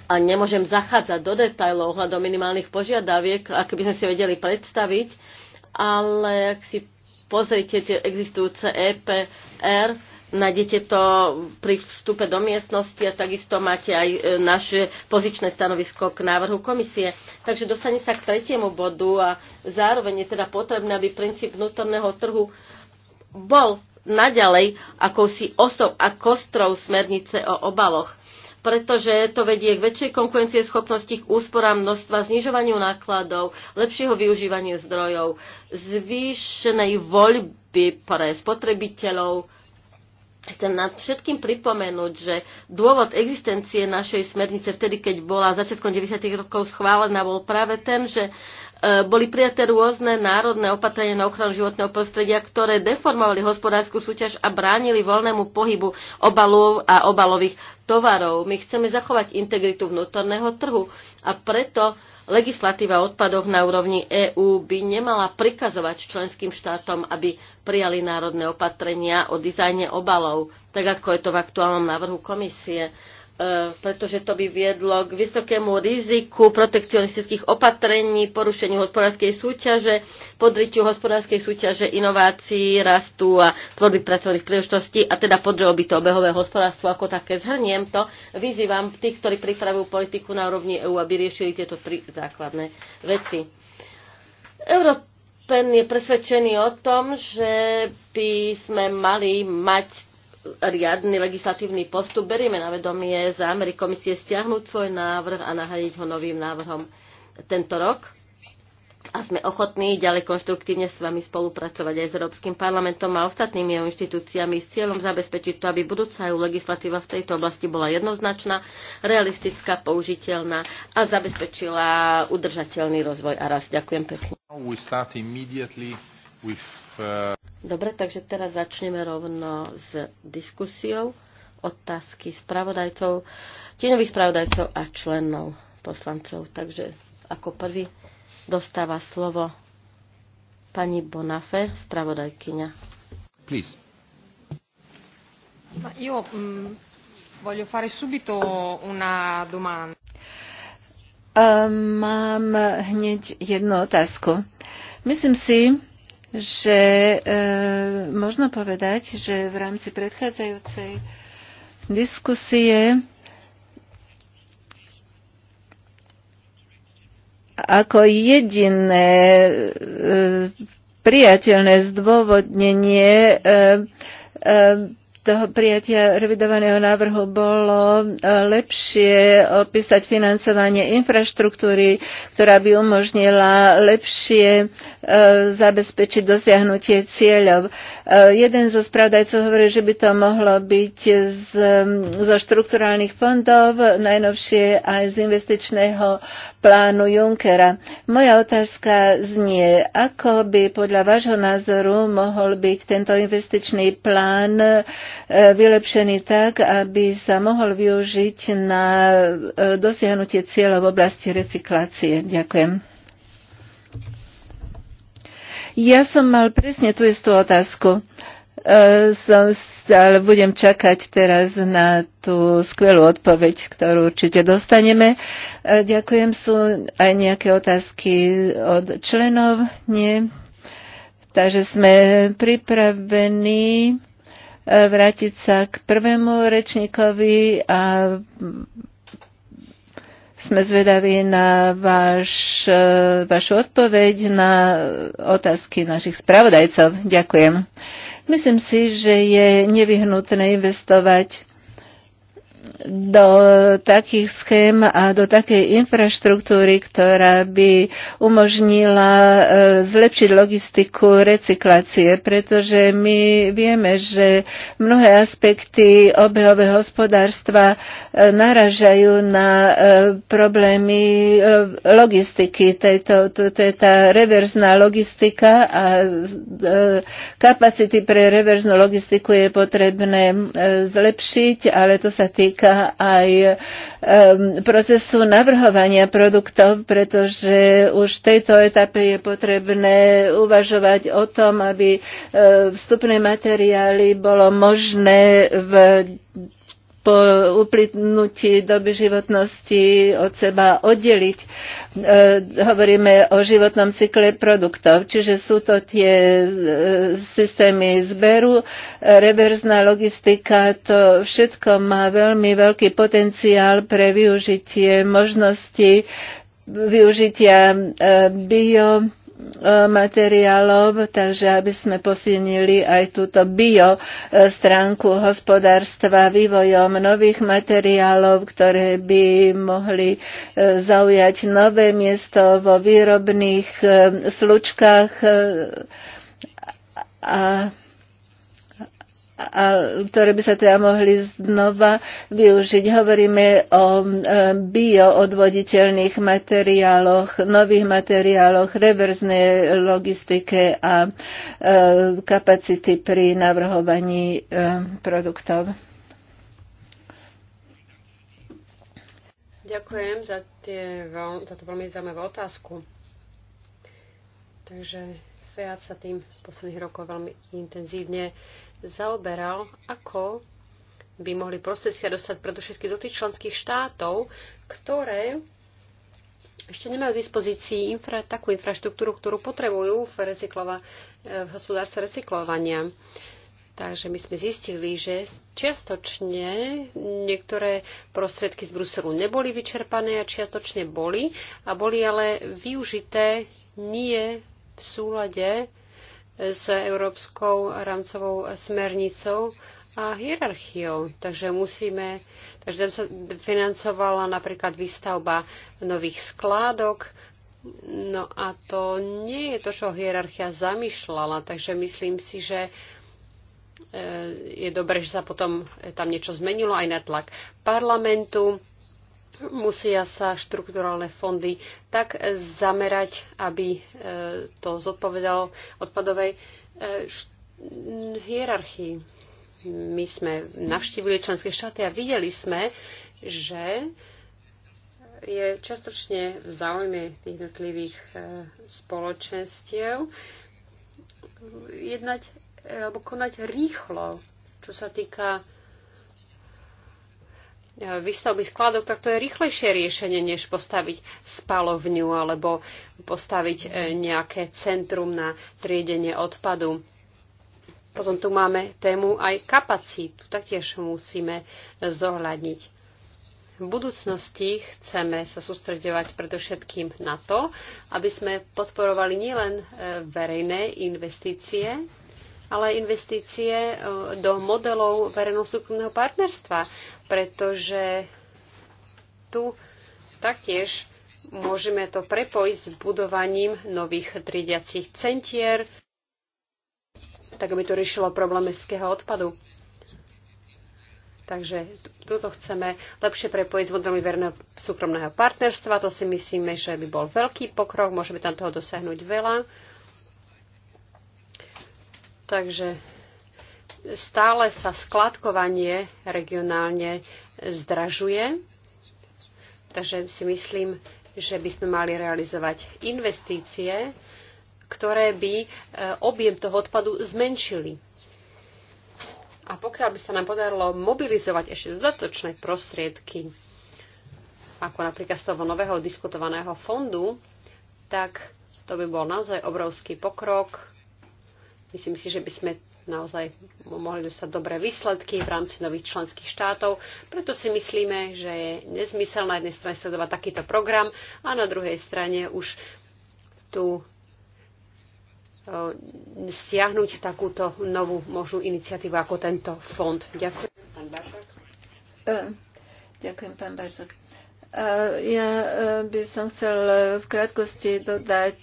a nemôžem zachádzať do detajlov ohľadom minimálnych požiadaviek, aké by sme si vedeli predstaviť, ale ak si pozrite tie existujúce EPR, Nájdete to pri vstupe do miestnosti a takisto máte aj e, naše pozičné stanovisko k návrhu komisie. Takže dostane sa k tretiemu bodu a zároveň je teda potrebné, aby princíp vnútorného trhu bol naďalej akousi osob a kostrov smernice o obaloch pretože to vedie k väčšej konkurencie schopnosti, k úsporám množstva, znižovaniu nákladov, lepšieho využívania zdrojov, zvýšenej voľby pre spotrebiteľov, Chcem nad všetkým pripomenúť, že dôvod existencie našej smernice vtedy, keď bola začiatkom 90. rokov schválená, bol práve ten, že e, boli prijaté rôzne národné opatrenia na ochranu životného prostredia, ktoré deformovali hospodárskú súťaž a bránili voľnému pohybu obalov a obalových tovarov. My chceme zachovať integritu vnútorného trhu a preto legislatíva o odpadoch na úrovni EÚ by nemala prikazovať členským štátom, aby prijali národné opatrenia o dizajne obalov, tak ako je to v aktuálnom návrhu komisie. E, pretože to by viedlo k vysokému riziku protekcionistických opatrení, porušeniu hospodárskej súťaže, podriťu hospodárskej súťaže, inovácií, rastu a tvorby pracovných príležitostí a teda podrelo by to obehové hospodárstvo ako také. Zhrniem to, vyzývam tých, ktorí pripravujú politiku na úrovni EÚ, aby riešili tieto tri základné veci. Európen je presvedčený o tom, že by sme mali mať riadny legislatívny postup. Berieme na vedomie zámery komisie stiahnuť svoj návrh a nahradiť ho novým návrhom tento rok. A sme ochotní ďalej konštruktívne s vami spolupracovať aj s Európskym parlamentom a ostatnými jeho inštitúciami s cieľom zabezpečiť to, aby budúca EU legislatíva v tejto oblasti bola jednoznačná, realistická, použiteľná a zabezpečila udržateľný rozvoj a rast. Ďakujem pekne. Eh, Dobre, takže teraz začneme rovno s diskusiou otázky spravodajcov, tieňových spravodajcov a členov poslancov. Takže ako prvý dostáva slovo pani Bonafe, spravodajkyňa. Please. io mh, mm, voglio fare subito una domanda. Um, mám hneď jednu otázku. Myslím si, že e, možno povedať, že v rámci predchádzajúcej diskusie ako jediné e, priateľné zdôvodnenie e, e, toho prijatia revidovaného návrhu bolo e, lepšie opísať financovanie infraštruktúry, ktorá by umožnila lepšie e, zabezpečiť dosiahnutie cieľov. E, jeden zo spravdajcov hovorí, že by to mohlo byť z, zo štrukturálnych fondov, najnovšie aj z investičného plánu Junckera. Moja otázka znie, ako by podľa vášho názoru mohol byť tento investičný plán e, vylepšený tak, aby sa mohol využiť na e, dosiahnutie cieľov v oblasti recyklácie. Ďakujem. Ja som mal presne tú istú otázku. Eh, som ale budem čakať teraz na tú skvelú odpoveď, ktorú určite dostaneme. Eh, ďakujem, sú aj nejaké otázky od členov? Nie. Takže sme pripravení eh, vrátiť sa k prvému rečníkovi a sme zvedaví na váš, vašu odpoveď na otázky našich spravodajcov. Ďakujem. Myslím si, že je nevyhnutné investovať do takých schém a do takej infraštruktúry, ktorá by umožnila e, zlepšiť logistiku recyklácie, pretože my vieme, že mnohé aspekty obehového hospodárstva e, naražajú na e, problémy logistiky. Tejto, to, to je tá reverzná logistika a kapacity pre reverznú logistiku je potrebné zlepšiť, ale to sa týka týka aj procesu navrhovania produktov, pretože už v tejto etape je potrebné uvažovať o tom, aby vstupné materiály bolo možné v po uplynutí doby životnosti od seba oddeliť. E, hovoríme o životnom cykle produktov, čiže sú to tie e, systémy zberu, reverzná logistika, to všetko má veľmi veľký potenciál pre využitie možnosti využitia e, bio materiálov, takže aby sme posilnili aj túto bio stránku hospodárstva vývojom nových materiálov, ktoré by mohli e, zaujať nové miesto vo výrobných e, slučkách e, a a ktoré by sa teda mohli znova využiť. Hovoríme o e, bioodvoditeľných materiáloch, nových materiáloch, reverznej logistike a e, kapacity pri navrhovaní e, produktov. Ďakujem za, tie, za tú veľmi zaujímavú otázku. Takže FEAT sa tým v posledných rokoch veľmi intenzívne zaoberal, ako by mohli prostredia dostať predovšetky do tých členských štátov, ktoré ešte nemajú v dispozícii infra, takú infraštruktúru, ktorú potrebujú v, recyklova, e, v hospodárstve recyklovania. Takže my sme zistili, že čiastočne niektoré prostriedky z Bruselu neboli vyčerpané a čiastočne boli a boli ale využité nie v súlade s Európskou rámcovou smernicou a hierarchiou. Takže musíme, takže tam sa financovala napríklad výstavba nových skládok, No a to nie je to, čo hierarchia zamýšľala, takže myslím si, že e, je dobré, že sa potom tam niečo zmenilo aj na tlak parlamentu musia sa štrukturálne fondy tak zamerať, aby e, to zodpovedalo odpadovej e, hierarchii. My sme navštívili členské štáty a videli sme, že je častočne v záujme tých jednotlivých e, spoločenstiev jednať alebo konať rýchlo, čo sa týka výstavby skladov, tak to je rýchlejšie riešenie, než postaviť spalovňu alebo postaviť e, nejaké centrum na triedenie odpadu. Potom tu máme tému aj kapacít. Tu taktiež musíme zohľadniť. V budúcnosti chceme sa sústredovať predovšetkým na to, aby sme podporovali nielen e, verejné investície, ale investície e, do modelov verejno-súkromného partnerstva, pretože tu taktiež môžeme to prepojiť s budovaním nových triediacich centier, tak aby to riešilo problém mestského odpadu. Takže toto chceme lepšie prepojiť s modelmi verného súkromného partnerstva. To si myslíme, že by bol veľký pokrok, môžeme tam toho dosiahnuť veľa. Takže stále sa skladkovanie regionálne zdražuje. Takže si myslím, že by sme mali realizovať investície, ktoré by e, objem toho odpadu zmenšili. A pokiaľ by sa nám podarilo mobilizovať ešte dodatočné prostriedky, ako napríklad z toho nového diskutovaného fondu, tak to by bol naozaj obrovský pokrok Myslím si, že by sme naozaj mohli dostať dobré výsledky v rámci nových členských štátov. Preto si myslíme, že je nezmysel na jednej strane sledovať takýto program a na druhej strane už tu e, stiahnuť takúto novú možnú iniciatívu ako tento fond. Ďakujem, pán Barzak. E, ďakujem, pán Barzak. E, ja by som chcel v krátkosti dodať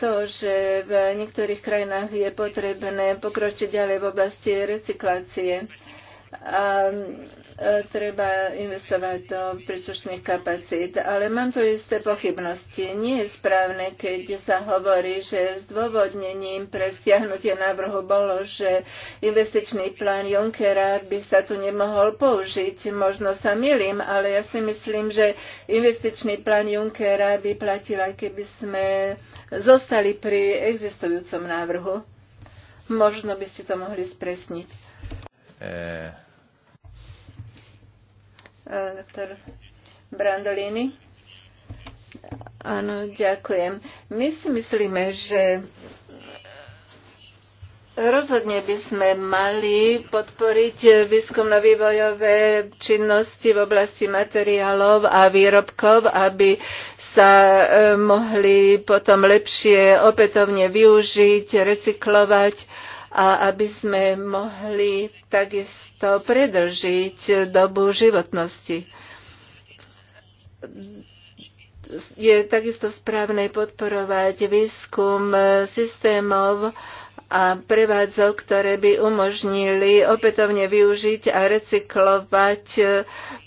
to, že v niektorých krajinách je potrebné pokročiť ďalej v oblasti recyklácie a e, treba investovať do príslušných kapacít. Ale mám tu isté pochybnosti. Nie je správne, keď sa hovorí, že zdôvodnením pre stiahnutie návrhu bolo, že investičný plán Junckera by sa tu nemohol použiť. Možno sa milím, ale ja si myslím, že investičný plán Junckera by platil, aj keby sme zostali pri existujúcom návrhu. Možno by ste to mohli spresniť. Eh doktor Brandolini. Áno, ďakujem. My si myslíme, že Rozhodne by sme mali podporiť výskumno-vývojové činnosti v oblasti materiálov a výrobkov, aby sa eh, mohli potom lepšie opätovne využiť, recyklovať a aby sme mohli takisto predlžiť dobu životnosti. Je takisto správne podporovať výskum systémov, a prevádzov, ktoré by umožnili opätovne využiť a recyklovať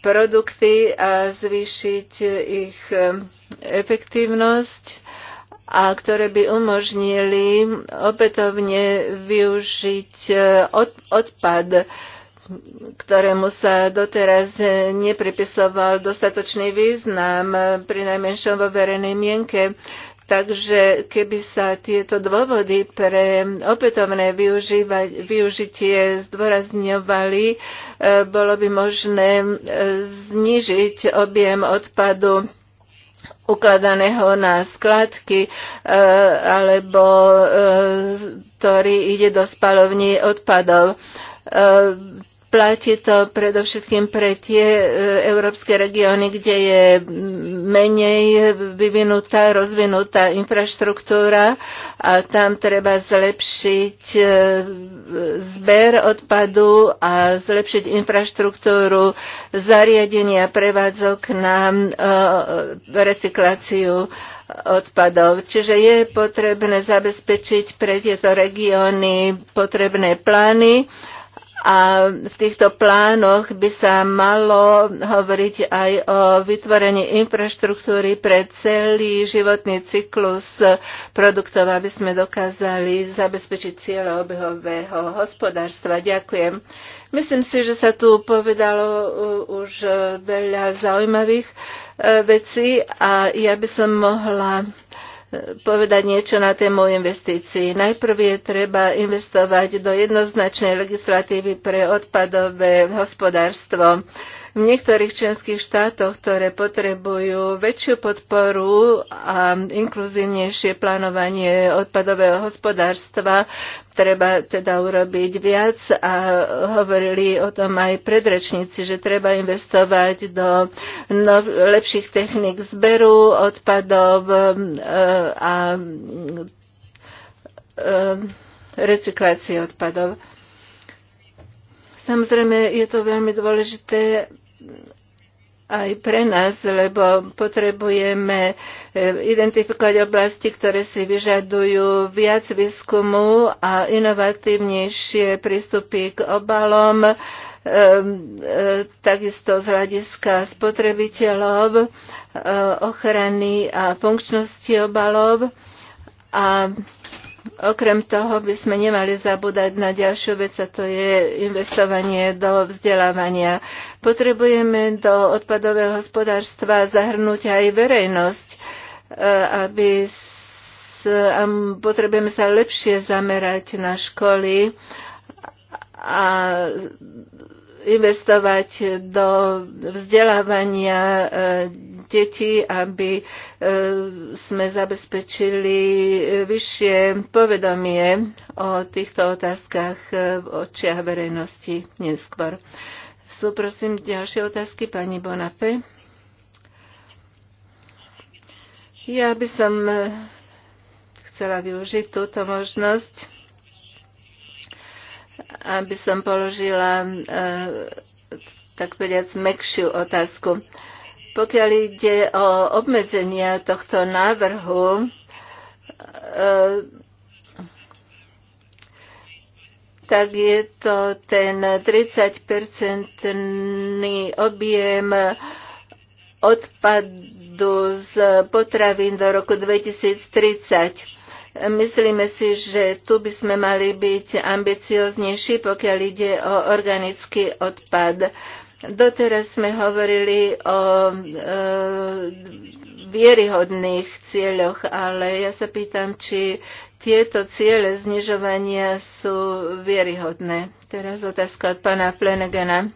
produkty a zvýšiť ich efektívnosť a ktoré by umožnili opätovne využiť e, od, odpad, ktorému sa doteraz nepripisoval dostatočný význam, pri najmenšom vo verejnej mienke. Takže keby sa tieto dôvody pre opätovné využitie zdôrazňovali, e, bolo by možné e, znižiť objem odpadu ukladaného na skladky e, alebo e, ktorý ide do spalovní odpadov e, Platí to predovšetkým pre tie e, európske regióny, kde je menej vyvinutá, rozvinutá infraštruktúra a tam treba zlepšiť e, zber odpadu a zlepšiť infraštruktúru zariadenia prevádzok na e, recykláciu odpadov. Čiže je potrebné zabezpečiť pre tieto regióny potrebné plány a v týchto plánoch by sa malo hovoriť aj o vytvorení infraštruktúry pre celý životný cyklus produktov, aby sme dokázali zabezpečiť cieľe obehového hospodárstva. Ďakujem. Myslím si, že sa tu povedalo uh, už veľa zaujímavých uh, vecí a ja by som mohla povedať niečo na tému investícií. Najprv je treba investovať do jednoznačnej legislatívy pre odpadové hospodárstvo. V niektorých členských štátoch, ktoré potrebujú väčšiu podporu a inkluzívnejšie plánovanie odpadového hospodárstva, treba teda urobiť viac a hovorili o tom aj predrečníci, že treba investovať do nov, lepších technik zberu odpadov e, a e, recyklácie odpadov. Samozrejme, je to veľmi dôležité aj pre nás, lebo potrebujeme e, identifikovať oblasti, ktoré si vyžadujú viac výskumu a inovatívnejšie prístupy k obalom, e, e, takisto z hľadiska spotrebiteľov, ochrany a funkčnosti obalov. A Okrem toho by sme nemali zabúdať na ďalšiu vec a to je investovanie do vzdelávania. Potrebujeme do odpadového hospodárstva zahrnúť aj verejnosť, e, aby a potrebujeme sa lepšie zamerať na školy a investovať do vzdelávania e, detí, aby e, sme zabezpečili vyššie povedomie o týchto otázkach e, v očiach verejnosti neskôr. Sú prosím ďalšie otázky pani Bonafé. Ja by som chcela využiť túto možnosť aby som položila e, tak povediac mekšiu otázku. Pokiaľ ide o obmedzenia tohto návrhu, e, tak je to ten 30-percentný objem odpadu z potravín do roku 2030 Myslíme si, že tu by sme mali byť ambicioznejší, pokiaľ ide o organický odpad. Doteraz sme hovorili o e, vieryhodných cieľoch, ale ja sa pýtam, či tieto ciele znižovania sú vieryhodné. Teraz otázka od pána Flanagana.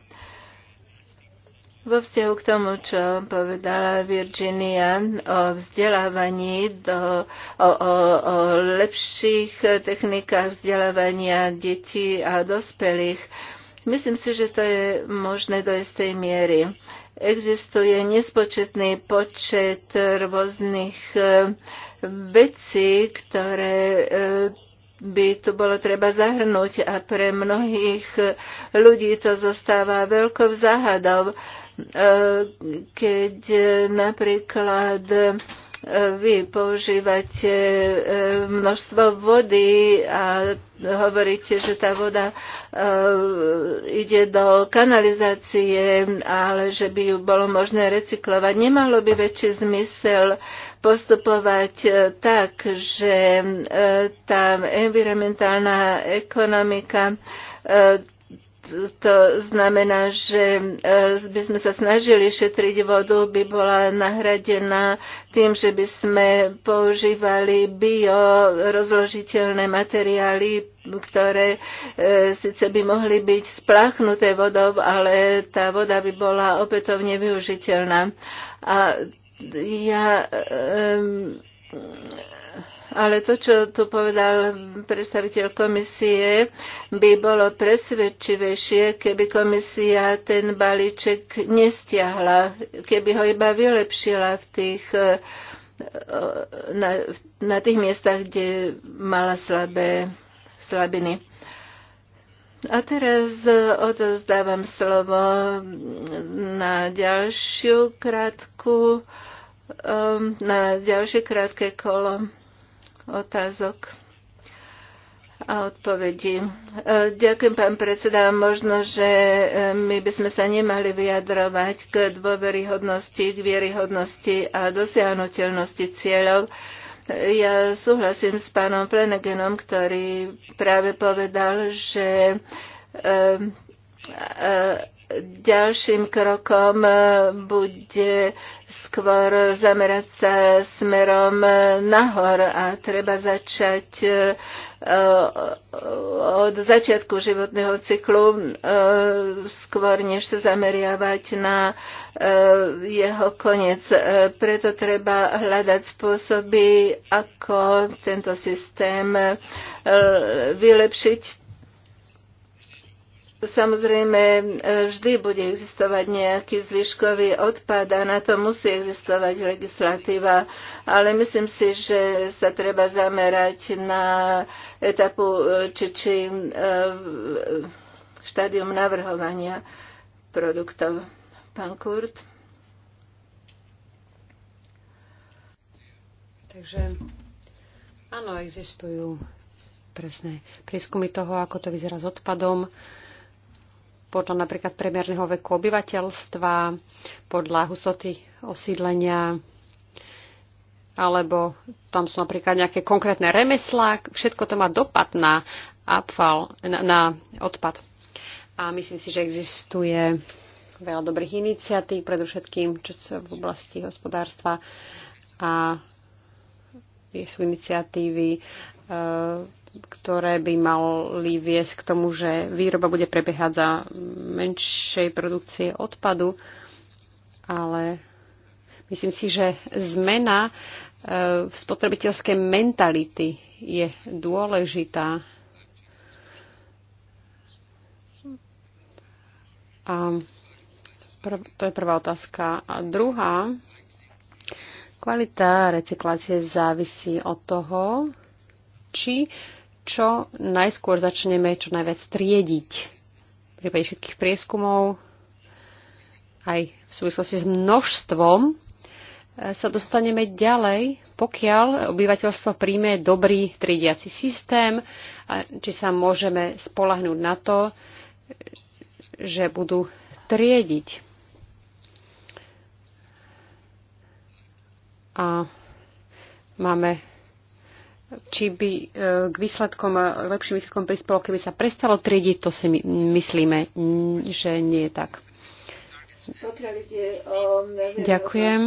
Vo vzťahu k tomu, čo povedala Virginia o vzdelávaní, do, o, o, o lepších technikách vzdelávania detí a dospelých, myslím si, že to je možné do istej miery. Existuje nespočetný počet rôznych e, vecí, ktoré e, by tu bolo treba zahrnúť a pre mnohých ľudí to zostáva veľkou záhadou E, keď e, napríklad e, vy používate množstvo vody a hovoríte, že tá voda ide do kanalizácie, ale že by ju bolo možné recyklovať. Nemalo by väčší zmysel postupovať tak, že tá environmentálna ekonomika to znamená, že e, by sme sa snažili šetriť vodu, by bola nahradená tým, že by sme používali biorozložiteľné materiály, ktoré e, síce by mohli byť spláchnuté vodou, ale tá voda by bola opätovne využiteľná. A ja um, ale to, čo tu povedal predstaviteľ komisie, by bolo presvedčivejšie, keby komisia ten balíček nestiahla, keby ho iba vylepšila v tých, e, na, na tých miestach, kde mala slabé slabiny. A teraz odovzdávam slovo na ďalšiu krátku, e, na ďalšie krátke kolo otázok a odpovedí. E, ďakujem, pán predseda. Možno, že e, my by sme sa nemali vyjadrovať k dôveryhodnosti, k vieryhodnosti a dosiahnutelnosti cieľov. Ja súhlasím s pánom Plenegenom, ktorý práve povedal, že e, Ďalším krokom e, bude skôr zamerať sa smerom e, nahor a treba začať e, od začiatku životného cyklu skôr, než sa zameriavať na jeho koniec. Preto treba hľadať spôsoby, ako tento systém vylepšiť Samozrejme, e, vždy bude existovať nejaký zvyškový odpad a na to musí existovať legislatíva, ale myslím si, že sa treba zamerať na etapu e, či, či e, štádium navrhovania produktov. Pán Kurt. Takže áno, existujú presné prieskumy toho, ako to vyzerá s odpadom podľa napríklad premiérneho veku obyvateľstva, podľa husoty osídlenia, alebo tam sú napríklad nejaké konkrétne remeslá. Všetko to má dopad na, upfall, na, na odpad. A myslím si, že existuje veľa dobrých iniciatív, predovšetkým čo sa v oblasti hospodárstva a sú iniciatívy ktoré by mali viesť k tomu, že výroba bude prebiehať za menšej produkcie odpadu, ale myslím si, že zmena e, v spotrebiteľskej mentality je dôležitá. A prv, to je prvá otázka. A druhá, kvalita recyklácie závisí od toho, či čo najskôr začneme čo najviac triediť. V prípade všetkých prieskumov aj v súvislosti s množstvom e, sa dostaneme ďalej, pokiaľ obyvateľstvo príjme dobrý triediaci systém, a či sa môžeme spolahnúť na to, že budú triediť. A máme či by e, k výsledkom, lepším výsledkom prispelo, keby sa prestalo triediť, to si myslíme, že nie je tak. Ďakujem.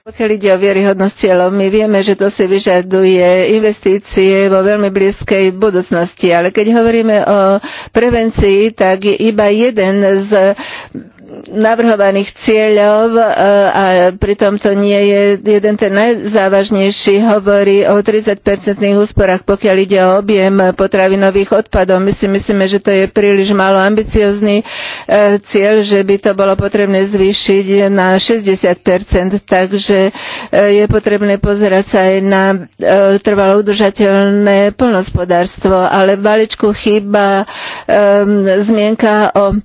Pokiaľ ide o vieryhodnosť cieľov, my vieme, že to si vyžaduje investície vo veľmi blízkej budúcnosti, ale keď hovoríme o prevencii, tak iba jeden z navrhovaných cieľov e, a pritom to nie je jeden ten najzávažnejší, hovorí o 30-percentných úsporách, pokiaľ ide o objem potravinových odpadov. My si myslíme, že to je príliš malo ambiciozný e, cieľ, že by to bolo potrebné zvýšiť na 60 takže e, je potrebné pozerať sa aj na trvalo udržateľné plnospodárstvo, ale v balíčku chýba zmienka o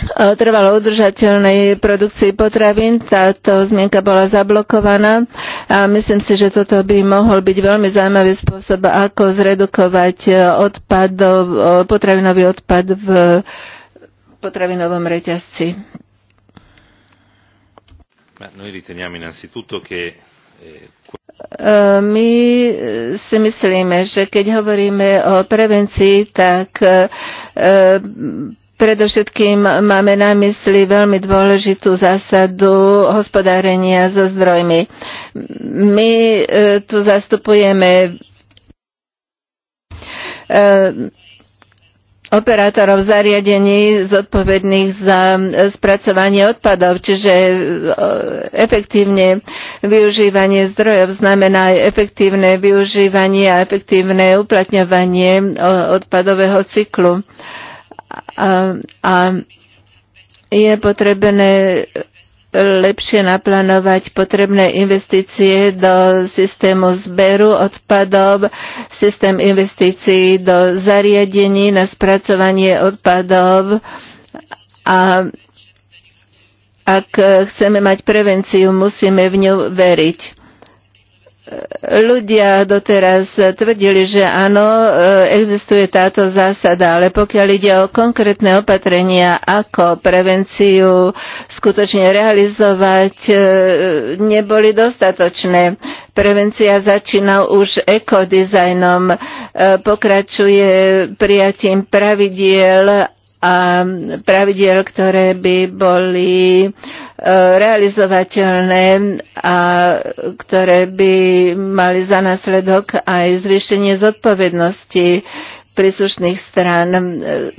E, trvalo udržateľnej produkcii potravín. Táto zmienka bola zablokovaná a myslím si, že toto by mohol byť veľmi zaujímavý spôsob, ako zredukovať e, odpad, e, potravinový odpad v potravinovom reťazci. Eh, my si myslíme, že keď hovoríme o prevencii, tak Predovšetkým máme na mysli veľmi dôležitú zásadu hospodárenia so zdrojmi. My e, tu zastupujeme e, operátorov zariadení zodpovedných za spracovanie odpadov, čiže e, efektívne využívanie zdrojov znamená aj efektívne využívanie a efektívne uplatňovanie odpadového cyklu a je potrebné lepšie naplánovať potrebné investície do systému zberu odpadov, systém investícií do zariadení na spracovanie odpadov a ak chceme mať prevenciu, musíme v ňu veriť ľudia doteraz tvrdili, že áno, e, existuje táto zásada, ale pokiaľ ide o konkrétne opatrenia, ako prevenciu skutočne realizovať, e, neboli dostatočné. Prevencia začína už ekodizajnom, e, pokračuje prijatím pravidiel a pravidel, ktoré by boli e, realizovateľné a ktoré by mali za následok aj zvýšenie zodpovednosti príslušných strán. E,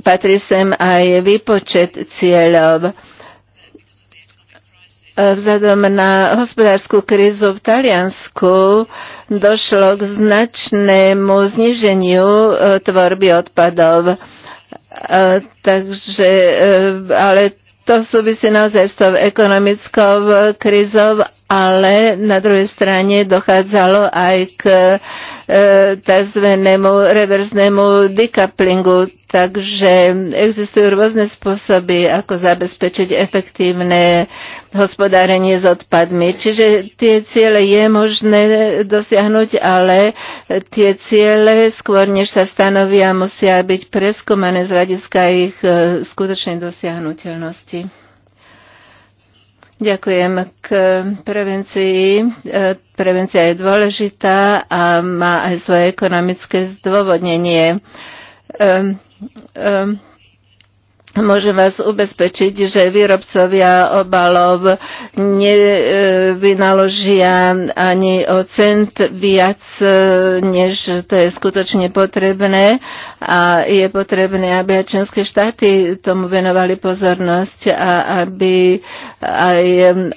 patrí sem aj výpočet cieľov. E, vzhľadom na hospodárskú krízu v Taliansku došlo k značnému zniženiu tvorby odpadov takže, e, ale to súvisí naozaj s tou ekonomickou krizou, ale na druhej strane dochádzalo aj k e, tzv. reverznému decouplingu, Takže existujú rôzne spôsoby, ako zabezpečiť efektívne hospodárenie s odpadmi. Čiže tie ciele je možné dosiahnuť, ale tie ciele skôr než sa stanovia musia byť preskúmané z hľadiska ich e, skutočnej dosiahnutelnosti. Ďakujem k prevencii. E, prevencia je dôležitá a má aj svoje ekonomické zdôvodnenie. Um, Ehm, môžem vás ubezpečiť, že výrobcovia obalov nevynaložia ani o cent viac, než to je skutočne potrebné a je potrebné, aby aj členské štáty tomu venovali pozornosť a aby aj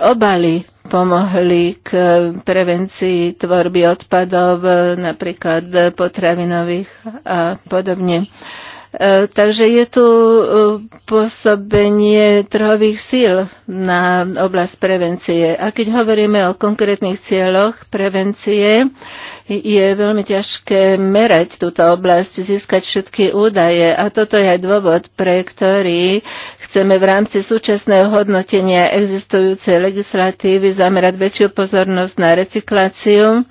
obaly pomohli k prevencii tvorby odpadov, napríklad potravinových a podobne. E, takže je tu e, pôsobenie trhových síl na oblasť prevencie. A keď hovoríme o konkrétnych cieľoch prevencie, je veľmi ťažké merať túto oblasť, získať všetky údaje. A toto je aj dôvod, pre ktorý chceme v rámci súčasného hodnotenia existujúcej legislatívy zamerať väčšiu pozornosť na recykláciu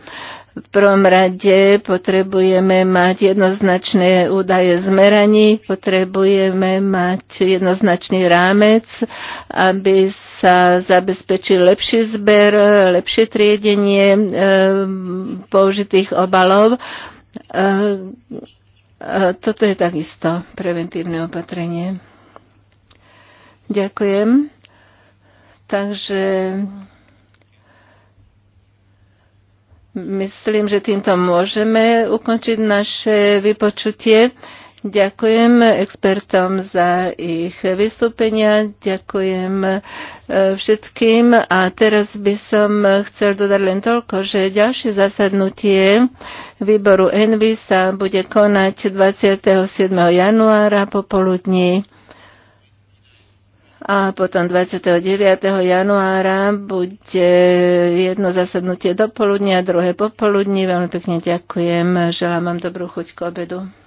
v prvom rade potrebujeme mať jednoznačné údaje zmeraní, potrebujeme mať jednoznačný rámec, aby sa zabezpečil lepší zber, lepšie triedenie e, použitých obalov. E, e, toto je takisto preventívne opatrenie. Ďakujem. Takže Myslím, že týmto môžeme ukončiť naše vypočutie. Ďakujem expertom za ich vystúpenia, ďakujem e, všetkým a teraz by som chcel dodať len toľko, že ďalšie zasadnutie výboru Envy sa bude konať 27. januára popoludní a potom 29. januára bude jedno zasadnutie do poludnia, druhé popoludní. Veľmi pekne ďakujem. Želám vám dobrú chuť k obedu.